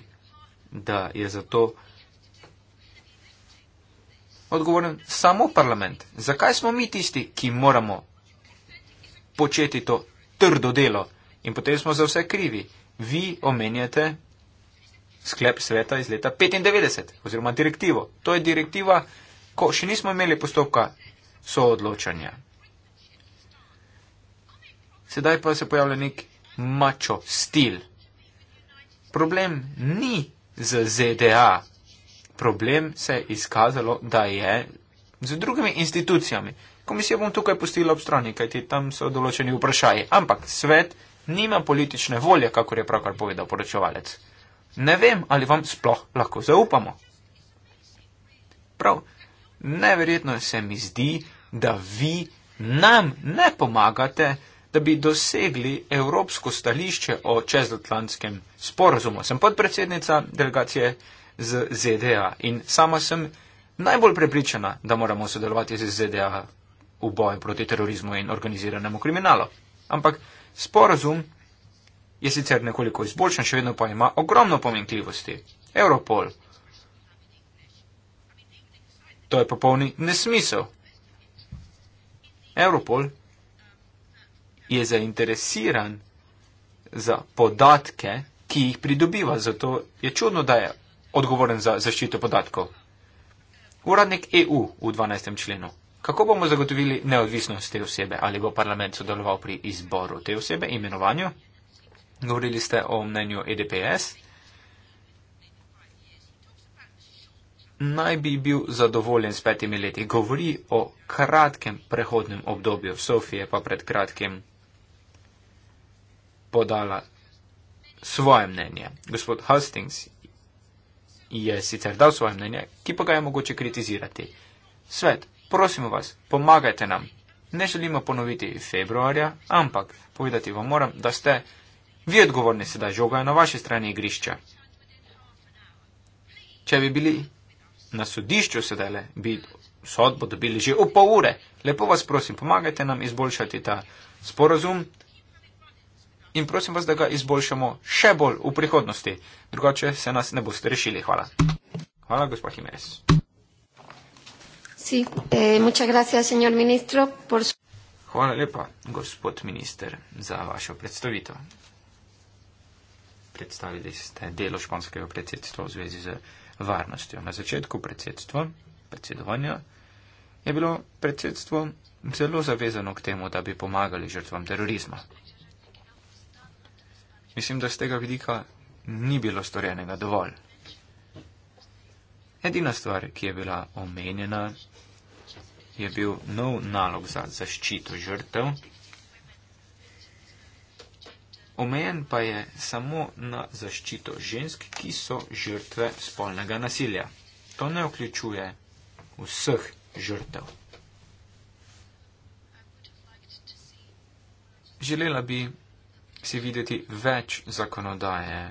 A: da je zato odgovoren samo parlament. Zakaj smo mi tisti, ki moramo početi to trdo delo in potem smo za vse krivi? Vi omenjate sklep sveta iz leta 95 oziroma direktivo. To je direktiva, ko še nismo imeli postopka soodločanja. Sedaj pa se pojavlja nek mačo stil. Problem ni z ZDA. Problem se je izkazalo, da je z drugimi institucijami. Komisijo bom tukaj pustila ob strani, kajti tam so določeni vprašaji. Ampak svet nima politične volje, kakor je pravkar povedal poročevalec. Ne vem, ali vam sploh lahko zaupamo. Prav, neverjetno se mi zdi, da vi nam ne pomagate, da bi dosegli evropsko stališče o čezatlantskem sporozumu. Sem podpredsednica delegacije z ZDA in sama sem najbolj prepričana, da moramo sodelovati z ZDA v boju proti terorizmu in organiziranemu kriminalu. Ampak sporozum je sicer nekoliko izboljšan, še vedno pa ima ogromno pomenkljivosti. Europol. To je popolni nesmisel. Europol je zainteresiran za podatke, ki jih pridobiva, zato je čudno, da je odgovoren za zaščito podatkov. Uradnik EU v 12. členu. Kako bomo zagotovili neodvisnost te osebe? Ali bo parlament sodeloval pri izboru te osebe, imenovanju? Govorili ste o mnenju EDPS. Naj bi bil zadovoljen s petimi leti. Govori o kratkem prehodnem obdobju. Sofija pa pred kratkim podala svoje mnenje. Gospod Hastings je sicer dal svoje mnenje, ki pa ga je mogoče kritizirati. Svet, prosimo vas, pomagajte nam. Ne želimo ponoviti februarja, ampak povedati vam moram, da ste Vi odgovorni se da žoga je na vaši strani igrišča. Če bi bili na sodišču sedele, bi sodbo dobili že v pol ure. Lepo vas prosim, pomagajte nam izboljšati ta sporozum in prosim vas, da ga izboljšamo še bolj v prihodnosti. Drugače se nas ne boste rešili. Hvala. Hvala, gospa Jimenez.
B: Sí, eh, gracias,
A: Hvala lepa, gospod minister, za vašo predstavitev predstavili ste delo španskega predsedstva v zvezi z varnostjo. Na začetku predsedstva, predsedovanja, je bilo predsedstvo zelo zavezano k temu, da bi pomagali žrtvam terorizma. Mislim, da z tega vidika ni bilo storjenega dovolj. Edina stvar, ki je bila omenjena, je bil nov nalog za zaščito žrtev omejen pa je samo na zaščito žensk, ki so žrtve spolnega nasilja. To ne vključuje vseh žrtev. Želela bi si videti več zakonodaje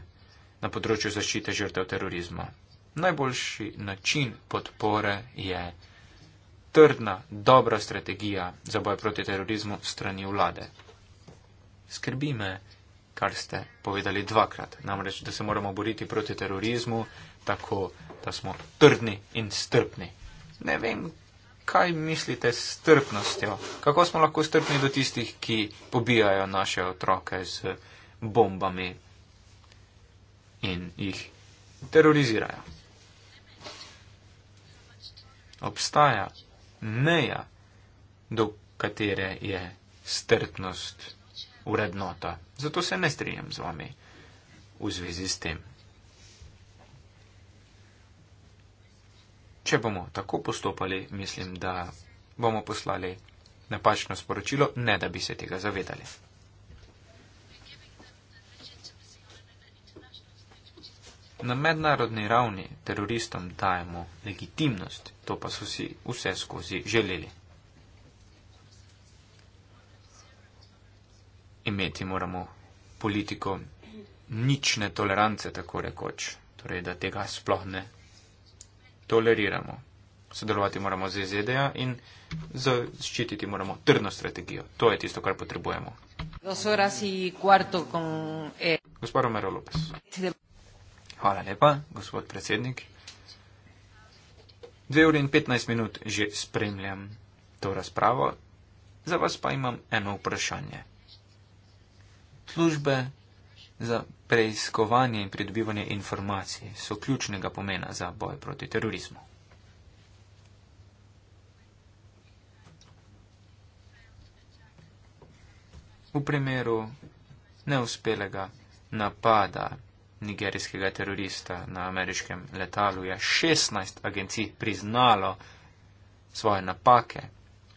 A: na področju zaščite žrtev terorizma. Najboljši način podpore je trdna, dobra strategija za boj proti terorizmu strani vlade. Skrbi me, kar ste povedali dvakrat. Namreč, da se moramo boriti proti terorizmu, tako da smo trdni in strpni. Ne vem, kaj mislite s strpnostjo. Kako smo lahko strpni do tistih, ki pobijajo naše otroke z bombami in jih terorizirajo. Obstaja meja, do katere je strpnost vrednota. Zato se ne strinjam z vami v zvezi s tem. Če bomo tako postopali, mislim, da bomo poslali napačno sporočilo, ne da bi se tega zavedali. Na mednarodni ravni teroristom dajemo legitimnost, to pa so si vse skozi želeli. imeti moramo politiko nične tolerance, tako rekoč, torej da tega sploh ne toleriramo. Sodelovati moramo z ZDA in zaščititi moramo trdno strategijo. To je tisto, kar potrebujemo. Eh, gospod Romero Lopes. Hvala lepa, gospod predsednik. Dve uri in petnajst minut že spremljam to razpravo. Za vas pa imam eno vprašanje službe za preiskovanje in pridobivanje informacij so ključnega pomena za boj proti terorizmu. V primeru neuspelega napada nigerijskega terorista na ameriškem letalu je 16 agencij priznalo svoje napake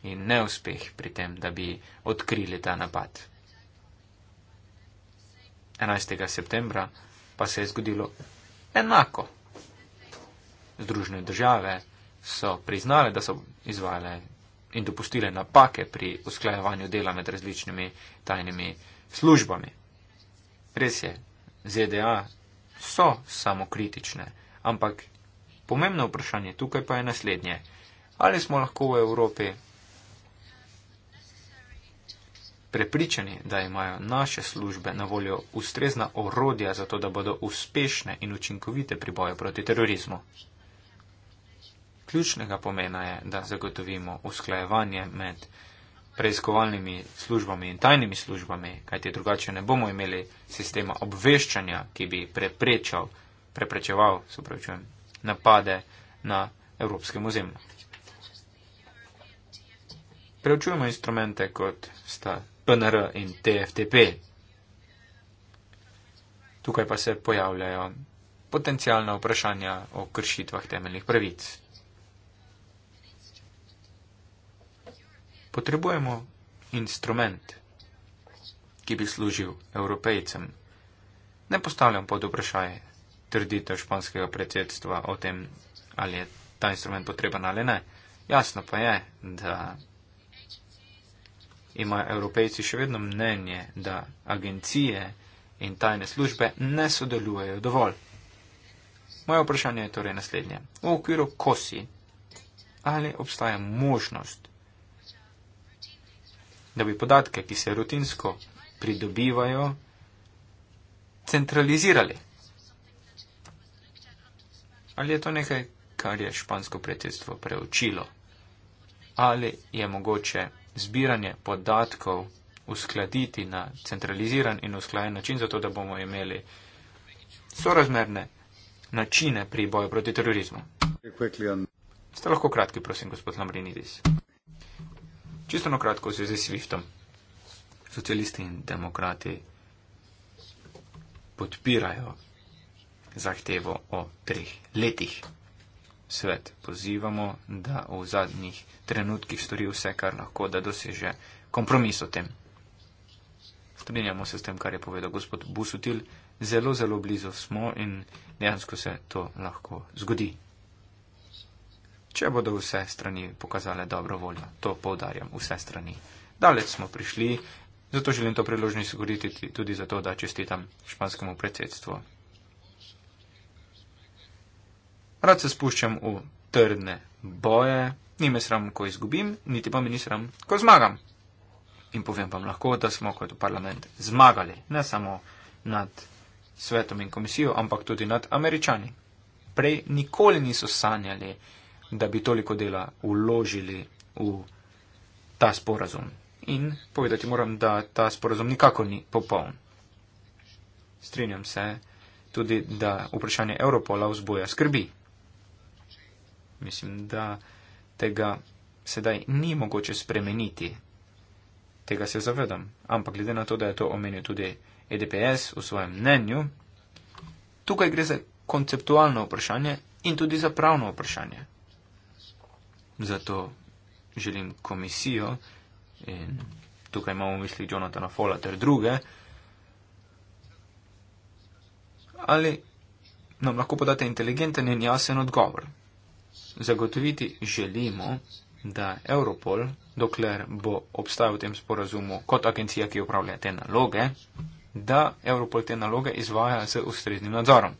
A: in neuspeh pri tem, da bi odkrili ta napad. 11. septembra pa se je zgodilo enako. Združene države so priznale, da so izvajale in dopustile napake pri usklajevanju dela med različnimi tajnimi službami. Res je, ZDA so samokritične, ampak pomembno vprašanje tukaj pa je naslednje. Ali smo lahko v Evropi Prepričani, da imajo naše službe na voljo ustrezna orodja za to, da bodo uspešne in učinkovite pri boju proti terorizmu. Ključnega pomena je, da zagotovimo usklajevanje med preiskovalnimi službami in tajnimi službami, kajti drugače ne bomo imeli sistema obveščanja, ki bi preprečal, preprečeval pravičujem, napade na evropskem ozemlju. Preučujemo instrumente kot sta PNR in TFTP. Tukaj pa se pojavljajo potencijalna vprašanja o kršitvah temeljnih pravic. Potrebujemo instrument, ki bi služil evropejcem. Ne postavljam pod vprašaj trditev španskega predsedstva o tem, ali je ta instrument potreben ali ne. Jasno pa je, da imajo evropejci še vedno mnenje, da agencije in tajne službe ne sodelujejo dovolj. Moje vprašanje je torej naslednje. V okviru kosi, ali obstaja možnost, da bi podatke, ki se rutinsko pridobivajo, centralizirali? Ali je to nekaj, kar je špansko predsedstvo preučilo? Ali je mogoče zbiranje podatkov uskladiti na centraliziran in usklajen način, zato da bomo imeli sorazmerne načine pri boju proti terorizmu. Ste lahko kratki, prosim, gospod Lambrinidis. Čisto na kratko v zvezi s SWIFT-om. Socialisti in demokrati podpirajo zahtevo o treh letih svet pozivamo, da v zadnjih trenutkih stori vse, kar lahko, da doseže kompromis o tem. Strinjamo se s tem, kar je povedal gospod Busutil, zelo, zelo blizu smo in dejansko se to lahko zgodi. Če bodo vse strani pokazale dobro voljo, to povdarjam, vse strani. Dalec smo prišli, zato želim to priložnost izkoristiti tudi zato, da čestitam španskemu predsedstvu Rad se spuščam v trdne boje, ni me sram, ko izgubim, niti pa mi ni sram, ko zmagam. In povem vam lahko, da smo kot parlament zmagali, ne samo nad svetom in komisijo, ampak tudi nad američani. Prej nikoli niso sanjali, da bi toliko dela uložili v ta sporazum. In povedati moram, da ta sporazum nikako ni popoln. Strinjam se tudi, da vprašanje Europola vzbuja skrbi. Mislim, da tega sedaj ni mogoče spremeniti. Tega se zavedam. Ampak glede na to, da je to omenil tudi EDPS v svojem mnenju, tukaj gre za konceptualno vprašanje in tudi za pravno vprašanje. Zato želim komisijo in tukaj imamo v misli Jonathana Fola ter druge, ali nam lahko podate inteligenten in jasen odgovor zagotoviti želimo, da Europol, dokler bo obstajal v tem sporazumu kot agencija, ki upravlja te naloge, da Europol te naloge izvaja z ustreznim nadzorom.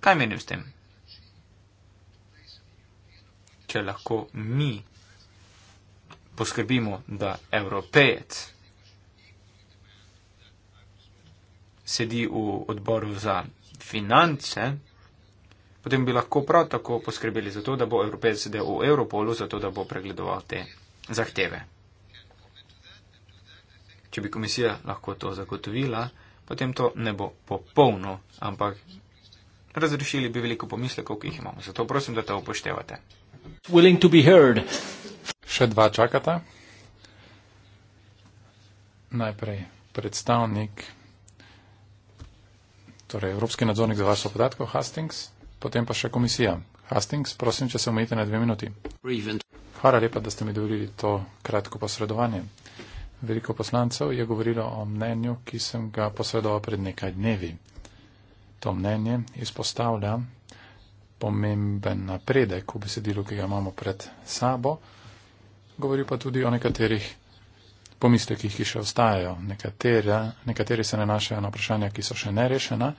A: Kaj menim s tem? Če lahko mi poskrbimo, da evropejec sedi v odboru za finance, potem bi lahko prav tako poskrbeli za to, da bo evropejc del v Evropolu, zato da bo pregledoval te zahteve. Če bi komisija lahko to zagotovila, potem to ne bo popolno, ampak razrešili bi veliko pomislekov, ki jih imamo. Zato prosim, da to upoštevate.
C: Še dva čakata. Najprej predstavnik, torej Evropski nadzornik za varstvo podatkov, Hastings potem pa še komisija. Hastings, prosim, če se omejite na dve minuti. Hvala lepa, da ste mi dovolili to kratko posredovanje. Veliko poslancev je govorilo o mnenju, ki sem ga posredoval pred nekaj dnevi. To mnenje izpostavlja pomemben napredek v besedilu, ki ga imamo pred sabo. Govori pa tudi o nekaterih pomislekih, ki še ostajajo. Nekatera, nekateri se nanašajo na vprašanja, ki so še nerešena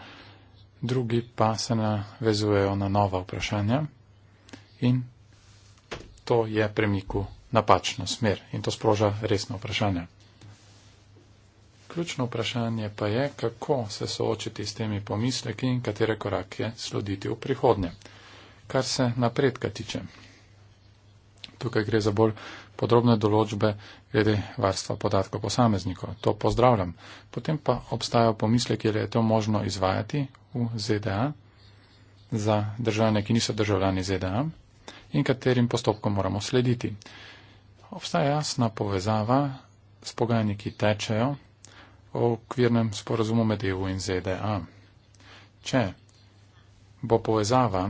C: drugi pa se navezujejo na nova vprašanja in to je premiku napačno smer in to sproža resno vprašanje. Ključno vprašanje pa je, kako se soočiti s temi pomisleki in katere korake sloditi v prihodnje, kar se napredka tiče. Tukaj gre za bolj podrobne določbe glede varstva podatkov posameznikov. To pozdravljam. Potem pa obstajajo pomisleki, ali je to možno izvajati v ZDA za državljane, ki niso državljani ZDA in katerim postopkom moramo slediti. Obstaja jasna povezava s pogajanji, ki tečejo o okvirnem sporazumu med EU in ZDA. Če bo povezava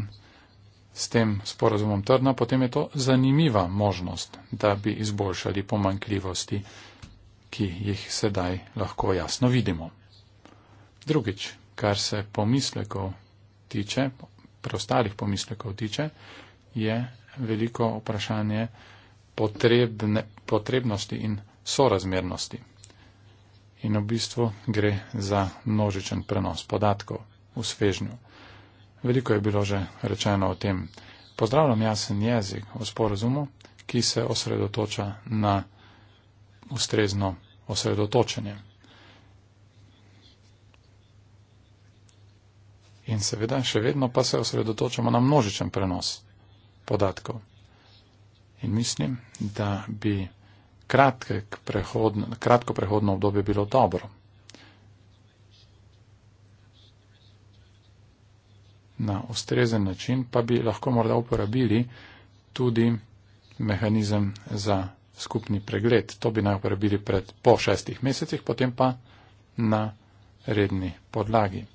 C: s tem sporazumom trdna, potem je to zanimiva možnost, da bi izboljšali pomankljivosti, ki jih sedaj lahko jasno vidimo. Drugič, kar se pomislekov tiče, preostalih pomislekov tiče, je veliko vprašanje potrebne, potrebnosti in sorazmernosti. In v bistvu gre za množičen prenos podatkov v svežnju. Veliko je bilo že rečeno o tem. Pozdravljam jasen jezik o sporazumu, ki se osredotoča na ustrezno osredotočenje. In seveda, še vedno pa se osredotočamo na množičen prenos podatkov. In mislim, da bi prehodno, kratko prehodno obdobje bilo dobro. na ustrezen način, pa bi lahko morda uporabili tudi mehanizem za skupni pregled. To bi naj uporabili pred po šestih mesecih, potem pa na redni podlagi.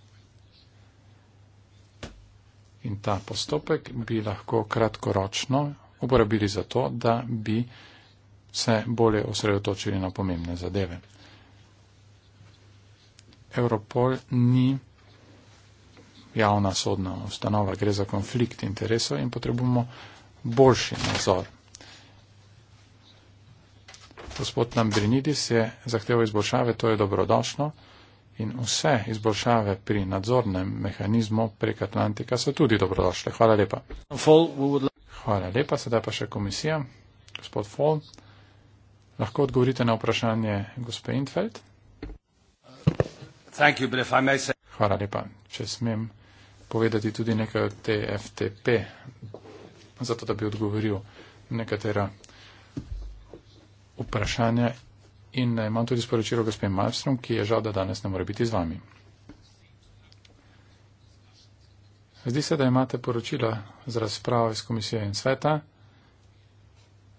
C: In ta postopek bi lahko kratkoročno uporabili za to, da bi se bolje osredotočili na pomembne zadeve. Europol ni javna sodna ustanova, gre za konflikt interesov in potrebujemo boljši nadzor. Gospod Lambrinidis je zahteval izboljšave, to je dobrodošlo in vse izboljšave pri nadzornem mehanizmu prek Atlantika so tudi dobrodošle. Hvala lepa. Hvala lepa, sedaj pa še komisija. Gospod Fall, lahko odgovorite na vprašanje gospe Intfeld? Hvala lepa, če smem povedati tudi nekaj o te FTP, zato da bi odgovoril nekatera vprašanja in eh, imam tudi sporočilo gospe Malmström, ki je žal, da danes ne more biti z vami. Zdi se, da imate poročila z razpravo iz komisije in sveta.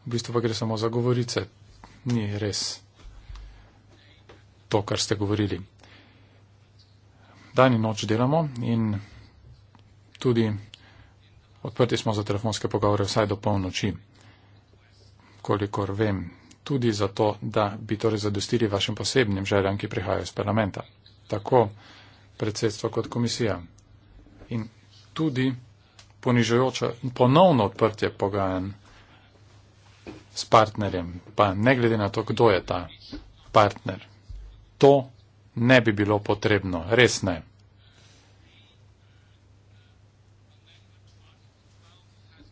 C: V bistvu pa gre samo za govorice. Ni res to, kar ste govorili. Dan in noč delamo in tudi odprti smo za telefonske pogovore vsaj do polnoči, kolikor vem, tudi zato, da bi torej zadostili vašim posebnim željam, ki prihajajo iz parlamenta, tako predsedstvo kot komisija. In tudi ponižujoče ponovno odprtje pogajan s partnerjem, pa ne glede na to, kdo je ta partner. To ne bi bilo potrebno, res ne.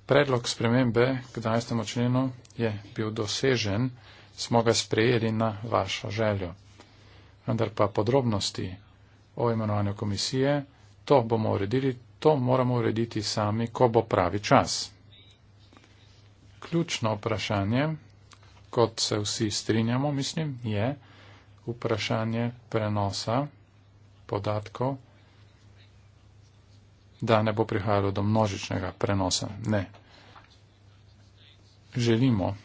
C: predlog spremembe k 12. členu je bil dosežen, smo ga sprejeli na vašo željo. Vendar pa podrobnosti o imenovanju komisije, to bomo uredili, to moramo urediti sami, ko bo pravi čas. Ključno vprašanje, kot se vsi strinjamo, mislim, je vprašanje prenosa podatkov da ne bo prihajalo do množičnega prenosa. Ne. Želimo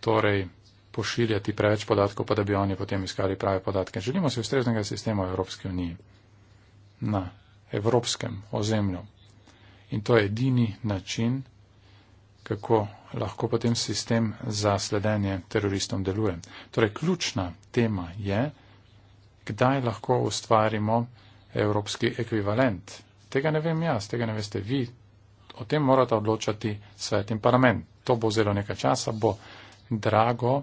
C: torej poširjati preveč podatkov, pa da bi oni potem iskali prave podatke. Želimo si ustreznega sistema Evropske unije na evropskem ozemlju. In to je edini način, kako lahko potem sistem za sledenje teroristom deluje. Torej, ključna tema je, kdaj lahko ustvarimo evropski ekvivalent. Tega ne vem jaz, tega ne veste vi. O tem morata odločati svet in parlament. To bo zelo nekaj časa, bo drago,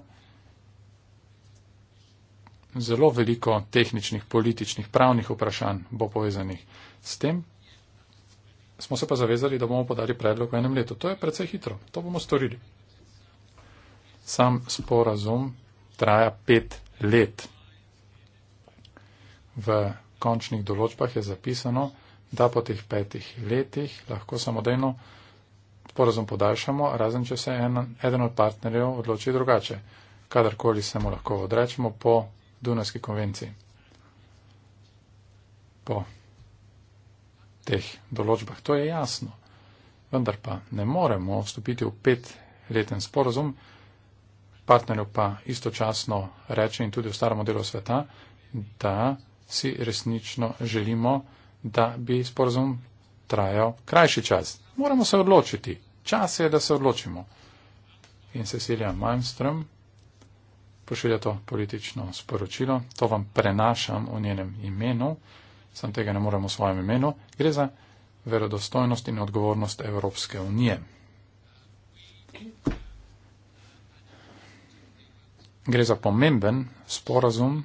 C: zelo veliko tehničnih, političnih, pravnih vprašanj bo povezanih s tem. Smo se pa zavezali, da bomo podali predlog v enem letu. To je precej hitro. To bomo storili. Sam sporazum traja pet let. V končnih določbah je zapisano, da po teh petih letih lahko samodejno sporazum podaljšamo, razen če se en, eden od partnerjev odloči drugače, kadarkoli se mu lahko odrečemo po Dunajski konvenciji. Po teh določbah to je jasno, vendar pa ne moremo vstopiti v petleten sporazum, partnerju pa istočasno reče in tudi v starem modelu sveta, da si resnično želimo, da bi sporazum trajal krajši čas. Moramo se odločiti. Čas je, da se odločimo. In Cecilia Malmström pošilja to politično sporočilo. To vam prenašam v njenem imenu. Sam tega ne moremo v svojem imenu. Gre za verodostojnost in odgovornost Evropske unije. Gre za pomemben sporazum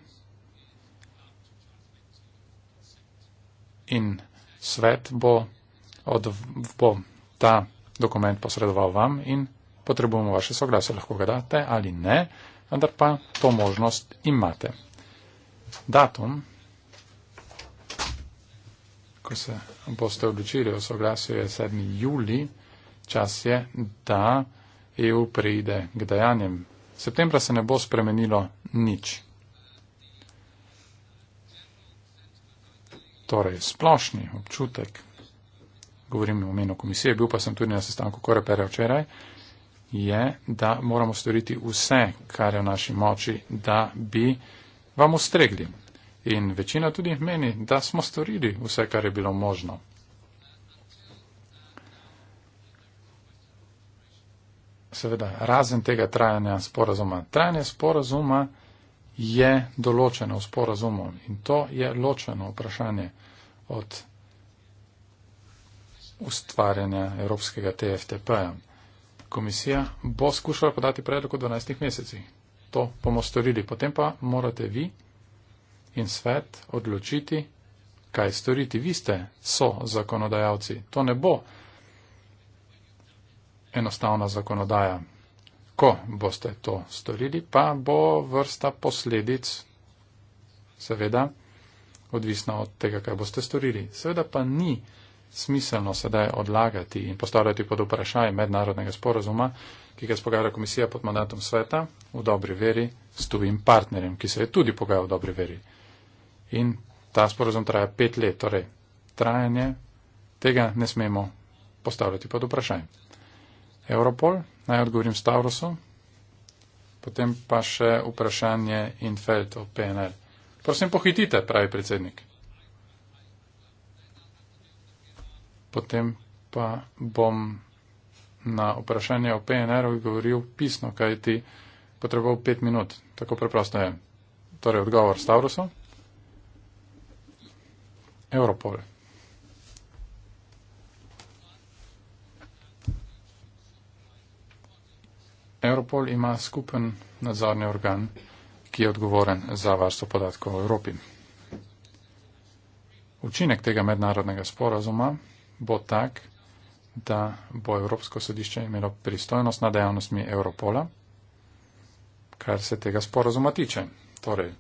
C: in svet bo, od, bo ta dokument posredoval vam in potrebujemo vaše soglasje, lahko ga date ali ne, vendar pa to možnost imate. Datum, ko se boste odločili o soglasju, je 7. juli, čas je, da EU preide k dejanjem. Septembra se ne bo spremenilo nič. torej splošni občutek, govorim v imenu komisije, bil pa sem tudi na sestanku Korepere včeraj, je, da moramo storiti vse, kar je v naši moči, da bi vam ustregli. In večina tudi meni, da smo storili vse, kar je bilo možno. Seveda, razen tega trajanja sporazuma. Trajanje sporazuma je določeno v sporazumu in to je ločeno vprašanje od ustvarjanja Evropskega TFTP-ja. Komisija bo skušala podati predlog v 12 mesecih. To bomo storili. Potem pa morate vi in svet odločiti, kaj storiti. Vi ste so zakonodajalci. To ne bo enostavna zakonodaja ko boste to storili, pa bo vrsta posledic, seveda, odvisna od tega, kaj boste storili. Seveda pa ni smiselno sedaj odlagati in postavljati pod vprašaj mednarodnega sporazuma, ki ga spogara komisija pod mandatom sveta v dobri veri s tujim partnerjem, ki se je tudi pogajal v dobri veri. In ta sporazum traja pet let, torej trajanje tega ne smemo postavljati pod vprašaj. Europol Naj odgovorim Stavrosu, potem pa še vprašanje Infeld o PNL. Prosim, pohitite, pravi predsednik. Potem pa bom na vprašanje o PNR odgovoril pisno, kaj ti potreboval pet minut. Tako preprosto je. Torej, odgovor Stavrosu. Europol. Europol ima skupen nadzorni organ, ki je odgovoren za varstvo podatkov v Evropi. Učinek tega mednarodnega sporazuma bo tak, da bo Evropsko sodišče imelo pristojnost nad dejavnostmi Europola, kar se tega sporazuma tiče. Torej,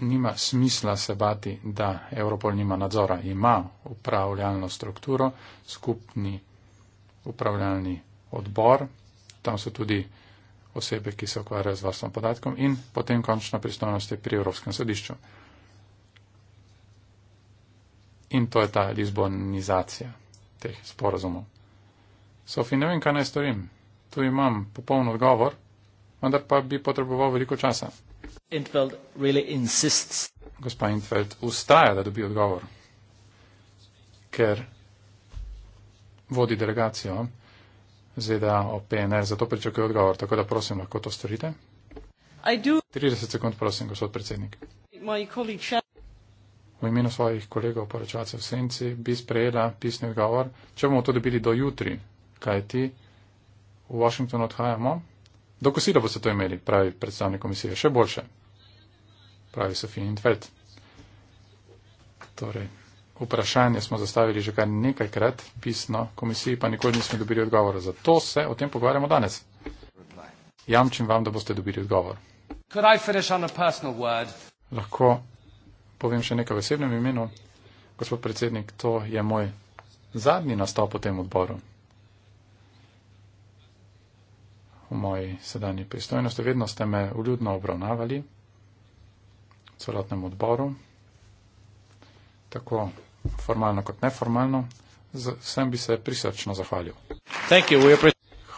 C: nima smisla se bati, da Europol nima nadzora. Ima upravljalno strukturo, skupni upravljalni odbor, tam so tudi osebe, ki se ukvarjajo z varstvom podatkom in potem končna pristojnost je pri Evropskem sodišču. In to je ta lizbonizacija teh sporazumov. Sofi, ne vem, kaj naj storim. Tu imam popoln odgovor, vendar pa bi potreboval veliko časa. Really Gospa Intveld ustaja, da dobi odgovor, ker vodi delegacijo ZDA o PNR, zato pričakuje odgovor. Tako da prosim, lahko to storite.
B: 30
C: sekund, prosim, gospod predsednik. V imenu svojih kolegov, poročavcev v senci, bi sprejela pisni odgovor, če bomo to dobili do jutri, kaj ti v Washington odhajamo. Do kosila boste to imeli, pravi predstavnik komisije, še boljše, pravi Sofija Intvert. Torej, vprašanje smo zastavili že kar nekajkrat pisno komisiji, pa nikoli nismo dobili odgovora. Zato se o tem pogovarjamo danes. Jamčim vam, da boste dobili odgovor. Lahko povem še nekaj v osebnem imenu. Gospod predsednik, to je moj zadnji nastop v tem odboru. V moji sedanji pristojnosti vedno ste me uljudno obravnavali v celotnem odboru. Tako formalno kot neformalno, vsem bi se prisrčno zahvalil.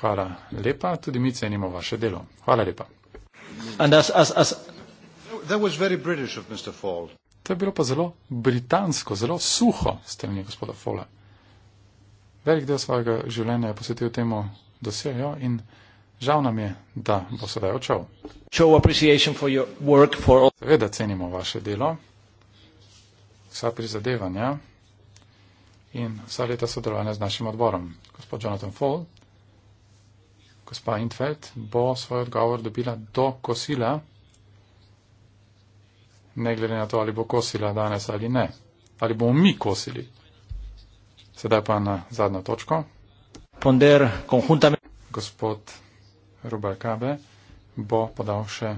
C: Hvala lepa, tudi mi cenimo vaše delo. Hvala lepa. To je bilo pa zelo britansko, zelo suho strani gospoda Fola. Velik del svojega življenja je posvetil temu dosjeju in žal nam je, da bo sedaj očel. Seveda cenimo vaše delo vsa prizadevanja in vsa leta sodelovanja z našim odborom. Gospod Jonathan Fall, gospa Intfeld bo svoj odgovor dobila do kosila, ne glede na to, ali bo kosila danes ali ne, ali bomo mi kosili. Sedaj pa na zadnjo točko. Ponder, konjuntami. Gospod Rubal Kabe bo podal še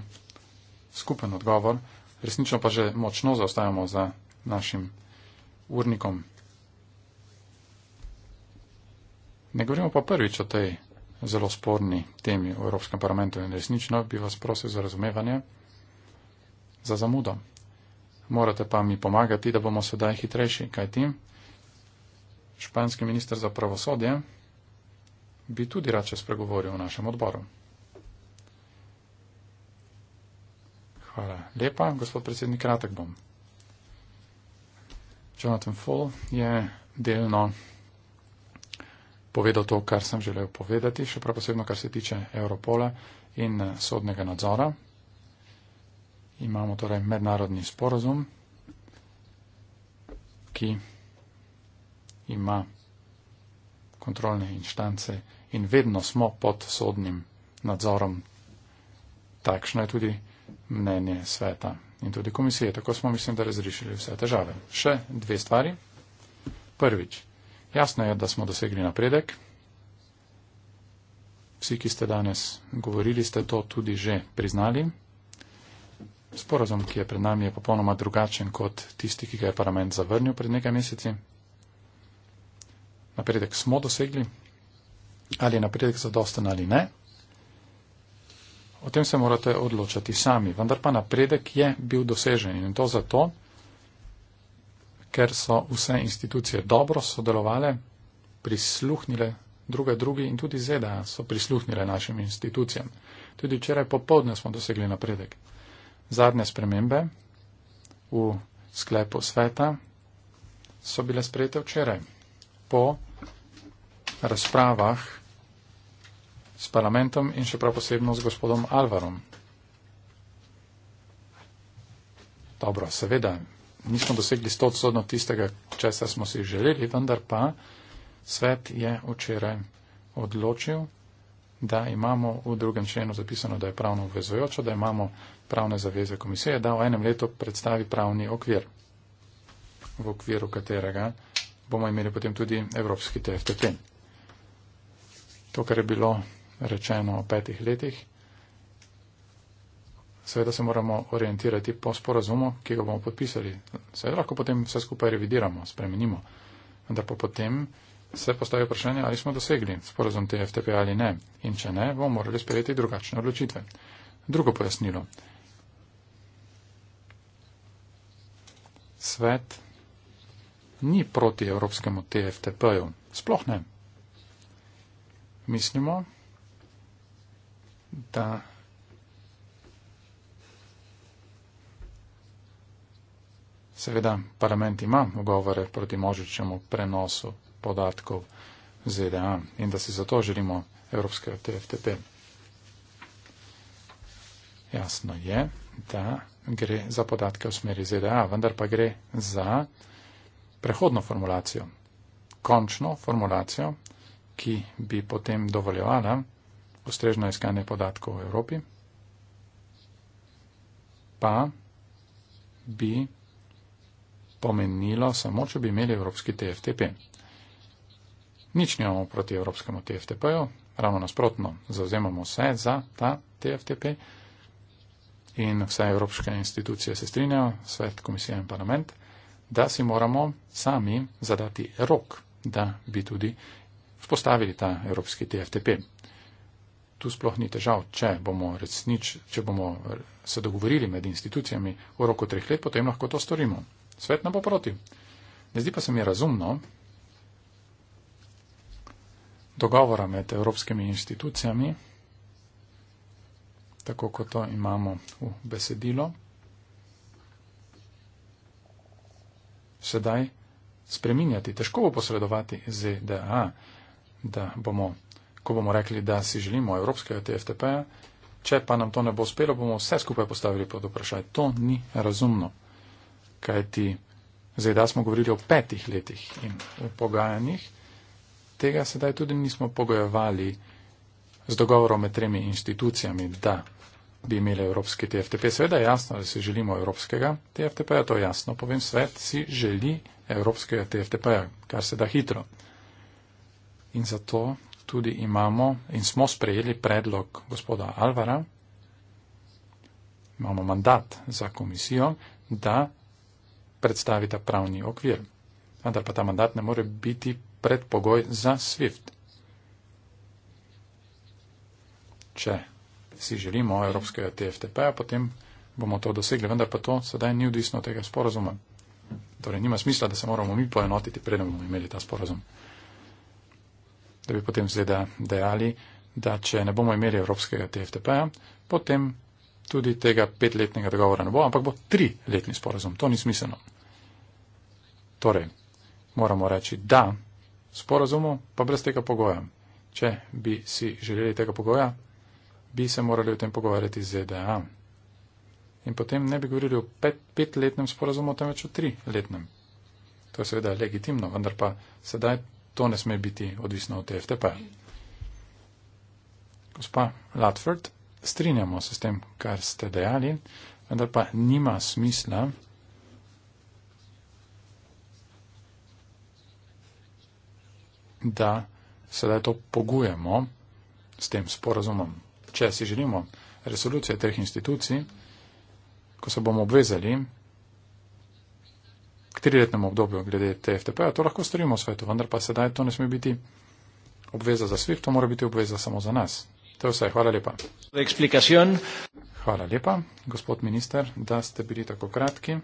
C: skupen odgovor. Resnično pa že močno zaostajamo za našim urnikom. Ne govorimo pa prvič o tej zelo sporni temi v Evropskem parlamentu in resnično bi vas prosil za razumevanje, za zamudo. Morate pa mi pomagati, da bomo sedaj hitrejši, kajti španski minister za pravosodje bi tudi rad čas pregovoril v našem odboru. Hvala lepa, gospod predsednik, kratek bom. Jonathan Full je delno povedal to, kar sem želel povedati, še prav posebno, kar se tiče Europola in eh, sodnega nadzora. Imamo torej mednarodni sporozum, ki ima kontrolne inštance in vedno smo pod sodnim nadzorom. Takšno je tudi mnenje sveta in tudi komisije. Tako smo, mislim, da razrešili vse težave. Še dve stvari. Prvič, jasno je, da smo dosegli napredek. Vsi, ki ste danes govorili, ste to tudi že priznali. Sporazum, ki je pred nami, je popolnoma drugačen kot tisti, ki ga je parlament zavrnil pred nekaj meseci. Napredek smo dosegli. Ali je napredek zadosten ali ne, O tem se morate odločati sami. Vendar pa napredek je bil dosežen in to zato, ker so vse institucije dobro sodelovale, prisluhnile druge drugi in tudi ZDA so prisluhnile našim institucijam. Tudi včeraj popovdne smo dosegli napredek. Zadnje spremembe v sklepu sveta so bile sprejete včeraj po razpravah s parlamentom in še prav posebno z gospodom Alvarom. Dobro, seveda, nismo dosegli 100 odstotno tistega, česar smo si želeli, vendar pa svet je včeraj odločil, da imamo v drugem členu zapisano, da je pravno obvezojoče, da imamo pravne zaveze komisije, da v enem letu predstavi pravni okvir, v okviru katerega bomo imeli potem tudi evropski TFTP. To, kar je bilo rečeno o petih letih. Seveda se moramo orientirati po sporazumu, ki ga bomo podpisali. Seveda lahko potem vse skupaj revidiramo, spremenimo. Vendar pa potem se postavi vprašanje, ali smo dosegli sporazum TFTP ali ne. In če ne, bomo morali sprejeti drugačne odločitve. Drugo pojasnilo. Svet ni proti evropskemu TFTP-ju. Sploh ne. Mislimo, da seveda parlament ima ogovore proti možičemu prenosu podatkov ZDA in da si zato želimo evropskega TFTP. Jasno je, da gre za podatke v smeri ZDA, vendar pa gre za prehodno formulacijo, končno formulacijo, ki bi potem dovoljevala, ustrežna iskanja podatkov v Evropi, pa bi pomenilo samo, če bi imeli evropski TFTP. Nič nimamo proti evropskemu TFTP-ju, ravno nasprotno, zauzemamo vse za ta TFTP in vse evropske institucije se strinjajo, svet, komisija in parlament, da si moramo sami zadati rok, da bi tudi vzpostavili ta evropski TFTP tu sploh ni težav. Če bomo, resnič, če bomo se dogovorili med institucijami v roku treh let, potem lahko to storimo. Svet ne bo proti. Ne zdi pa se mi razumno dogovora med evropskimi institucijami, tako kot to imamo v besedilo. Sedaj spreminjati, težko bo posredovati ZDA, da bomo ko bomo rekli, da si želimo evropskega TFTP-ja, če pa nam to ne bo uspelo, bomo vse skupaj postavili pod vprašaj. To ni razumno, kaj ti zdaj, da smo govorili o petih letih in o pogajanjih, tega sedaj tudi nismo pogojevali z dogovorom med tremi institucijami, da bi imeli evropski TFTP. Seveda je jasno, da si želimo evropskega TFTP-ja, to je jasno, povem, svet si želi evropskega TFTP-ja, kar se da hitro. In zato tudi imamo in smo sprejeli predlog gospoda Alvara, imamo mandat za komisijo, da predstavi ta pravni okvir. Vendar pa ta mandat ne more biti predpogoj za SWIFT. Če si želimo evropskega TFTP-ja, potem bomo to dosegli, vendar pa to sedaj ni odvisno od tega sporazuma. Torej nima smisla, da se moramo mi poenotiti, preden bomo imeli ta sporazum da bi potem zleda dejali, da če ne bomo imeli evropskega TFTP-ja, potem tudi tega petletnega dogovora ne bo, ampak bo triletni sporazum. To ni smiselno. Torej, moramo reči da sporazumu, pa brez tega pogoja. Če bi si želeli tega pogoja, bi se morali o tem pogovarjati z ZDA. In potem ne bi govorili o pet, petletnem sporazumu, temveč o triletnem. To je seveda legitimno, vendar pa sedaj to ne sme biti odvisno od FTP-ja. Gospa Latford, strinjamo se s tem, kar ste dejali, vendar pa nima smisla da sedaj to pogujemo s tem sporazumom. Če si želimo resolucije treh institucij, ko se bomo obvezali, k triletnem obdobju glede TFTP, to lahko storimo v svetu, vendar pa sedaj to ne sme biti obveza za SWIFT, to mora biti obveza samo za nas. To je vse, hvala lepa. Hvala lepa, gospod minister, da ste bili tako kratki.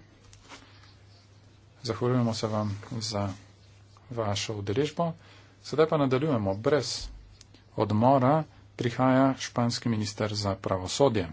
C: Zahvaljujemo se vam za vašo udeležbo. Sedaj pa nadaljujemo. Brez odmora prihaja španski minister za pravosodje.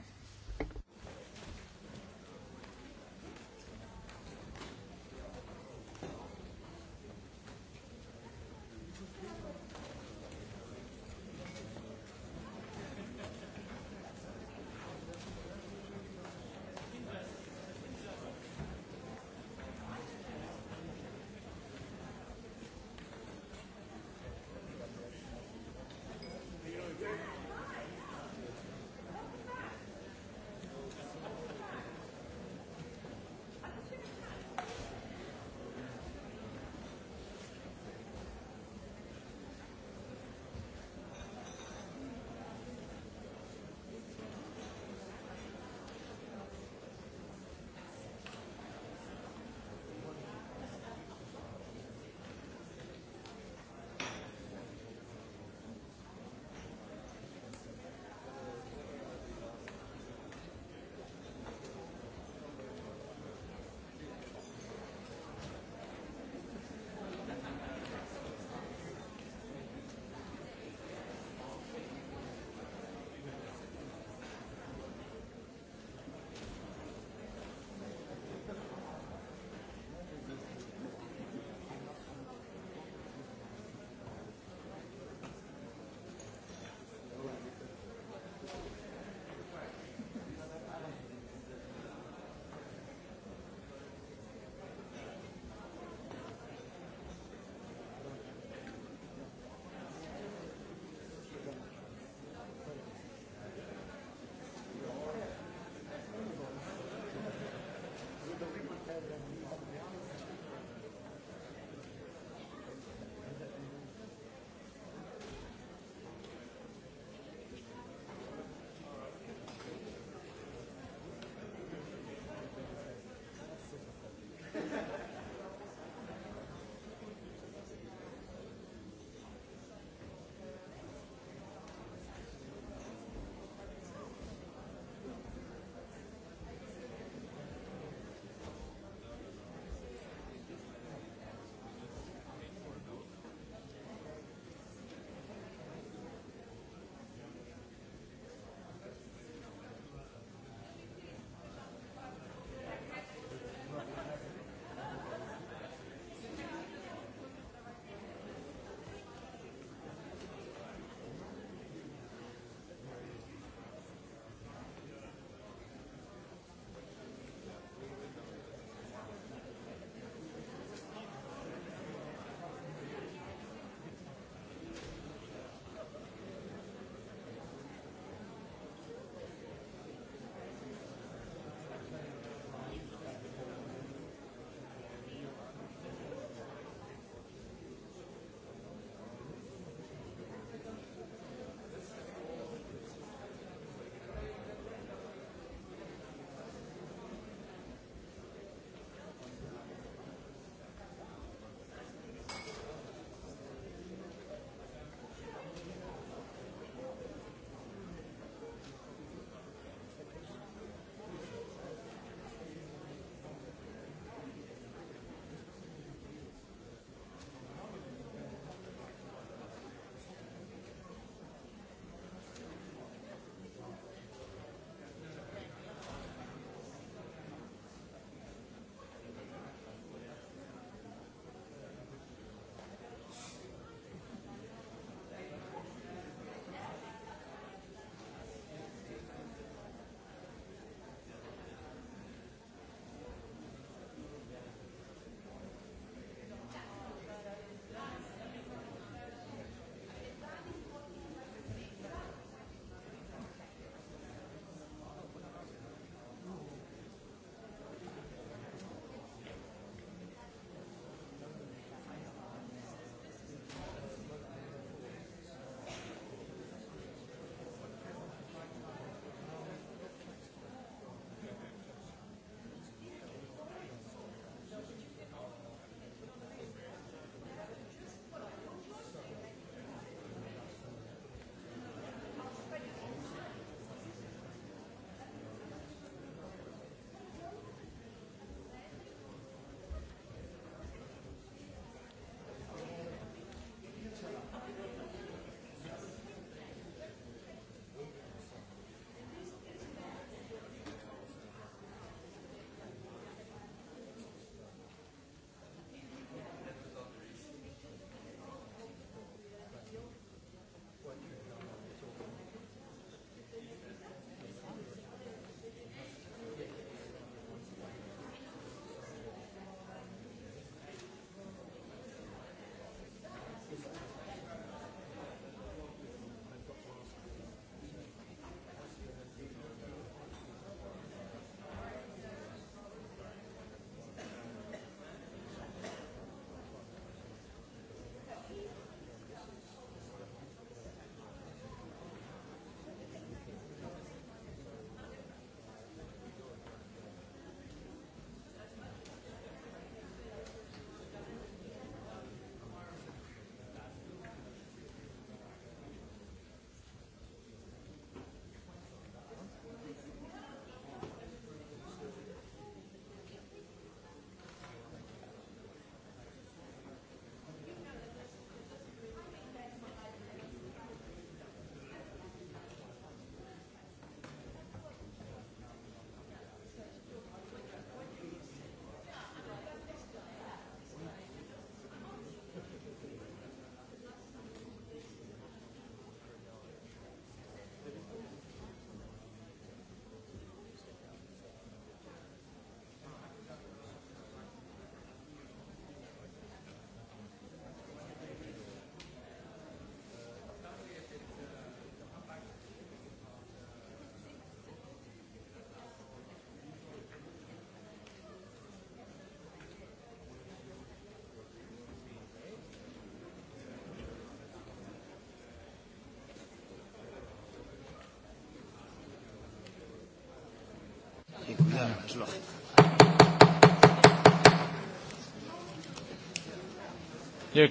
C: Ja,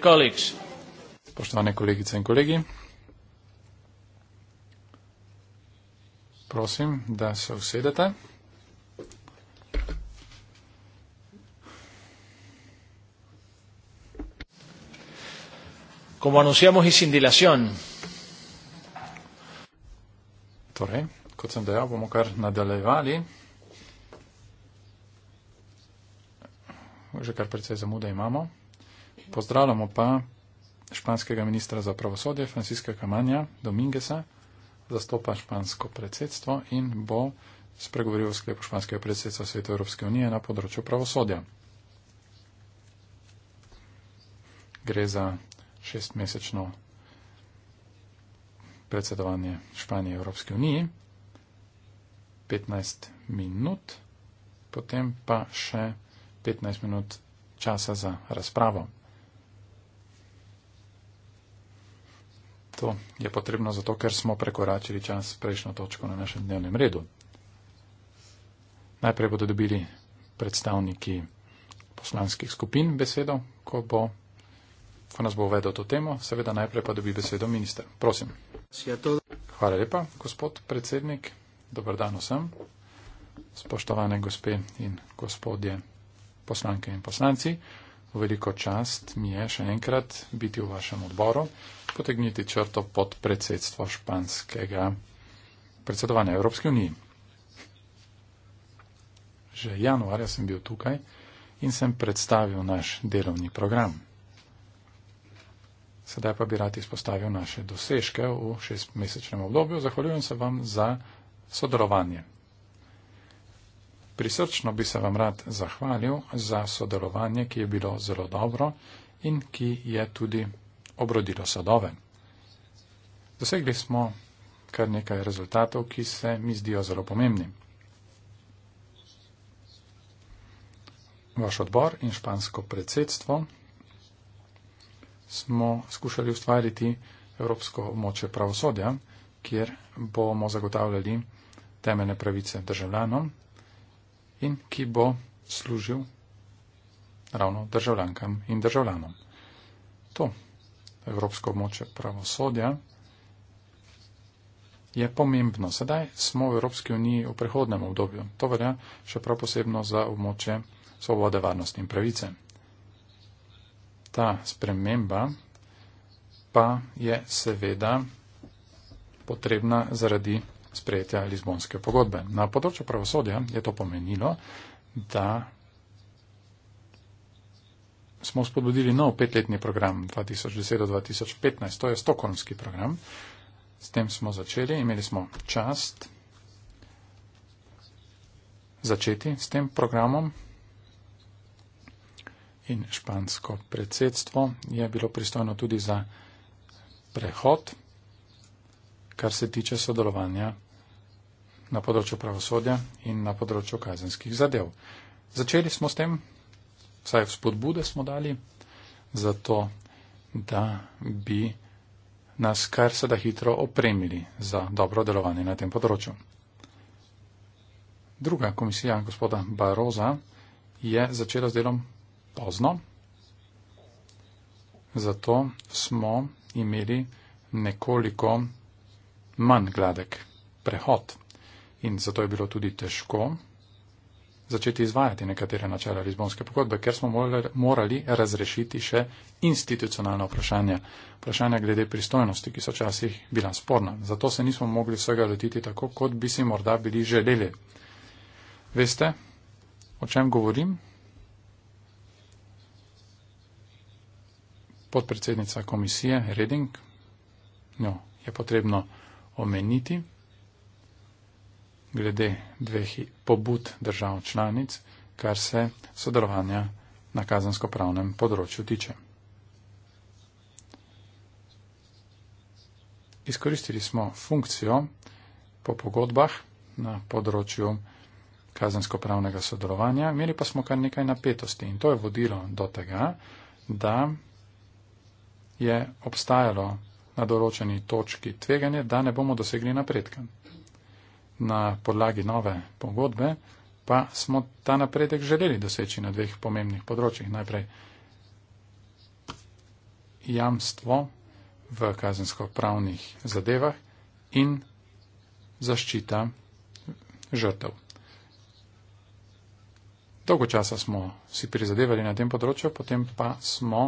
C: Spoštovane kolegice in kolegi, prosim, da se usedete. Como anunciamos y sin dilación. Torej, kot sem dejal, bomo kar nadaljevali. že kar precej zamude imamo. Pozdravljamo pa španskega ministra za pravosodje Franciska Kamanja Domingesa, zastopa špansko predsedstvo in bo spregovoril v sklepu španskega predsedstva Sveta Evropske unije na področju pravosodja. Gre za šestmesečno predsedovanje Španije Evropske unije. 15 minut, potem pa še 15 minut časa za razpravo. To je potrebno zato, ker smo prekoračili čas prejšnjo točko na našem dnevnem redu. Najprej bodo dobili predstavniki poslanskih skupin besedo, ko, bo, ko nas bo uvedel to temo. Seveda najprej pa dobi besedo minister. Prosim. Hvala lepa, gospod predsednik. Dobar dan vsem. Spoštovane gospe in gospodje poslanke in poslanci. Veliko čast mi je še enkrat biti v vašem odboru, potegniti črto pod predsedstvo španskega predsedovanja Evropske unije. Že januarja sem bil tukaj in sem predstavil naš delovni program. Sedaj pa bi rad izpostavil naše dosežke v šestmesečnem obdobju. Zahvaljujem se vam za sodelovanje. Prisrčno bi se vam rad zahvalil za sodelovanje, ki je bilo zelo dobro in ki je tudi obrodilo sadove. Dosegli smo kar nekaj rezultatov, ki se mi zdijo zelo pomembni. Vaš odbor in špansko predsedstvo smo skušali ustvariti Evropsko moče pravosodja, kjer bomo zagotavljali temeljne pravice državljanom in ki bo služil ravno državljankam in državljanom. To evropsko območje pravosodja je pomembno. Sedaj smo v Evropski uniji v prehodnem obdobju. To velja še prav posebno za območje svobode, varnosti in pravice. Ta sprememba pa je seveda potrebna zaradi sprejetja Lizbonske pogodbe. Na področju pravosodja je to pomenilo, da smo spodbudili nov petletni program 2010-2015, to je stokholmski program. S tem smo začeli, imeli smo čast začeti s tem programom in špansko predsedstvo je bilo pristojno tudi za prehod, kar se tiče sodelovanja na področju pravosodja in na področju kazenskih zadev. Začeli smo s tem, vsaj spodbude smo dali, zato da bi nas kar se da hitro opremili za dobro delovanje na tem področju. Druga komisija gospoda Baroza je začela z delom pozno, zato smo imeli nekoliko manj gladek prehod in zato je bilo tudi težko začeti izvajati nekatere načela Lizbonske pogodbe, ker smo morali razrešiti še institucionalna vprašanja, vprašanja glede pristojnosti, ki so včasih bila sporna. Zato se nismo mogli vsega lotiti tako, kot bi si morda bili želeli. Veste, o čem govorim? Podpredsednica komisije Reding, jo no, je potrebno omeniti glede dveh pobud držav članic, kar se sodelovanja na kazensko-pravnem področju tiče. Izkoristili smo funkcijo po pogodbah na področju kazensko-pravnega sodelovanja, imeli pa smo kar nekaj napetosti in to je vodilo do tega, da je obstajalo na določeni točki tveganje, da ne bomo dosegli napredka na podlagi nove pogodbe, pa smo ta napredek želeli doseči na dveh pomembnih področjih. Najprej jamstvo v kazensko-pravnih zadevah in zaščita žrtev. Dolgo časa smo si prizadevali na tem področju, potem pa smo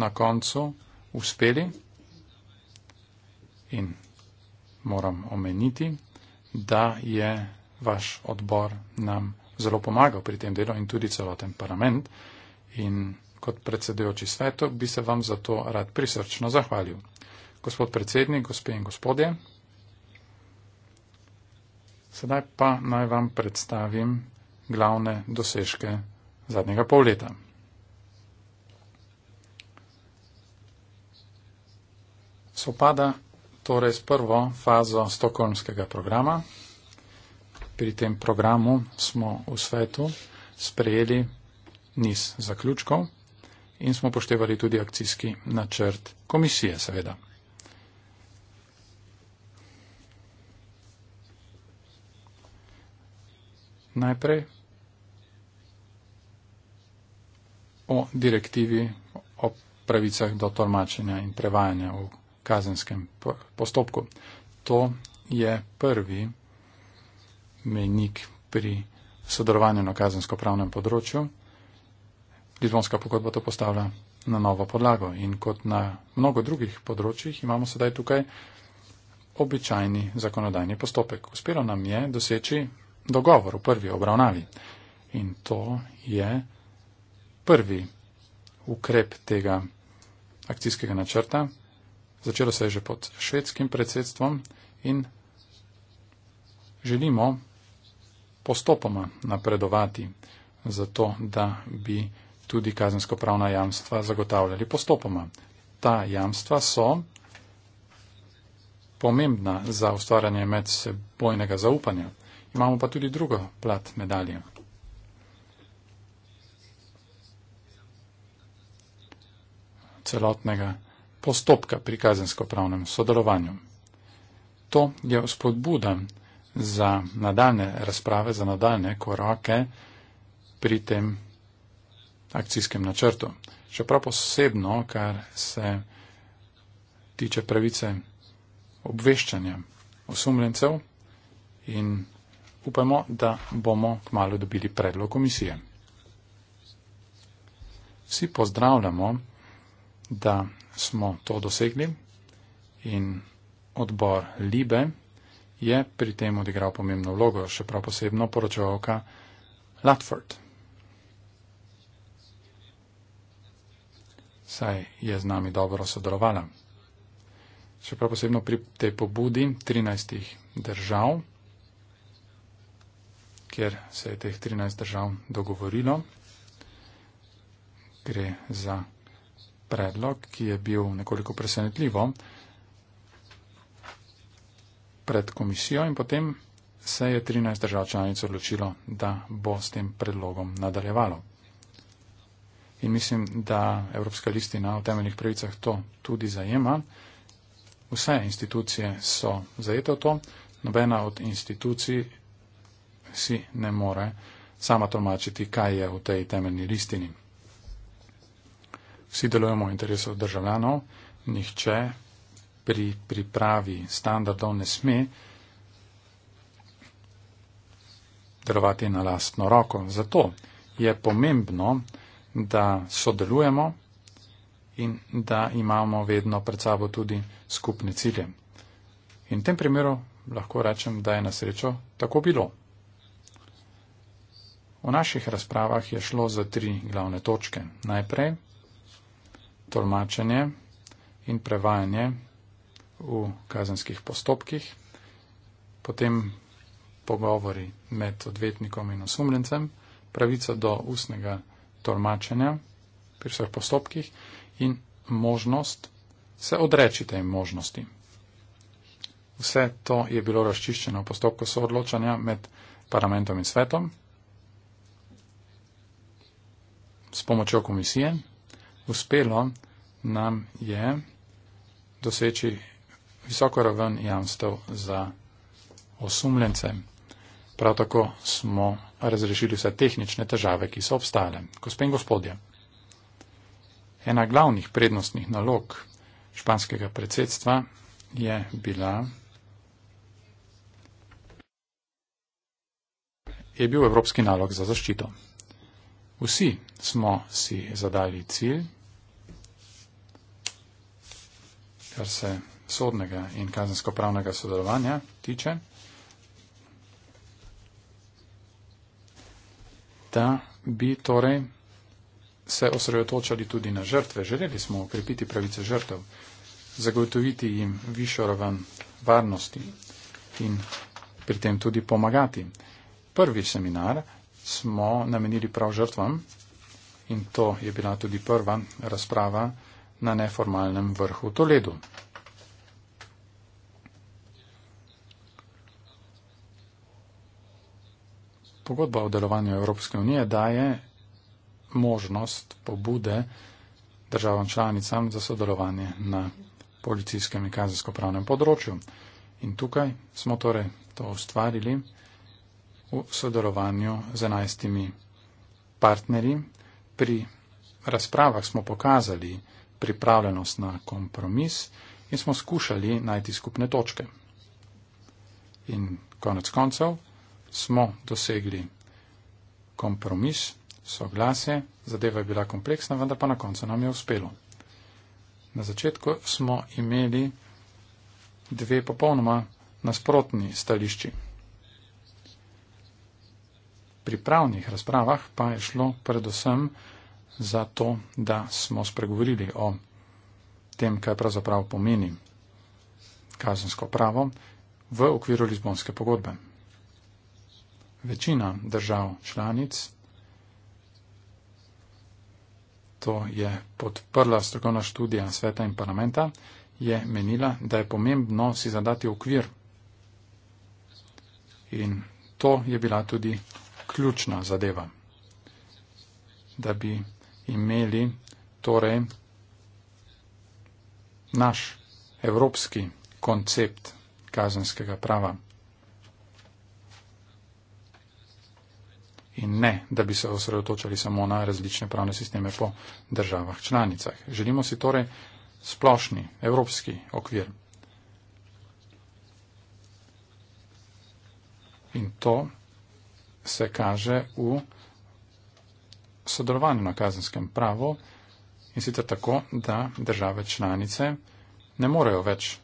C: na koncu uspeli in moram omeniti, da je vaš odbor nam zelo pomagal pri tem delu in tudi celoten parlament. In kot predsedujoči svetu bi se vam zato rad prisrčno zahvalil. Gospod predsednik, gospe in gospodje, sedaj pa naj vam predstavim glavne dosežke zadnjega pol leta. Sopada torej s prvo fazo stokholmskega programa. Pri tem programu smo v svetu sprejeli niz zaključkov in smo poštevali tudi akcijski načrt komisije, seveda. Najprej o direktivi o pravicah do tolmačenja in prevajanja v kazenskem postopku. To je prvi menik pri sodelovanju na kazensko-pravnem področju. Lizbonska pogodba to postavlja na novo podlago in kot na mnogo drugih področjih imamo sedaj tukaj običajni zakonodajni postopek. Uspelo nam je doseči dogovor v prvi obravnavi in to je prvi ukrep tega akcijskega načrta, Začelo se je že pod švedskim predsedstvom in želimo postopoma napredovati za to, da bi tudi kazensko-pravna jamstva zagotavljali postopoma. Ta jamstva so pomembna za ustvarjanje medsebojnega zaupanja. Imamo pa tudi drugo plat medalje. celotnega postopka pri kazensko-pravnem sodelovanju. To je spodbuda za nadaljne razprave, za nadaljne korake pri tem akcijskem načrtu. Čeprav posebno, kar se tiče pravice obveščanja osumljencev in upamo, da bomo kmalo dobili predlog komisije. Vsi pozdravljamo, da smo to dosegli in odbor Libe je pri tem odigral pomembno vlogo, še prav posebno poročevalka Latford. Saj je z nami dobro sodelovala. Še prav posebno pri tej pobudi 13 držav, kjer se je teh 13 držav dogovorilo, gre za predlog, ki je bil nekoliko presenetljivo pred komisijo in potem se je 13 držav članic odločilo, da bo s tem predlogom nadaljevalo. In mislim, da Evropska listina o temeljnih pravicah to tudi zajema. Vse institucije so zajete v to, nobena od institucij si ne more sama tolmačiti, kaj je v tej temeljni listini. Vsi delujemo v interesu državljanov, nihče pri pripravi standardov ne sme delovati na lastno roko. Zato je pomembno, da sodelujemo in da imamo vedno pred sabo tudi skupne cilje. In v tem primeru lahko rečem, da je na srečo tako bilo. V naših razpravah je šlo za tri glavne točke. Najprej tolmačenje in prevajanje v kazenskih postopkih, potem pogovori med odvetnikom in osumljencem, pravica do ustnega tolmačenja pri vseh postopkih in možnost se odreči tej možnosti. Vse to je bilo razčiščeno v postopku soodločanja med parlamentom in svetom s pomočjo komisije uspelo nam je doseči visoko raven jamstev za osumljence. Prav tako smo razrešili vse tehnične težave, ki so obstale. Gospe in gospodje, ena glavnih prednostnih nalog španskega predsedstva je bila. je bil evropski nalog za zaščito. Vsi smo si zadali cilj, kar se sodnega in kazensko-pravnega sodelovanja tiče, da bi torej se osredotočali tudi na žrtve. Želeli smo ukrepiti pravice žrtev, zagotoviti jim višjo raven varnosti in pri tem tudi pomagati. Prvi seminar smo namenili prav žrtvam in to je bila tudi prva razprava na neformalnem vrhu Toledu. Pogodba o delovanju Evropske unije daje možnost pobude državam članicam za sodelovanje na policijskem in kazensko-pravnem področju. In tukaj smo torej to ustvarili v sodelovanju z enajstimi partnerji. Pri razpravah smo pokazali, pripravljenost na kompromis in smo skušali najti skupne točke. In konec koncev smo dosegli kompromis, soglasje, zadeva je bila kompleksna, vendar pa na koncu nam je uspelo. Na začetku smo imeli dve popolnoma nasprotni stališči. Pri pravnih razpravah pa je šlo predvsem za to, da smo spregovorili o tem, kaj pravzaprav pomeni kazensko pravo v okviru Lizbonske pogodbe. Večina držav članic, to je podprla strokovna študija sveta in parlamenta, je menila, da je pomembno si zadati okvir. In to je bila tudi ključna zadeva, da bi imeli torej naš evropski koncept kazenskega prava. In ne, da bi se osredotočali samo na različne pravne sisteme po državah članicah. Želimo si torej splošni evropski okvir. In to se kaže v sodelovanju na kazenskem pravu in sicer tako, da države članice ne morejo več,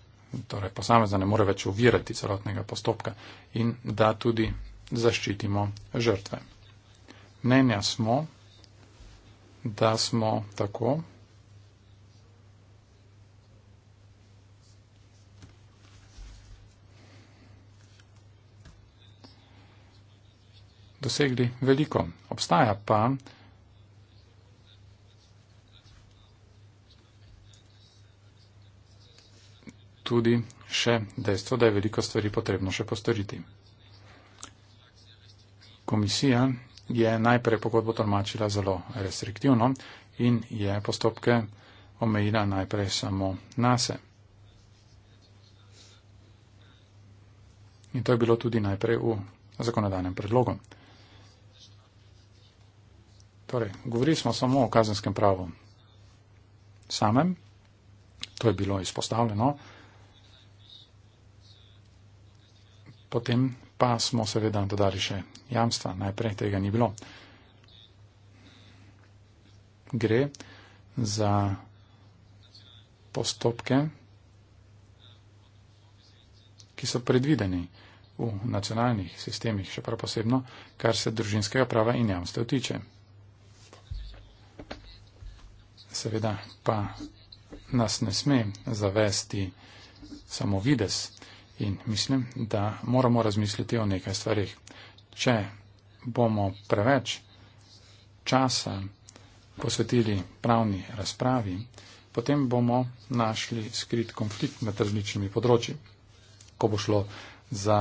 C: torej posamezna ne more več uvirati celotnega postopka in da tudi zaščitimo žrtve. Mnenja smo, da smo tako. dosegli veliko. Obstaja pa tudi še dejstvo, da je veliko stvari potrebno še postoriti. Komisija je najprej pogodbo tolmačila zelo restriktivno in je postopke omejila najprej samo nase. In to je bilo tudi najprej v zakonodajnem predlogu. Torej, govorili smo samo o kazenskem pravu samem, to je bilo izpostavljeno. Potem pa smo seveda dodali še jamstva, najprej tega ni bilo. Gre za postopke, ki so predvideni v nacionalnih sistemih, še prav posebno, kar se družinskega prava in jamstva tiče. Seveda pa nas ne sme zavesti samo vides, In mislim, da moramo razmisliti o nekaj stvarih. Če bomo preveč časa posvetili pravni razpravi, potem bomo našli skrit konflikt med različnimi področji. Ko bo šlo za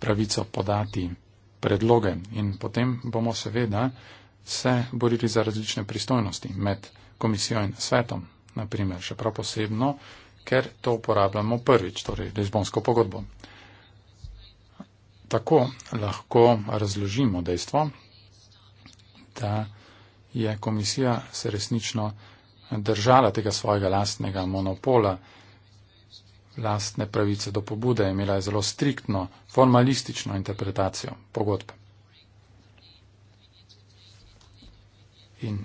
C: pravico podati predloge in potem bomo seveda se borili za različne pristojnosti med komisijo in svetom, naprimer še prav posebno ker to uporabljamo prvič, torej Lizbonsko pogodbo. Tako lahko razložimo dejstvo, da je komisija se resnično držala tega svojega lastnega monopola, lastne pravice do pobude, imela je zelo striktno, formalistično interpretacijo pogodbe. In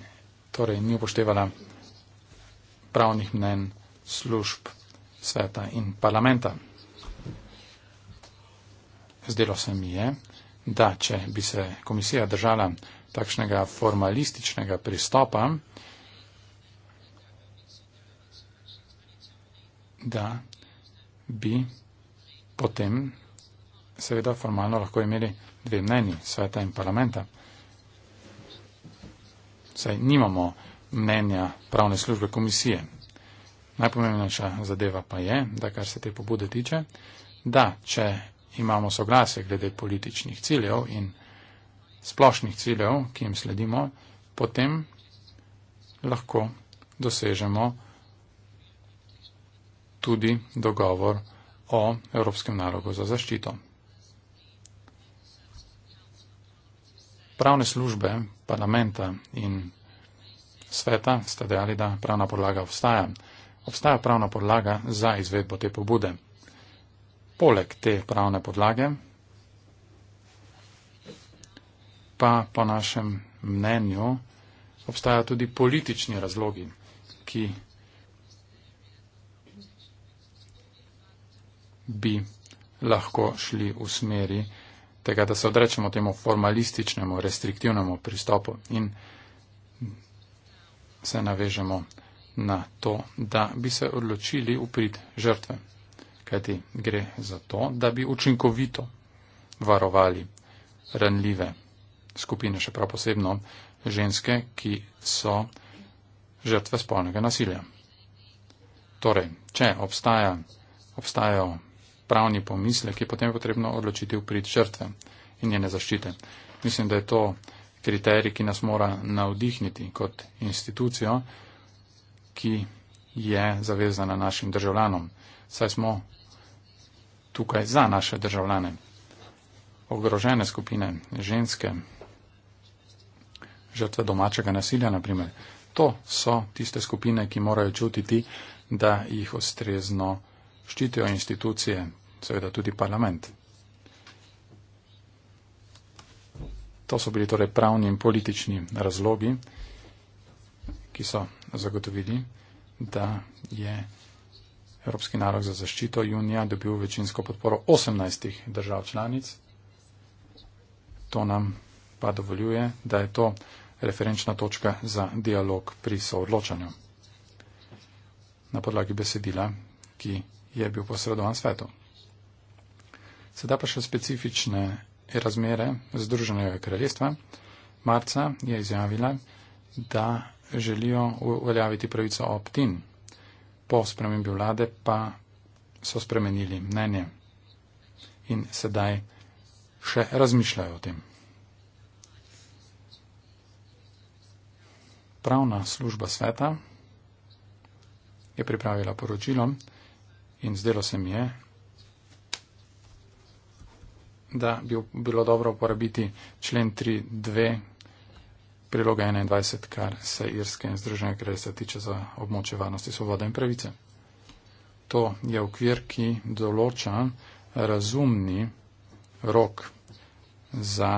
C: torej ni upoštevala pravnih mnen služb sveta in parlamenta. Zdelo se mi je, da če bi se komisija držala takšnega formalističnega pristopa, da bi potem seveda formalno lahko imeli dve mnenji sveta in parlamenta. Saj nimamo mnenja pravne službe komisije. Najpomembnejša zadeva pa je, da kar se te pobude tiče, da če imamo soglase glede političnih ciljev in splošnih ciljev, ki jim sledimo, potem lahko dosežemo tudi dogovor o Evropskem nalogu za zaščito. Pravne službe parlamenta in sveta sta dejali, da pravna podlaga obstaja obstaja pravna podlaga za izvedbo te pobude. Poleg te pravne podlage pa po našem mnenju obstaja tudi politični razlogi, ki bi lahko šli v smeri tega, da se odrečemo temu formalističnemu, restriktivnemu pristopu in se navežemo na to, da bi se odločili uprit žrtve. Kajti gre za to, da bi učinkovito varovali ranljive skupine, še prav posebno ženske, ki so žrtve spolnega nasilja. Torej, če obstaja, obstajajo pravni pomisleki, potem je potrebno odločiti uprit žrtve in njene zaščite. Mislim, da je to kriterij, ki nas mora navdihniti kot institucijo, ki je zavezana našim državljanom. Saj smo tukaj za naše državljane. Ogrožene skupine, ženske, žrtve domačega nasilja, naprimer. To so tiste skupine, ki morajo čutiti, da jih ustrezno ščitijo institucije, seveda tudi parlament. To so bili torej pravni in politični razlogi, ki so zagotovili, da je Evropski narod za zaščito junija dobil večinsko podporo 18 držav članic. To nam pa dovoljuje, da je to referenčna točka za dialog pri soodločanju na podlagi besedila, ki je bil posredovan svetu. Sedaj pa še specifične razmere Združenega kraljestva. Marca je izjavila, da želijo uveljaviti pravico opt-in, po spremembi vlade pa so spremenili mnenje in sedaj še razmišljajo o tem. Pravna služba sveta je pripravila poročilo in zdelo se mi je, da bi bilo dobro uporabiti člen 3.2 priloga 21, kar se Irske in Združenega kraljestva tiče za območje varnosti, svobode in pravice. To je okvir, ki določa razumni rok za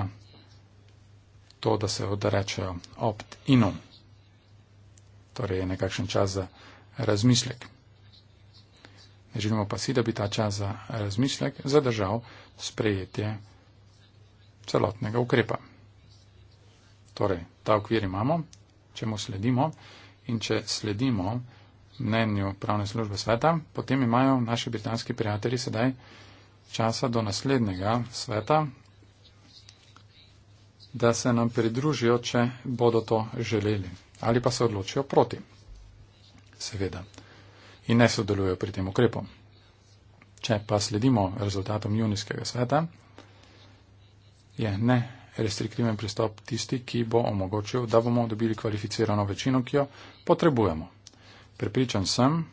C: to, da se odrečejo opt-inom. Torej je nekakšen čas za razmislek. Ne želimo pa si, da bi ta čas za razmislek zadržal sprejetje celotnega ukrepa. Torej, ta okvir imamo, če mu sledimo in če sledimo mnenju pravne službe sveta, potem imajo naši britanski prijatelji sedaj časa do naslednjega sveta, da se nam pridružijo, če bodo to želeli ali pa se odločijo proti, seveda, in ne sodelujo pri tem ukrepu. Če pa sledimo rezultatom junijskega sveta, je ne restriktiven pristop tisti, ki bo omogočil, da bomo dobili kvalificirano večino, ki jo potrebujemo. Prepričan sem,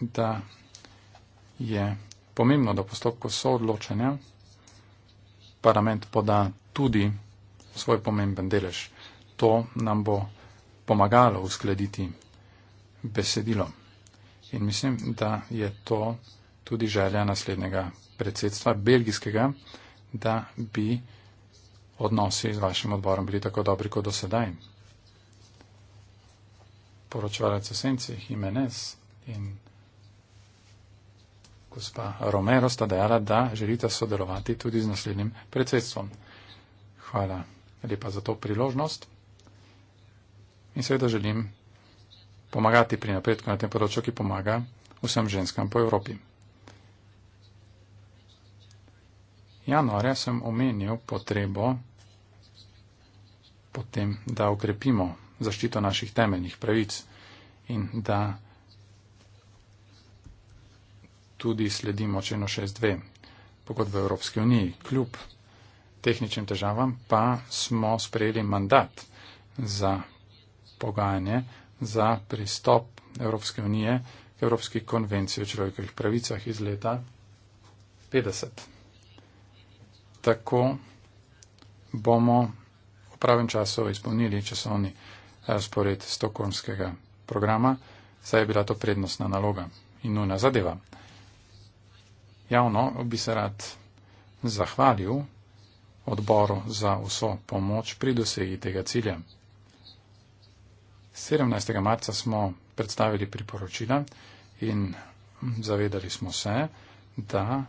C: da je pomembno, da postopko soodločanja parlament poda tudi svoj pomemben delež. To nam bo pomagalo uskladiti besedilo. In mislim, da je to tudi želja naslednjega predsedstva belgijskega, da bi odnosi z vašim odborom bili tako dobri kot do sedaj. Poročevalec v senci Jimenez in gospa Romero sta dejala, da želite sodelovati tudi z naslednjim predsedstvom. Hvala lepa za to priložnost in seveda želim pomagati pri napredku na tem področju, ki pomaga vsem ženskam po Evropi. januarja sem omenil potrebo potem, da ukrepimo zaščito naših temeljnih pravic in da tudi sledimo členu 6.2 pogodbe Evropske unije. Kljub tehničnim težavam pa smo sprejeli mandat za pogajanje za pristop Evropske unije k Evropski konvenciji o človekovih pravicah iz leta 50 tako bomo v pravem času izpolnili časovni razpored stokholmskega programa, saj je bila to prednostna naloga in nujna zadeva. Javno bi se rad zahvalil odboru za vso pomoč pri dosegi tega cilja. 17. marca smo predstavili priporočila in zavedali smo se, da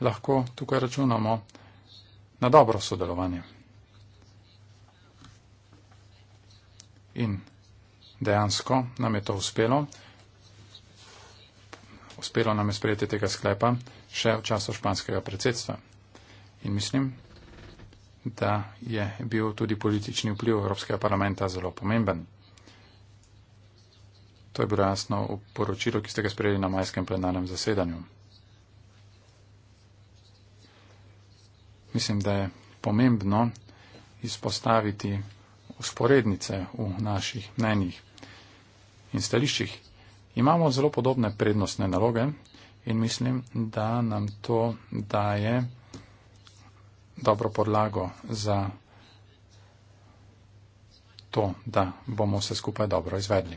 C: lahko tukaj računamo, na dobro sodelovanje. In dejansko nam je to uspelo. Uspelo nam je sprejeti tega sklepa še v času španskega predsedstva. In mislim, da je bil tudi politični vpliv Evropskega parlamenta zelo pomemben. To je bilo jasno v poročilu, ki ste ga sprejeli na majskem plenarnem zasedanju. mislim, da je pomembno izpostaviti usporednice v naših mnenjih in stališčih. Imamo zelo podobne prednostne naloge in mislim, da nam to daje dobro podlago za to, da bomo vse skupaj dobro izvedli.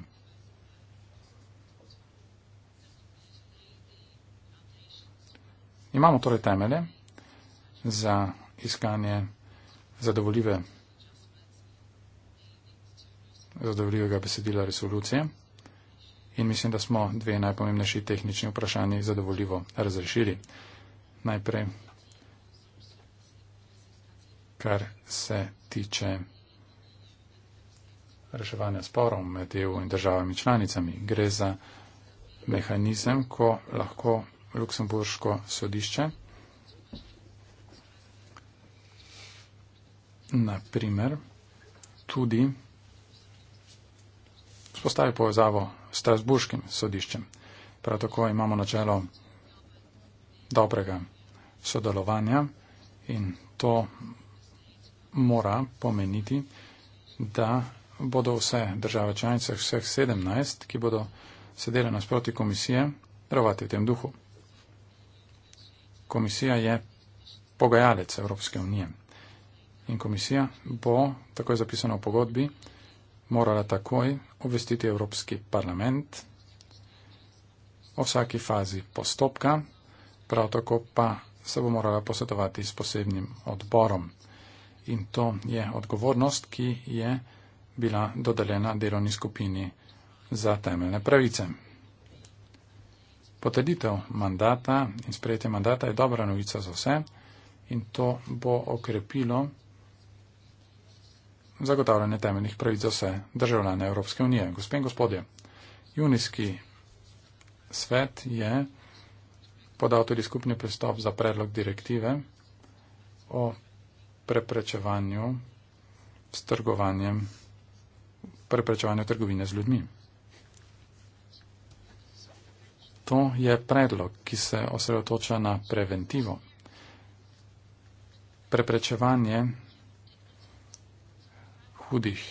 C: Imamo torej temelje, za iskanje zadovoljive, zadovoljivega besedila resolucije. In mislim, da smo dve najpomembnejši tehnični vprašanji zadovoljivo razrešili. Najprej, kar se tiče reševanja sporov med EU in državami članicami, gre za mehanizem, ko lahko Luksemburško sodišče na primer, tudi spostavi povezavo s Strasburškim sodiščem. Prav tako imamo načelo dobrega sodelovanja in to mora pomeniti, da bodo vse države članice, vseh 17, ki bodo sedele nasproti komisije, rovati v tem duhu. Komisija je pogajalec Evropske unije in komisija bo, tako je zapisano v pogodbi, morala takoj obvestiti Evropski parlament o vsaki fazi postopka, prav tako pa se bo morala posvetovati s posebnim odborom. In to je odgovornost, ki je bila dodeljena delovni skupini za temeljne pravice. Potreditev mandata in sprejetje mandata je dobra novica za vse in to bo okrepilo zagotavljanje temeljnih pravic za vse državljane Evropske unije. Gospe in gospodje, junijski svet je podal tudi skupni pristop za predlog direktive o preprečevanju s trgovanjem, preprečevanju trgovine z ljudmi. To je predlog, ki se osredotoča na preventivo. Preprečevanje hudih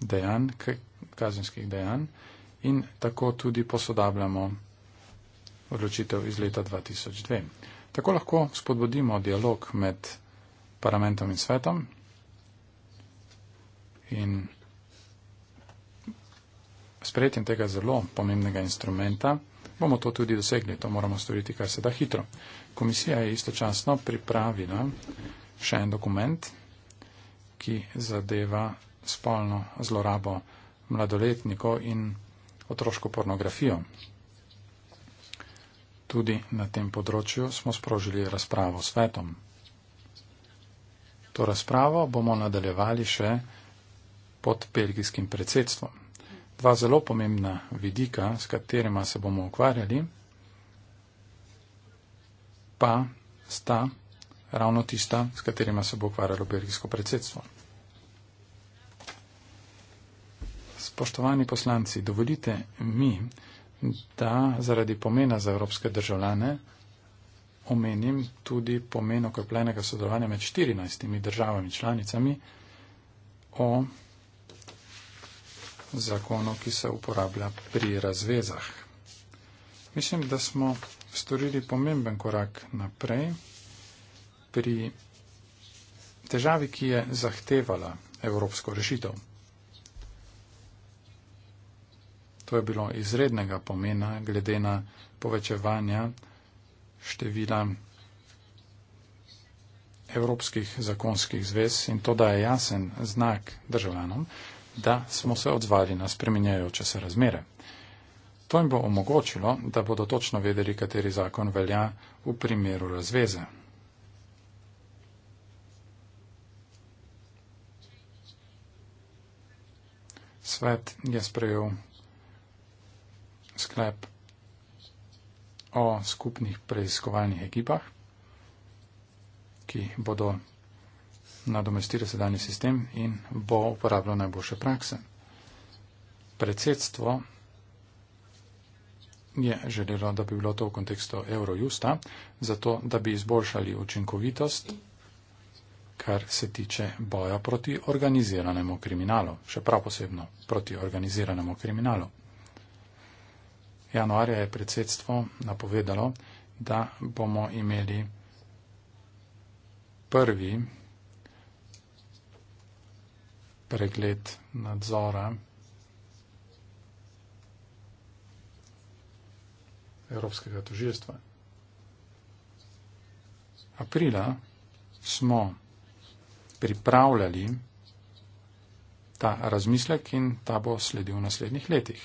C: dejanj, kazenskih dejanj in tako tudi posodabljamo odločitev iz leta 2002. Tako lahko spodbudimo dialog med parlamentom in svetom in sprejetjem tega zelo pomembnega instrumenta bomo to tudi dosegli. To moramo storiti kar se da hitro. Komisija je istočasno pripravila še en dokument, ki zadeva spolno zlorabo mladoletnikov in otroško pornografijo. Tudi na tem področju smo sprožili razpravo s svetom. To razpravo bomo nadaljevali še pod belgijskim predsedstvom. Dva zelo pomembna vidika, s katerima se bomo ukvarjali, pa sta ravno tista, s katerima se bo ukvarjalo belgijsko predsedstvo. Spoštovani poslanci, dovolite mi, da zaradi pomena za evropske državljane omenim tudi pomen okrepljenega sodelovanja med 14 državami članicami o zakonu, ki se uporablja pri razvezah. Mislim, da smo storili pomemben korak naprej pri težavi, ki je zahtevala evropsko rešitev. To je bilo izrednega pomena glede na povečevanja števila evropskih zakonskih zvez in to daje jasen znak državljanom, da smo se odzvali na spremenjajoče se razmere. To jim bo omogočilo, da bodo točno vedeli, kateri zakon velja v primeru razveze, svet je sprejel sklep o skupnih preiskovalnih ekipah, ki bodo nadomestili sedanji sistem in bo uporabljal najboljše prakse. Predsedstvo je želelo, da bi bilo to v kontekstu Eurojusta, zato da bi izboljšali učinkovitost kar se tiče boja proti organiziranemu kriminalu, še prav posebno proti organiziranemu kriminalu. Januarja je predsedstvo napovedalo, da bomo imeli prvi pregled nadzora Evropskega tožilstva. Aprila smo pripravljali ta razmislek in ta bo sledil v naslednjih letih.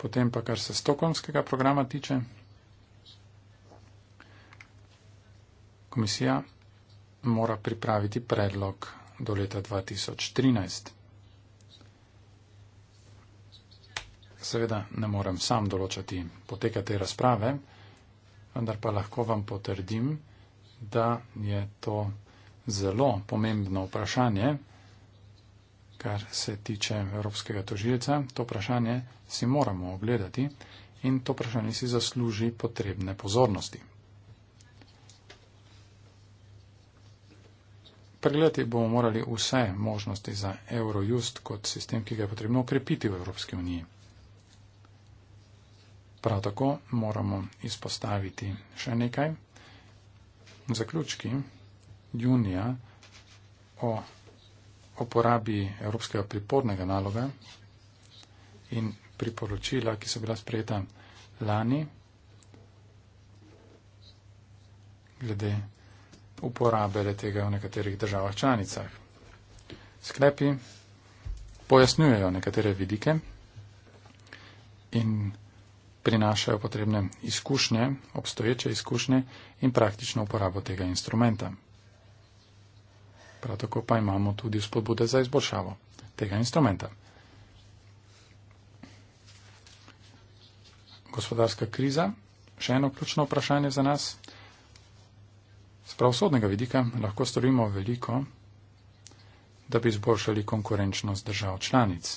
C: Potem pa, kar se stokholmskega programa tiče, komisija mora pripraviti predlog do leta 2013. Seveda ne morem sam določati poteka te razprave, vendar pa lahko vam potrdim, da je to zelo pomembno vprašanje, kar se tiče Evropskega tožilca. To vprašanje si moramo ogledati in to vprašanje si zasluži potrebne pozornosti. Pregledati bomo morali vse možnosti za Eurojust kot sistem, ki ga je potrebno ukrepiti v Evropski uniji. Prav tako moramo izpostaviti še nekaj. Zaključki junija o uporabi Evropskega pripornega naloga in priporočila, ki so bila sprejeta lani glede uporabe tega v nekaterih državah članicah. Sklepi pojasnjujejo nekatere vidike in prinašajo potrebne izkušnje, obstoječe izkušnje in praktično uporabo tega instrumenta prav tako pa imamo tudi spodbude za izboljšavo tega instrumenta. Gospodarska kriza, še eno ključno vprašanje za nas. Z pravosodnega vidika lahko storimo veliko, da bi izboljšali konkurenčnost držav članic.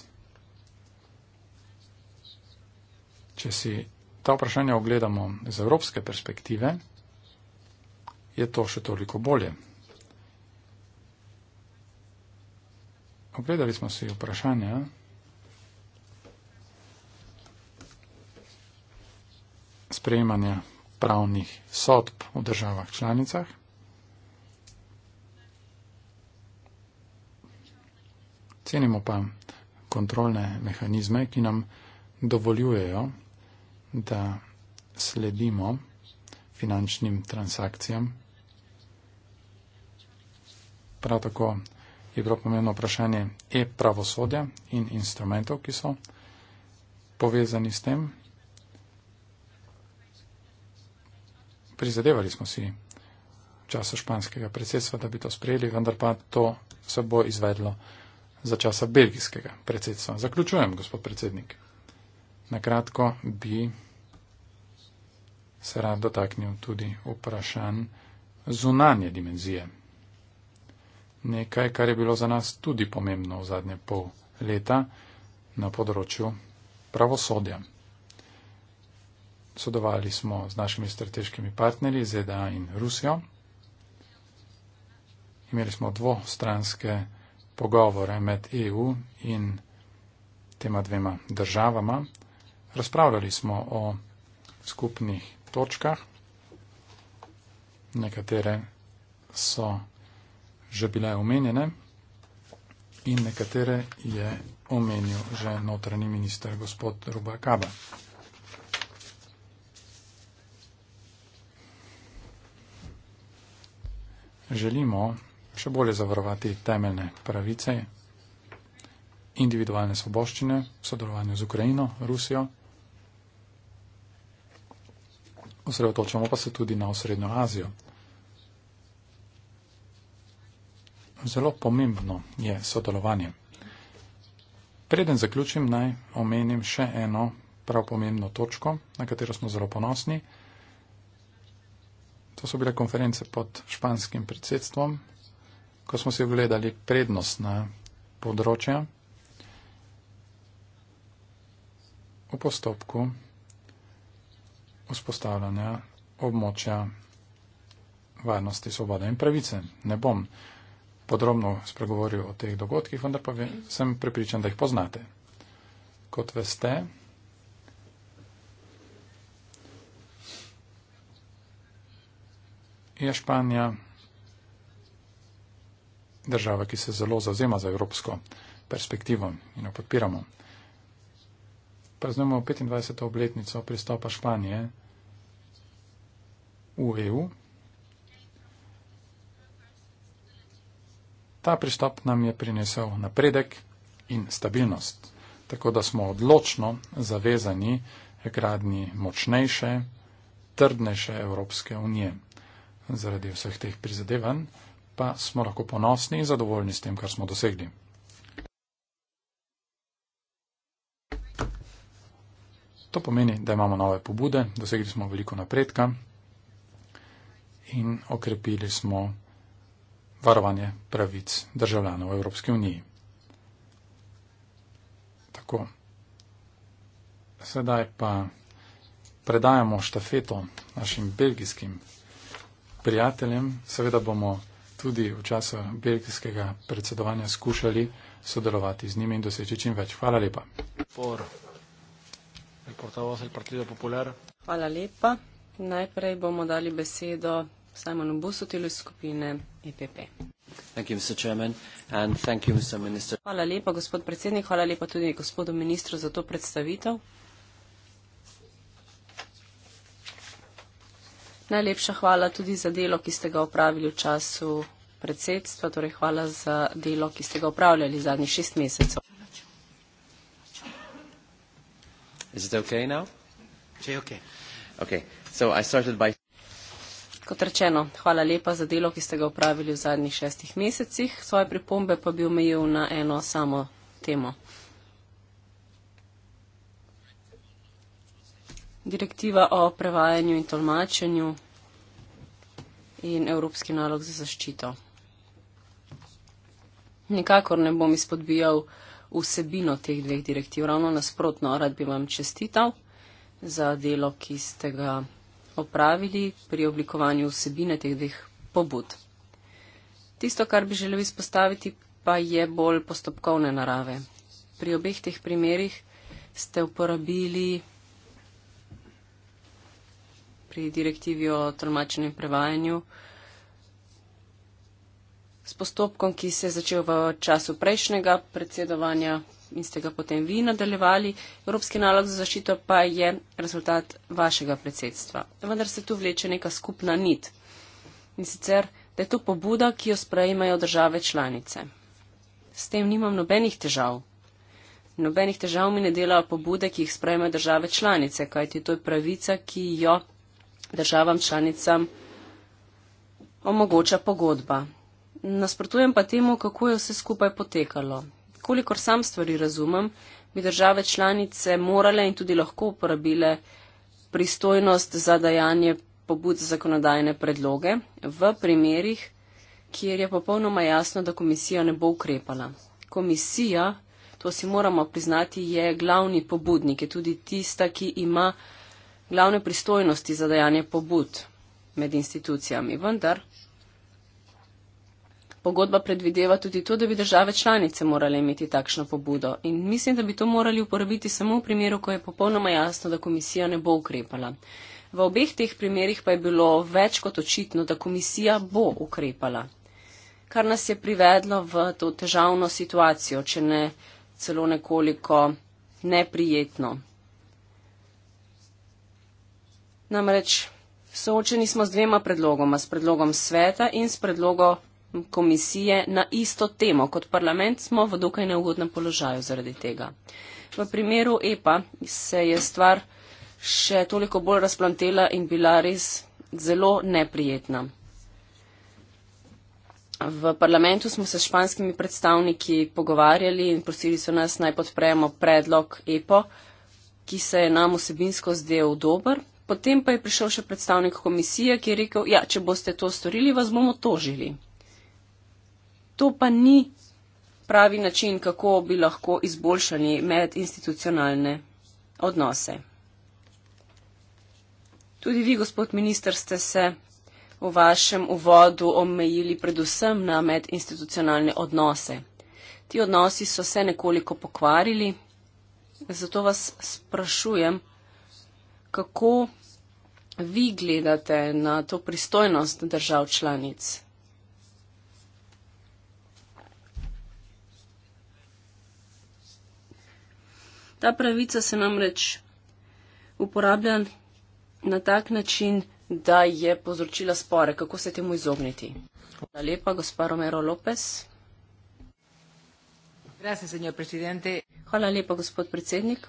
C: Če si ta vprašanja ogledamo z evropske perspektive, je to še toliko bolje. Ogledali smo si vprašanja. sprejemanja pravnih sodb v državah članicah. Cenimo pa kontrolne mehanizme, ki nam dovoljujejo, da sledimo finančnim transakcijam. Prav tako je bilo pomembno vprašanje e-pravosodja in instrumentov, ki so povezani s tem. Prizadevali smo si v času španskega predsedstva, da bi to sprejeli, vendar pa to se bo izvedlo za časa belgijskega predsedstva. Zaključujem, gospod predsednik. Nakratko bi se rad dotaknil tudi vprašanj zunanje dimenzije nekaj, kar je bilo za nas tudi pomembno v zadnje pol leta na področju pravosodja. Sodovali smo z našimi strateškimi partnerji ZDA in Rusijo. Imeli smo dvostranske pogovore med EU in tema dvema državama. Razpravljali smo o skupnih točkah. Nekatere so že bile omenjene in nekatere je omenil že notranji minister gospod Rubakaba. Želimo še bolje zavarovati temeljne pravice, individualne svoboščine v sodelovanju z Ukrajino, Rusijo. Osredotočamo pa se tudi na osrednjo Azijo. zelo pomembno je sodelovanje. Preden zaključim, naj omenim še eno prav pomembno točko, na katero smo zelo ponosni. To so bile konference pod španskim predsedstvom, ko smo si ogledali prednostna področja v postopku vzpostavljanja območja varnosti, svobode in pravice. Ne bom podrobno spregovoril o teh dogodkih, vendar pa sem prepričan, da jih poznate. Kot veste, je Španija država, ki se zelo zauzema za evropsko perspektivo in jo podpiramo. Praznujemo 25. obletnico pristopa Španije v EU Ta pristop nam je prinesel napredek in stabilnost, tako da smo odločno zavezani gradni močnejše, trdnejše Evropske unije. Zaradi vseh teh prizadevanj pa smo lahko ponosni in zadovoljni s tem, kar smo dosegli. To pomeni, da imamo nove pobude, dosegli smo veliko napredka in okrepili smo varovanje pravic državljanov Evropske unije. Tako. Sedaj pa predajamo štafeto našim belgijskim prijateljem. Seveda bomo tudi v času belgijskega predsedovanja skušali sodelovati z njimi in doseči čim več. Hvala lepa.
B: Hvala lepa. Najprej bomo dali besedo Simonu Busutilu iz skupine EPP. Hvala lepa, gospod predsednik, hvala lepa tudi gospodu ministru za to predstavitev. Najlepša hvala tudi za delo, ki ste ga upravili v času predsedstva, torej hvala za delo, ki ste ga upravljali zadnjih šest mesecev.
C: Is it okay now? Okay. Okay. So I started by
B: Kot rečeno, hvala lepa za delo, ki ste ga upravili v zadnjih šestih mesecih. Svoje pripombe pa bi omejil na eno samo temo. Direktiva o prevajanju in tolmačenju in Evropski nalog za zaščito. Nikakor ne bom izpodbijal vsebino teh dveh direktiv, ravno nasprotno, rad bi vam čestital za delo, ki ste ga opravili pri oblikovanju vsebine teh dveh pobud. Tisto, kar bi želel izpostaviti, pa je bolj postopkovne narave. Pri obeh teh primerih ste uporabili pri direktivi o tolmačenem prevajanju s postopkom, ki se je začel v času prejšnjega predsedovanja in ste ga potem vi nadaljevali. Evropski nalog za zaščito pa je rezultat vašega predsedstva. Vendar se tu vleče neka skupna nit. In sicer, da je to pobuda, ki jo sprejmajo države članice. S tem nimam nobenih težav. Nobenih težav mi ne delajo pobude, ki jih sprejmajo države članice, kajti to je pravica, ki jo državam članicam omogoča pogodba. Nasprotujem pa temu, kako je vse skupaj potekalo kolikor sam stvari razumem, bi države članice morale in tudi lahko uporabile pristojnost za dajanje pobud za zakonodajne predloge v primerih, kjer je popolnoma jasno, da komisija ne bo ukrepala. Komisija, to si moramo priznati, je glavni pobudnik, je tudi tista, ki ima glavne pristojnosti za dajanje pobud med institucijami. Vendar Pogodba predvideva tudi to, da bi države članice morale imeti takšno pobudo in mislim, da bi to morali uporabiti samo v primeru, ko je popolnoma jasno, da komisija ne bo ukrepala. V obeh teh primerjih pa je bilo več kot očitno, da komisija bo ukrepala, kar nas je privedlo v to težavno situacijo, če ne celo nekoliko neprijetno. Namreč soočeni smo z dvema predlogoma, s predlogom sveta in s predlogom komisije na isto temo kot parlament, smo v dokaj neugodnem položaju zaradi tega. V primeru EPA se je stvar še toliko bolj razplantela in bila res zelo neprijetna. V parlamentu smo se s španskimi predstavniki pogovarjali in prosili so nas naj podpremo predlog EPO, ki se je nam osebinsko zdel dober. Potem pa je prišel še predstavnik komisije, ki je rekel, ja, če boste to storili, vas bomo tožili. To pa ni pravi način, kako bi lahko izboljšali medinstitucionalne odnose. Tudi vi, gospod minister, ste se v vašem uvodu omejili predvsem na medinstitucionalne odnose. Ti odnosi so se nekoliko pokvarili, zato vas sprašujem, kako vi gledate na to pristojnost držav članic. Ta pravica se namreč uporablja na tak način, da je povzročila spore. Kako se temu izogniti? Hvala lepa, gospa Romero Lopez. Gracias, Hvala lepa, gospod predsednik.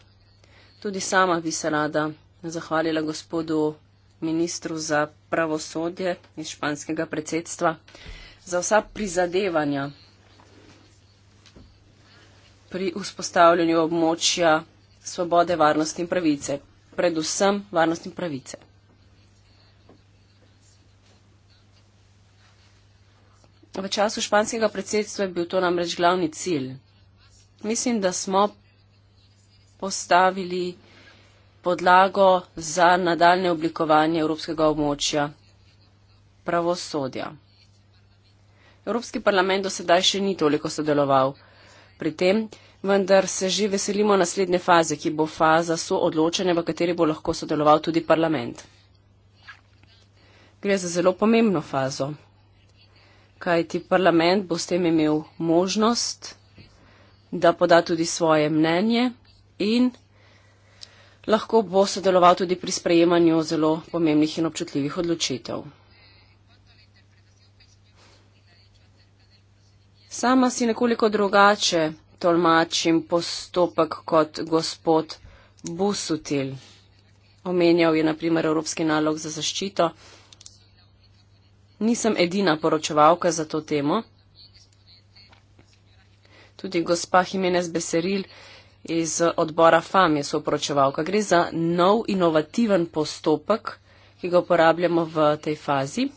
B: Tudi sama bi se rada zahvalila gospodu ministru za pravosodje iz španskega predsedstva za vsa prizadevanja, pri vzpostavljanju območja svobode, varnosti in pravice, predvsem varnosti in pravice. V času španskega predsedstva je bil to namreč glavni cilj. Mislim, da smo postavili podlago za nadaljne oblikovanje evropskega območja pravosodja. Evropski parlament do sedaj še ni toliko sodeloval pri tem, vendar se že veselimo naslednje faze, ki bo faza soodločanja, v kateri bo lahko sodeloval tudi parlament. Gre za zelo pomembno fazo, kajti parlament bo s tem imel možnost, da poda tudi svoje mnenje in lahko bo sodeloval tudi pri sprejemanju zelo pomembnih in občutljivih odločitev. Sama si nekoliko drugače tolmačim postopek kot gospod Busutil. Omenjal je naprimer Evropski nalog za zaščito. Nisem edina poročevalka za to temo. Tudi gospa Jimenez Beseril iz odbora FAM je soporočevalka. Gre za nov inovativen postopek, ki ga uporabljamo v tej fazi.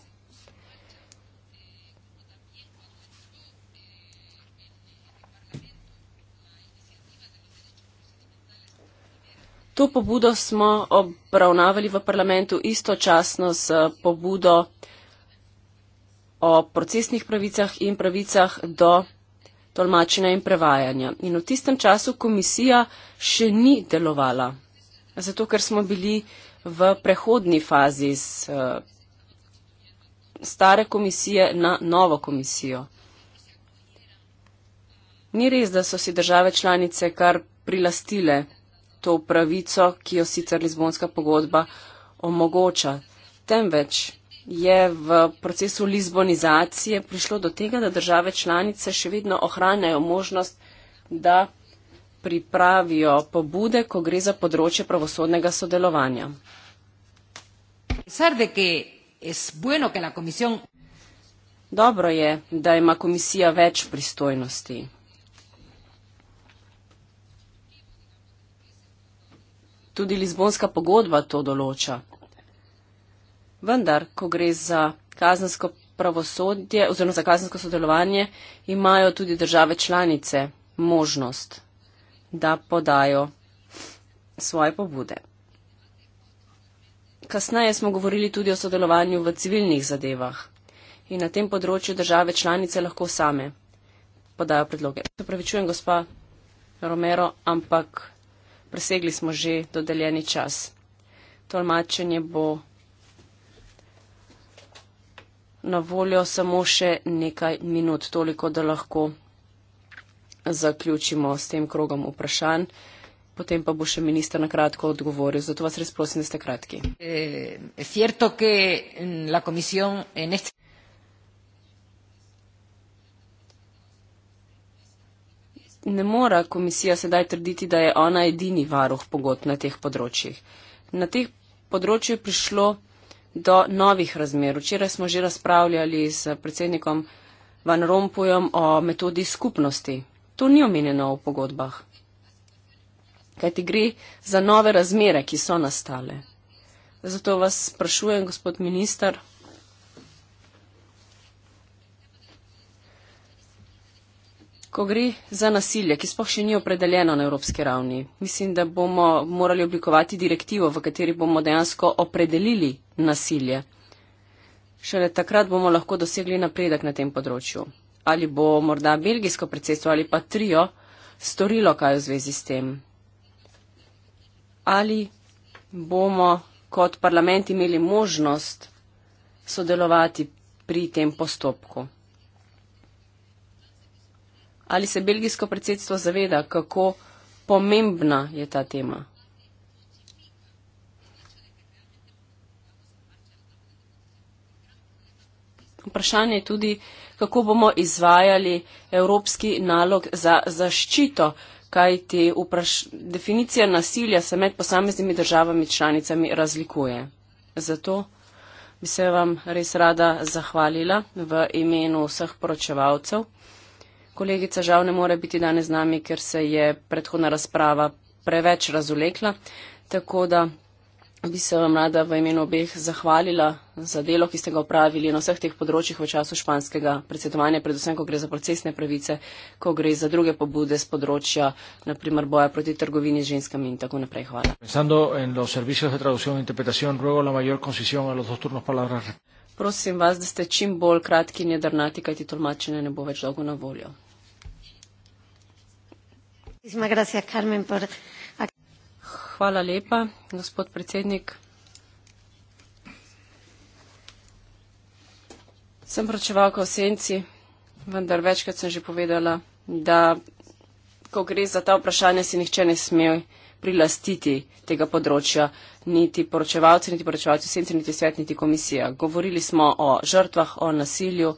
B: To pobudo smo obravnavali v parlamentu istočasno s pobudo o procesnih pravicah in pravicah do tolmačenja in prevajanja. In v tistem času komisija še ni delovala, zato ker smo bili v prehodni fazi z eh, stare komisije na novo komisijo. Ni res, da so si države članice kar prilastile to pravico, ki jo sicer Lizbonska pogodba omogoča. Temveč je v procesu Lizbonizacije prišlo do tega, da države članice še vedno ohranjajo možnost, da pripravijo pobude, ko gre za področje pravosodnega sodelovanja. Dobro je, da ima komisija več pristojnosti. Tudi Lizbonska pogodba to določa. Vendar, ko gre za kazensko pravosodje oziroma za kazensko sodelovanje, imajo tudi države članice možnost, da podajo svoje pobude. Kasneje smo govorili tudi o sodelovanju v civilnih zadevah in na tem področju države članice lahko same podajo predloge. Se pravičujem, gospa Romero, ampak presegli smo že dodeljeni čas. Tolmačenje bo na voljo samo še nekaj minut, toliko, da lahko zaključimo s tem krogom vprašanj. Potem pa bo še minister na kratko odgovoril. Zato vas res prosim, da ste kratki. Eh, ne mora komisija sedaj trditi, da je ona edini varuh pogodb na teh področjih. Na teh področjih je prišlo do novih razmer. Včeraj smo že razpravljali s predsednikom Van Rompujem o metodi skupnosti. To ni omenjeno v pogodbah. Kaj ti gre za nove razmere, ki so nastale? Zato vas sprašujem, gospod ministar. ko gre za nasilje, ki sploh še ni opredeljeno na evropski ravni. Mislim, da bomo morali oblikovati direktivo, v kateri bomo dejansko opredelili nasilje. Šele takrat bomo lahko dosegli napredek na tem področju. Ali bo morda belgijsko predsedstvo ali pa trio storilo kaj v zvezi s tem? Ali bomo kot parlament imeli možnost sodelovati pri tem postopku? Ali se belgijsko predsedstvo zaveda, kako pomembna je ta tema? Vprašanje je tudi, kako bomo izvajali evropski nalog za zaščito, kaj ti vpraš... definicija nasilja se med posameznimi državami članicami razlikuje. Zato bi se vam res rada zahvalila v imenu vseh poročevalcev. Kolegica žal ne more biti danes z nami, ker se je predhodna razprava preveč razulekla, tako da bi se vam rada v imenu obeh zahvalila za delo, ki ste ga upravili na vseh teh področjih v času španskega predsedovanja, predvsem, ko gre za procesne pravice, ko gre za druge pobude z področja, naprimer, boja proti trgovini z ženskami in tako naprej. Hvala. E Prosim vas, da ste čim bolj kratki in jedrnati, kajti tolmačenje ne bo več dolgo na voljo. Sem pročevalka v senci, vendar večkrat sem že povedala, da ko gre za ta vprašanja, si nihče ne sme prilastiti tega področja, niti poročevalci, niti poročevalci v senci, niti svet, niti komisija. Govorili smo o žrtvah, o nasilju.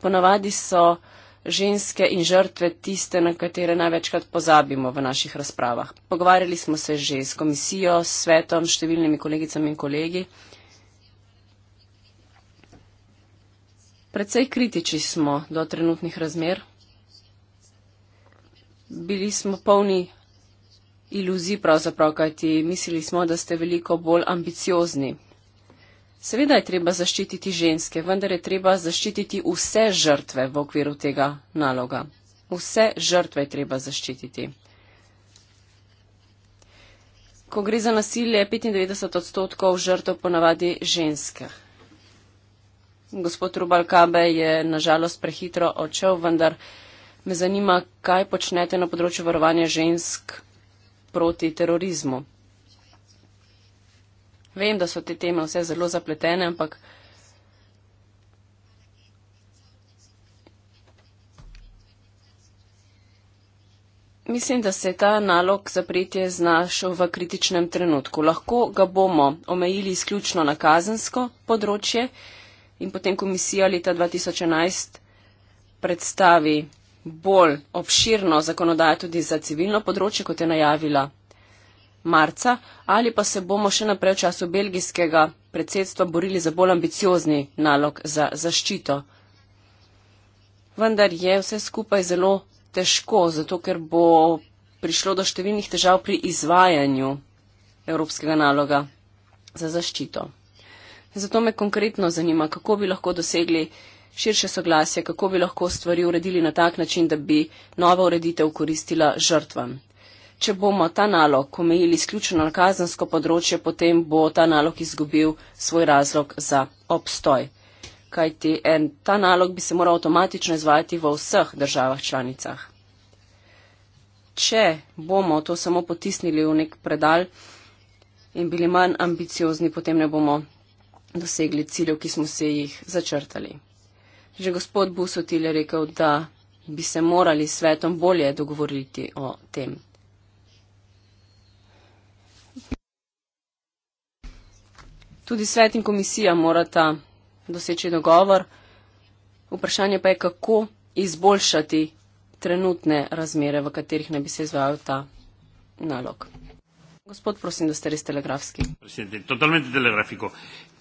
B: Ponavadi so ženske in žrtve tiste, na katere največkrat pozabimo v naših razpravah. Pogovarjali smo se že s komisijo, s svetom, s številnimi kolegicami in kolegi. Predvsej kritični smo do trenutnih razmer. Bili smo polni iluzij pravzaprav, kajti mislili smo, da ste veliko bolj ambiciozni Seveda je treba zaščititi ženske, vendar je treba zaščititi vse žrtve v okviru tega naloga. Vse žrtve je treba zaščititi. Ko gre za nasilje, 95 odstotkov žrtev ponavadi ženske. Gospod Rubal Kabe je nažalost prehitro odšel, vendar me zanima, kaj počnete na področju varovanja žensk proti terorizmu. Vem, da so te teme vse zelo zapletene, ampak. Mislim, da se je ta nalog zapretje znašel v kritičnem trenutku. Lahko ga bomo omejili izključno na kazensko področje in potem komisija leta 2011 predstavi bolj obširno zakonodajo tudi za civilno področje, kot je najavila marca, ali pa se bomo še naprej v času belgijskega predsedstva borili za bolj ambiciozni nalog za zaščito. Vendar je vse skupaj zelo težko, zato ker bo prišlo do številnih težav pri izvajanju evropskega naloga za zaščito. Zato me konkretno zanima, kako bi lahko dosegli širše soglasje, kako bi lahko stvari uredili na tak način, da bi nova ureditev koristila žrtvam če bomo ta nalog omejili izključno na kazensko področje, potem bo ta nalog izgubil svoj razlog za obstoj. Kajti en ta nalog bi se moral avtomatično izvajati v vseh državah članicah. Če bomo to samo potisnili v nek predal in bili manj ambiciozni, potem ne bomo dosegli ciljev, ki smo se jih začrtali. Že gospod Busotil je rekel, da bi se morali s svetom bolje dogovoriti o tem. Tudi svet in komisija morata doseči dogovor. Vprašanje pa je, kako izboljšati trenutne razmere, v katerih naj bi se izvajal ta nalog. Gospod, prosim, da ste res telegrafski.
A: Totalmente telegrafiko.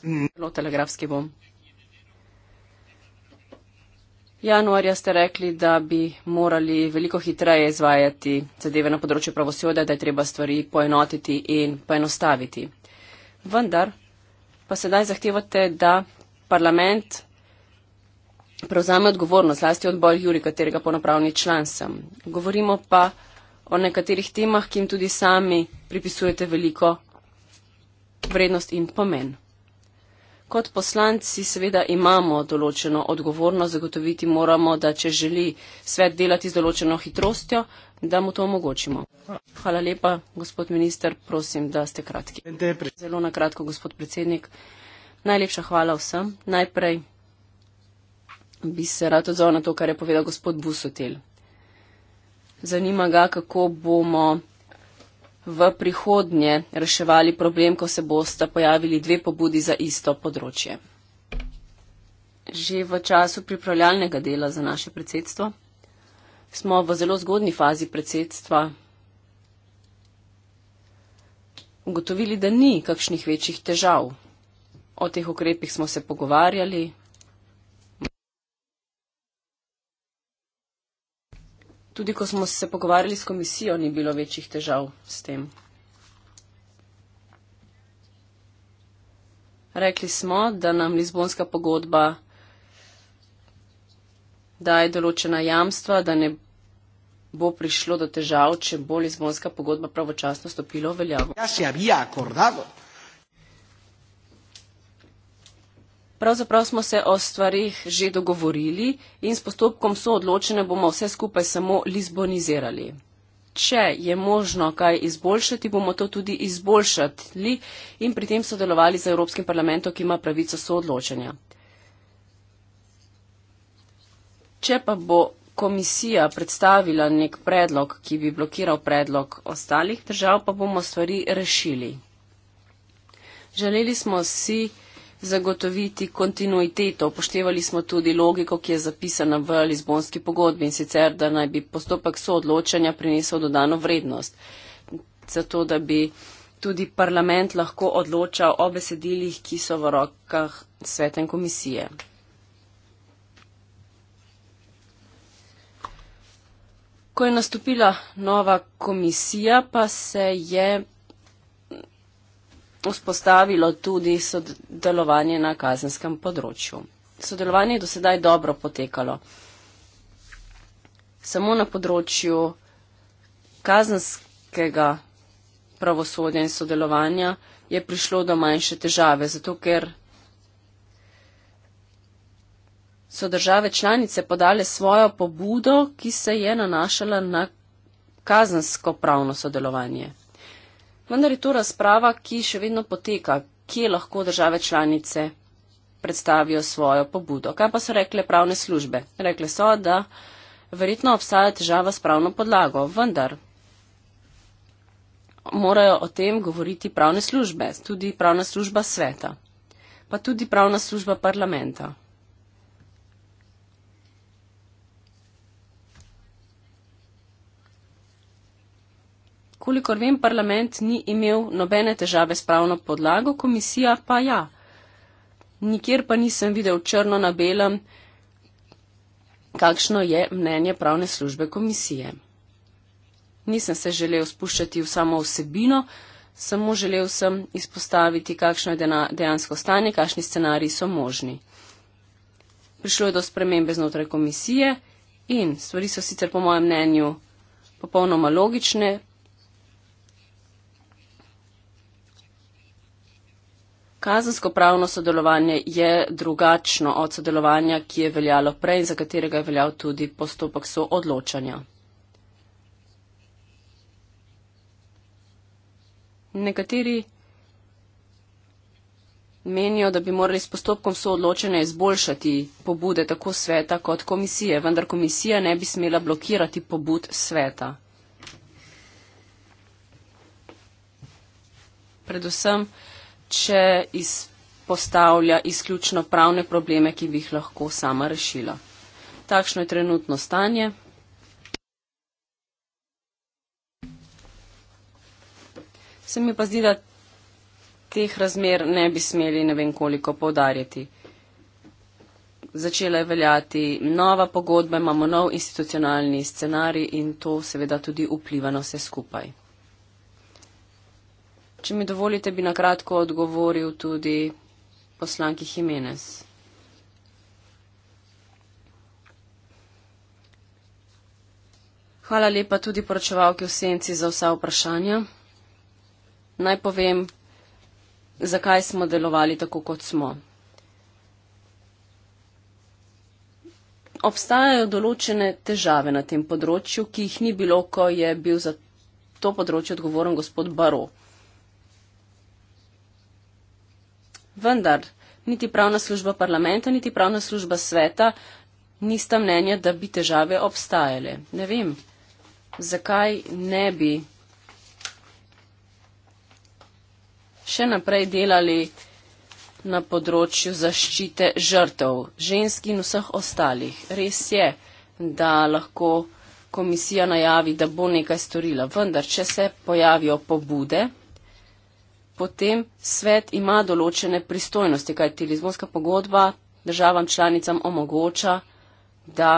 B: Zelo telegrafski bom. Januarja ste rekli, da bi morali veliko hitreje izvajati zadeve na področju pravosodja, da je treba stvari poenotiti in poenostaviti. Vendar pa sedaj zahtevate, da parlament prevzame odgovornost, zlasti odbor Juri, katerega ponopravni član sem. Govorimo pa o nekaterih temah, ki jim tudi sami pripisujete veliko vrednost in pomen. Kot poslanci seveda imamo določeno odgovornost, zagotoviti moramo, da če želi svet delati z določeno hitrostjo, da mu to omogočimo. Hvala lepa, gospod minister, prosim, da ste kratki. Zelo na kratko, gospod predsednik. Najlepša hvala vsem. Najprej bi se rad odzval na to, kar je povedal gospod Busotel. Zanima ga, kako bomo v prihodnje reševali problem, ko se bosta pojavili dve pobudi za isto področje. Že v času pripravljalnega dela za naše predsedstvo smo v zelo zgodni fazi predsedstva ugotovili, da ni kakšnih večjih težav. O teh ukrepih smo se pogovarjali. Tudi ko smo se pogovarjali s komisijo, ni bilo večjih težav s tem. Rekli smo, da nam Lizbonska pogodba daje določena jamstva, da ne bo prišlo do težav, če bo Lizbonska pogodba pravočasno stopila v veljavo. Ja Pravzaprav smo se o stvarih že dogovorili in s postopkom so odločene bomo vse skupaj samo lizbonizirali. Če je možno kaj izboljšati, bomo to tudi izboljšali in pri tem sodelovali z Evropskim parlamentom, ki ima pravico soodločanja. Če pa bo komisija predstavila nek predlog, ki bi blokiral predlog ostalih držav, pa bomo stvari rešili. Želeli smo si zagotoviti kontinuiteto, upoštevali smo tudi logiko, ki je zapisana v Lizbonski pogodbi in sicer, da naj bi postopek soodločanja prinesel dodano vrednost, zato da bi tudi parlament lahko odločal o besedilih, ki so v rokah svetem komisije. Ko je nastopila nova komisija, pa se je vzpostavilo tudi sodelovanje na kazenskem področju. Sodelovanje je do sedaj dobro potekalo. Samo na področju kazenskega pravosodja in sodelovanja je prišlo do manjše težave, zato ker so države članice podale svojo pobudo, ki se je nanašala na kazensko pravno sodelovanje. Vendar je to razprava, ki še vedno poteka, kje lahko države članice predstavijo svojo pobudo. Kaj pa so rekle pravne službe? Rekle so, da verjetno obstaja težava s pravno podlago, vendar morajo o tem govoriti pravne službe, tudi pravna služba sveta, pa tudi pravna služba parlamenta. kolikor vem, parlament ni imel nobene težave s pravno podlago, komisija pa ja. Nikjer pa nisem videl črno na belem, kakšno je mnenje pravne službe komisije. Nisem se želel spuščati v samo vsebino, samo želel sem izpostaviti, kakšno je dejansko stanje, kakšni scenariji so možni. Prišlo je do spremembe znotraj komisije in stvari so sicer po mojem mnenju popolnoma logične, Kazensko pravno sodelovanje je drugačno od sodelovanja, ki je veljalo prej in za katerega je veljal tudi postopek soodločanja. Nekateri menijo, da bi morali s postopkom soodločanja izboljšati pobude tako sveta kot komisije, vendar komisija ne bi smela blokirati pobud sveta. Predvsem mogoče izpostavlja izključno pravne probleme, ki bi jih lahko sama rešila. Takšno je trenutno stanje. Se mi pa zdi, da teh razmer ne bi smeli ne vem koliko povdarjati. Začela je veljati nova pogodba, imamo nov institucionalni scenarij in to seveda tudi vpliva na vse skupaj. Če mi dovolite, bi nakratko odgovoril tudi poslanki Jimenez. Hvala lepa tudi poročevalki v senci za vsa vprašanja. Naj povem, zakaj smo delovali tako, kot smo. Obstajajo določene težave na tem področju, ki jih ni bilo, ko je bil za to področje odgovoren gospod Baro. Vendar niti pravna služba parlamenta, niti pravna služba sveta nista mnenja, da bi težave obstajale. Ne vem, zakaj ne bi še naprej delali na področju zaščite žrtev, žensk in vseh ostalih. Res je, da lahko komisija najavi, da bo nekaj storila, vendar če se pojavijo pobude, potem svet ima določene pristojnosti, kajti Lizbonska pogodba državam članicam omogoča, da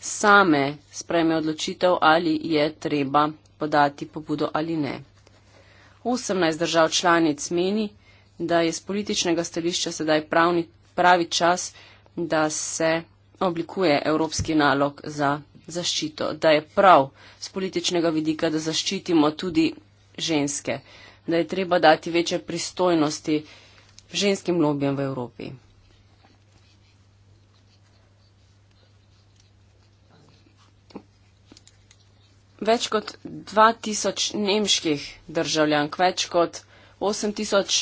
B: same spreme odločitev, ali je treba podati pobudo ali ne. 18 držav članic meni, da je z političnega stališča sedaj pravni, pravi čas, da se oblikuje evropski nalog za zaščito, da je prav z političnega vidika, da zaščitimo tudi ženske, da je treba dati večje pristojnosti ženskim lobijem v Evropi. Več kot 2000 nemških državljank, več kot 8000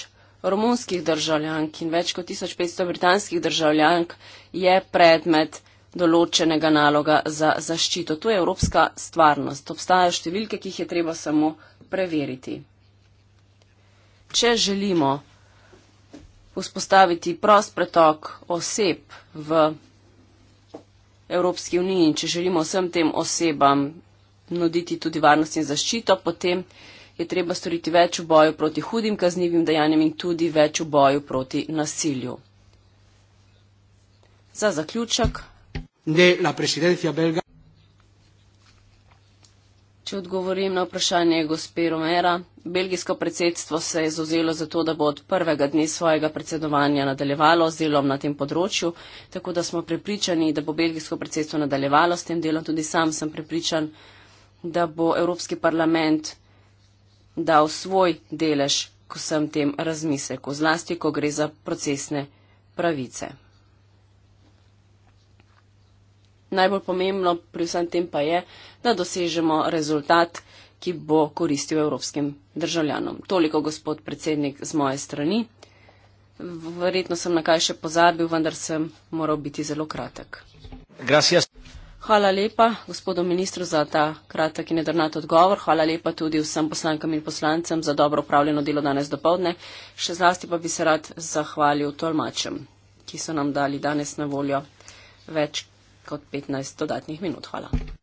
B: romunskih državljank in več kot 1500 britanskih državljank je predmet določenega naloga za zaščito. To je evropska stvarnost. Obstajajo številke, ki jih je treba samo preveriti. Če želimo vzpostaviti prost pretok oseb v Evropski uniji in če želimo vsem tem osebam nuditi tudi varnost in zaščito, potem je treba storiti več v boju proti hudim kaznivim dejanjem in tudi več v boju proti nasilju. Za zaključek de la presidencia belga. Če odgovorim na vprašanje gospe Romera, belgijsko predsedstvo se je zauzelo za to, da bo od prvega dne svojega predsedovanja nadaljevalo z delom na tem področju, tako da smo prepričani, da bo belgijsko predsedstvo nadaljevalo s tem delom. Tudi sam sem prepričan, da bo Evropski parlament dal svoj delež k vsem tem razmisleku, zlasti, ko gre za procesne pravice. Najbolj pomembno pri vsem tem pa je, da dosežemo rezultat, ki bo koristil evropskim državljanom. Toliko, gospod predsednik, z moje strani. Verjetno sem na kaj še pozabil, vendar sem moral biti zelo kratek. Gracias. Hvala lepa gospodu ministru za ta kratek in nedrnat odgovor. Hvala lepa tudi vsem poslankam in poslancem za dobro upravljeno delo danes do povdne. Še zlasti pa bi se rad zahvalil tolmačem, ki so nam dali danes na voljo več kot 15 dodatnih minut. Hvala.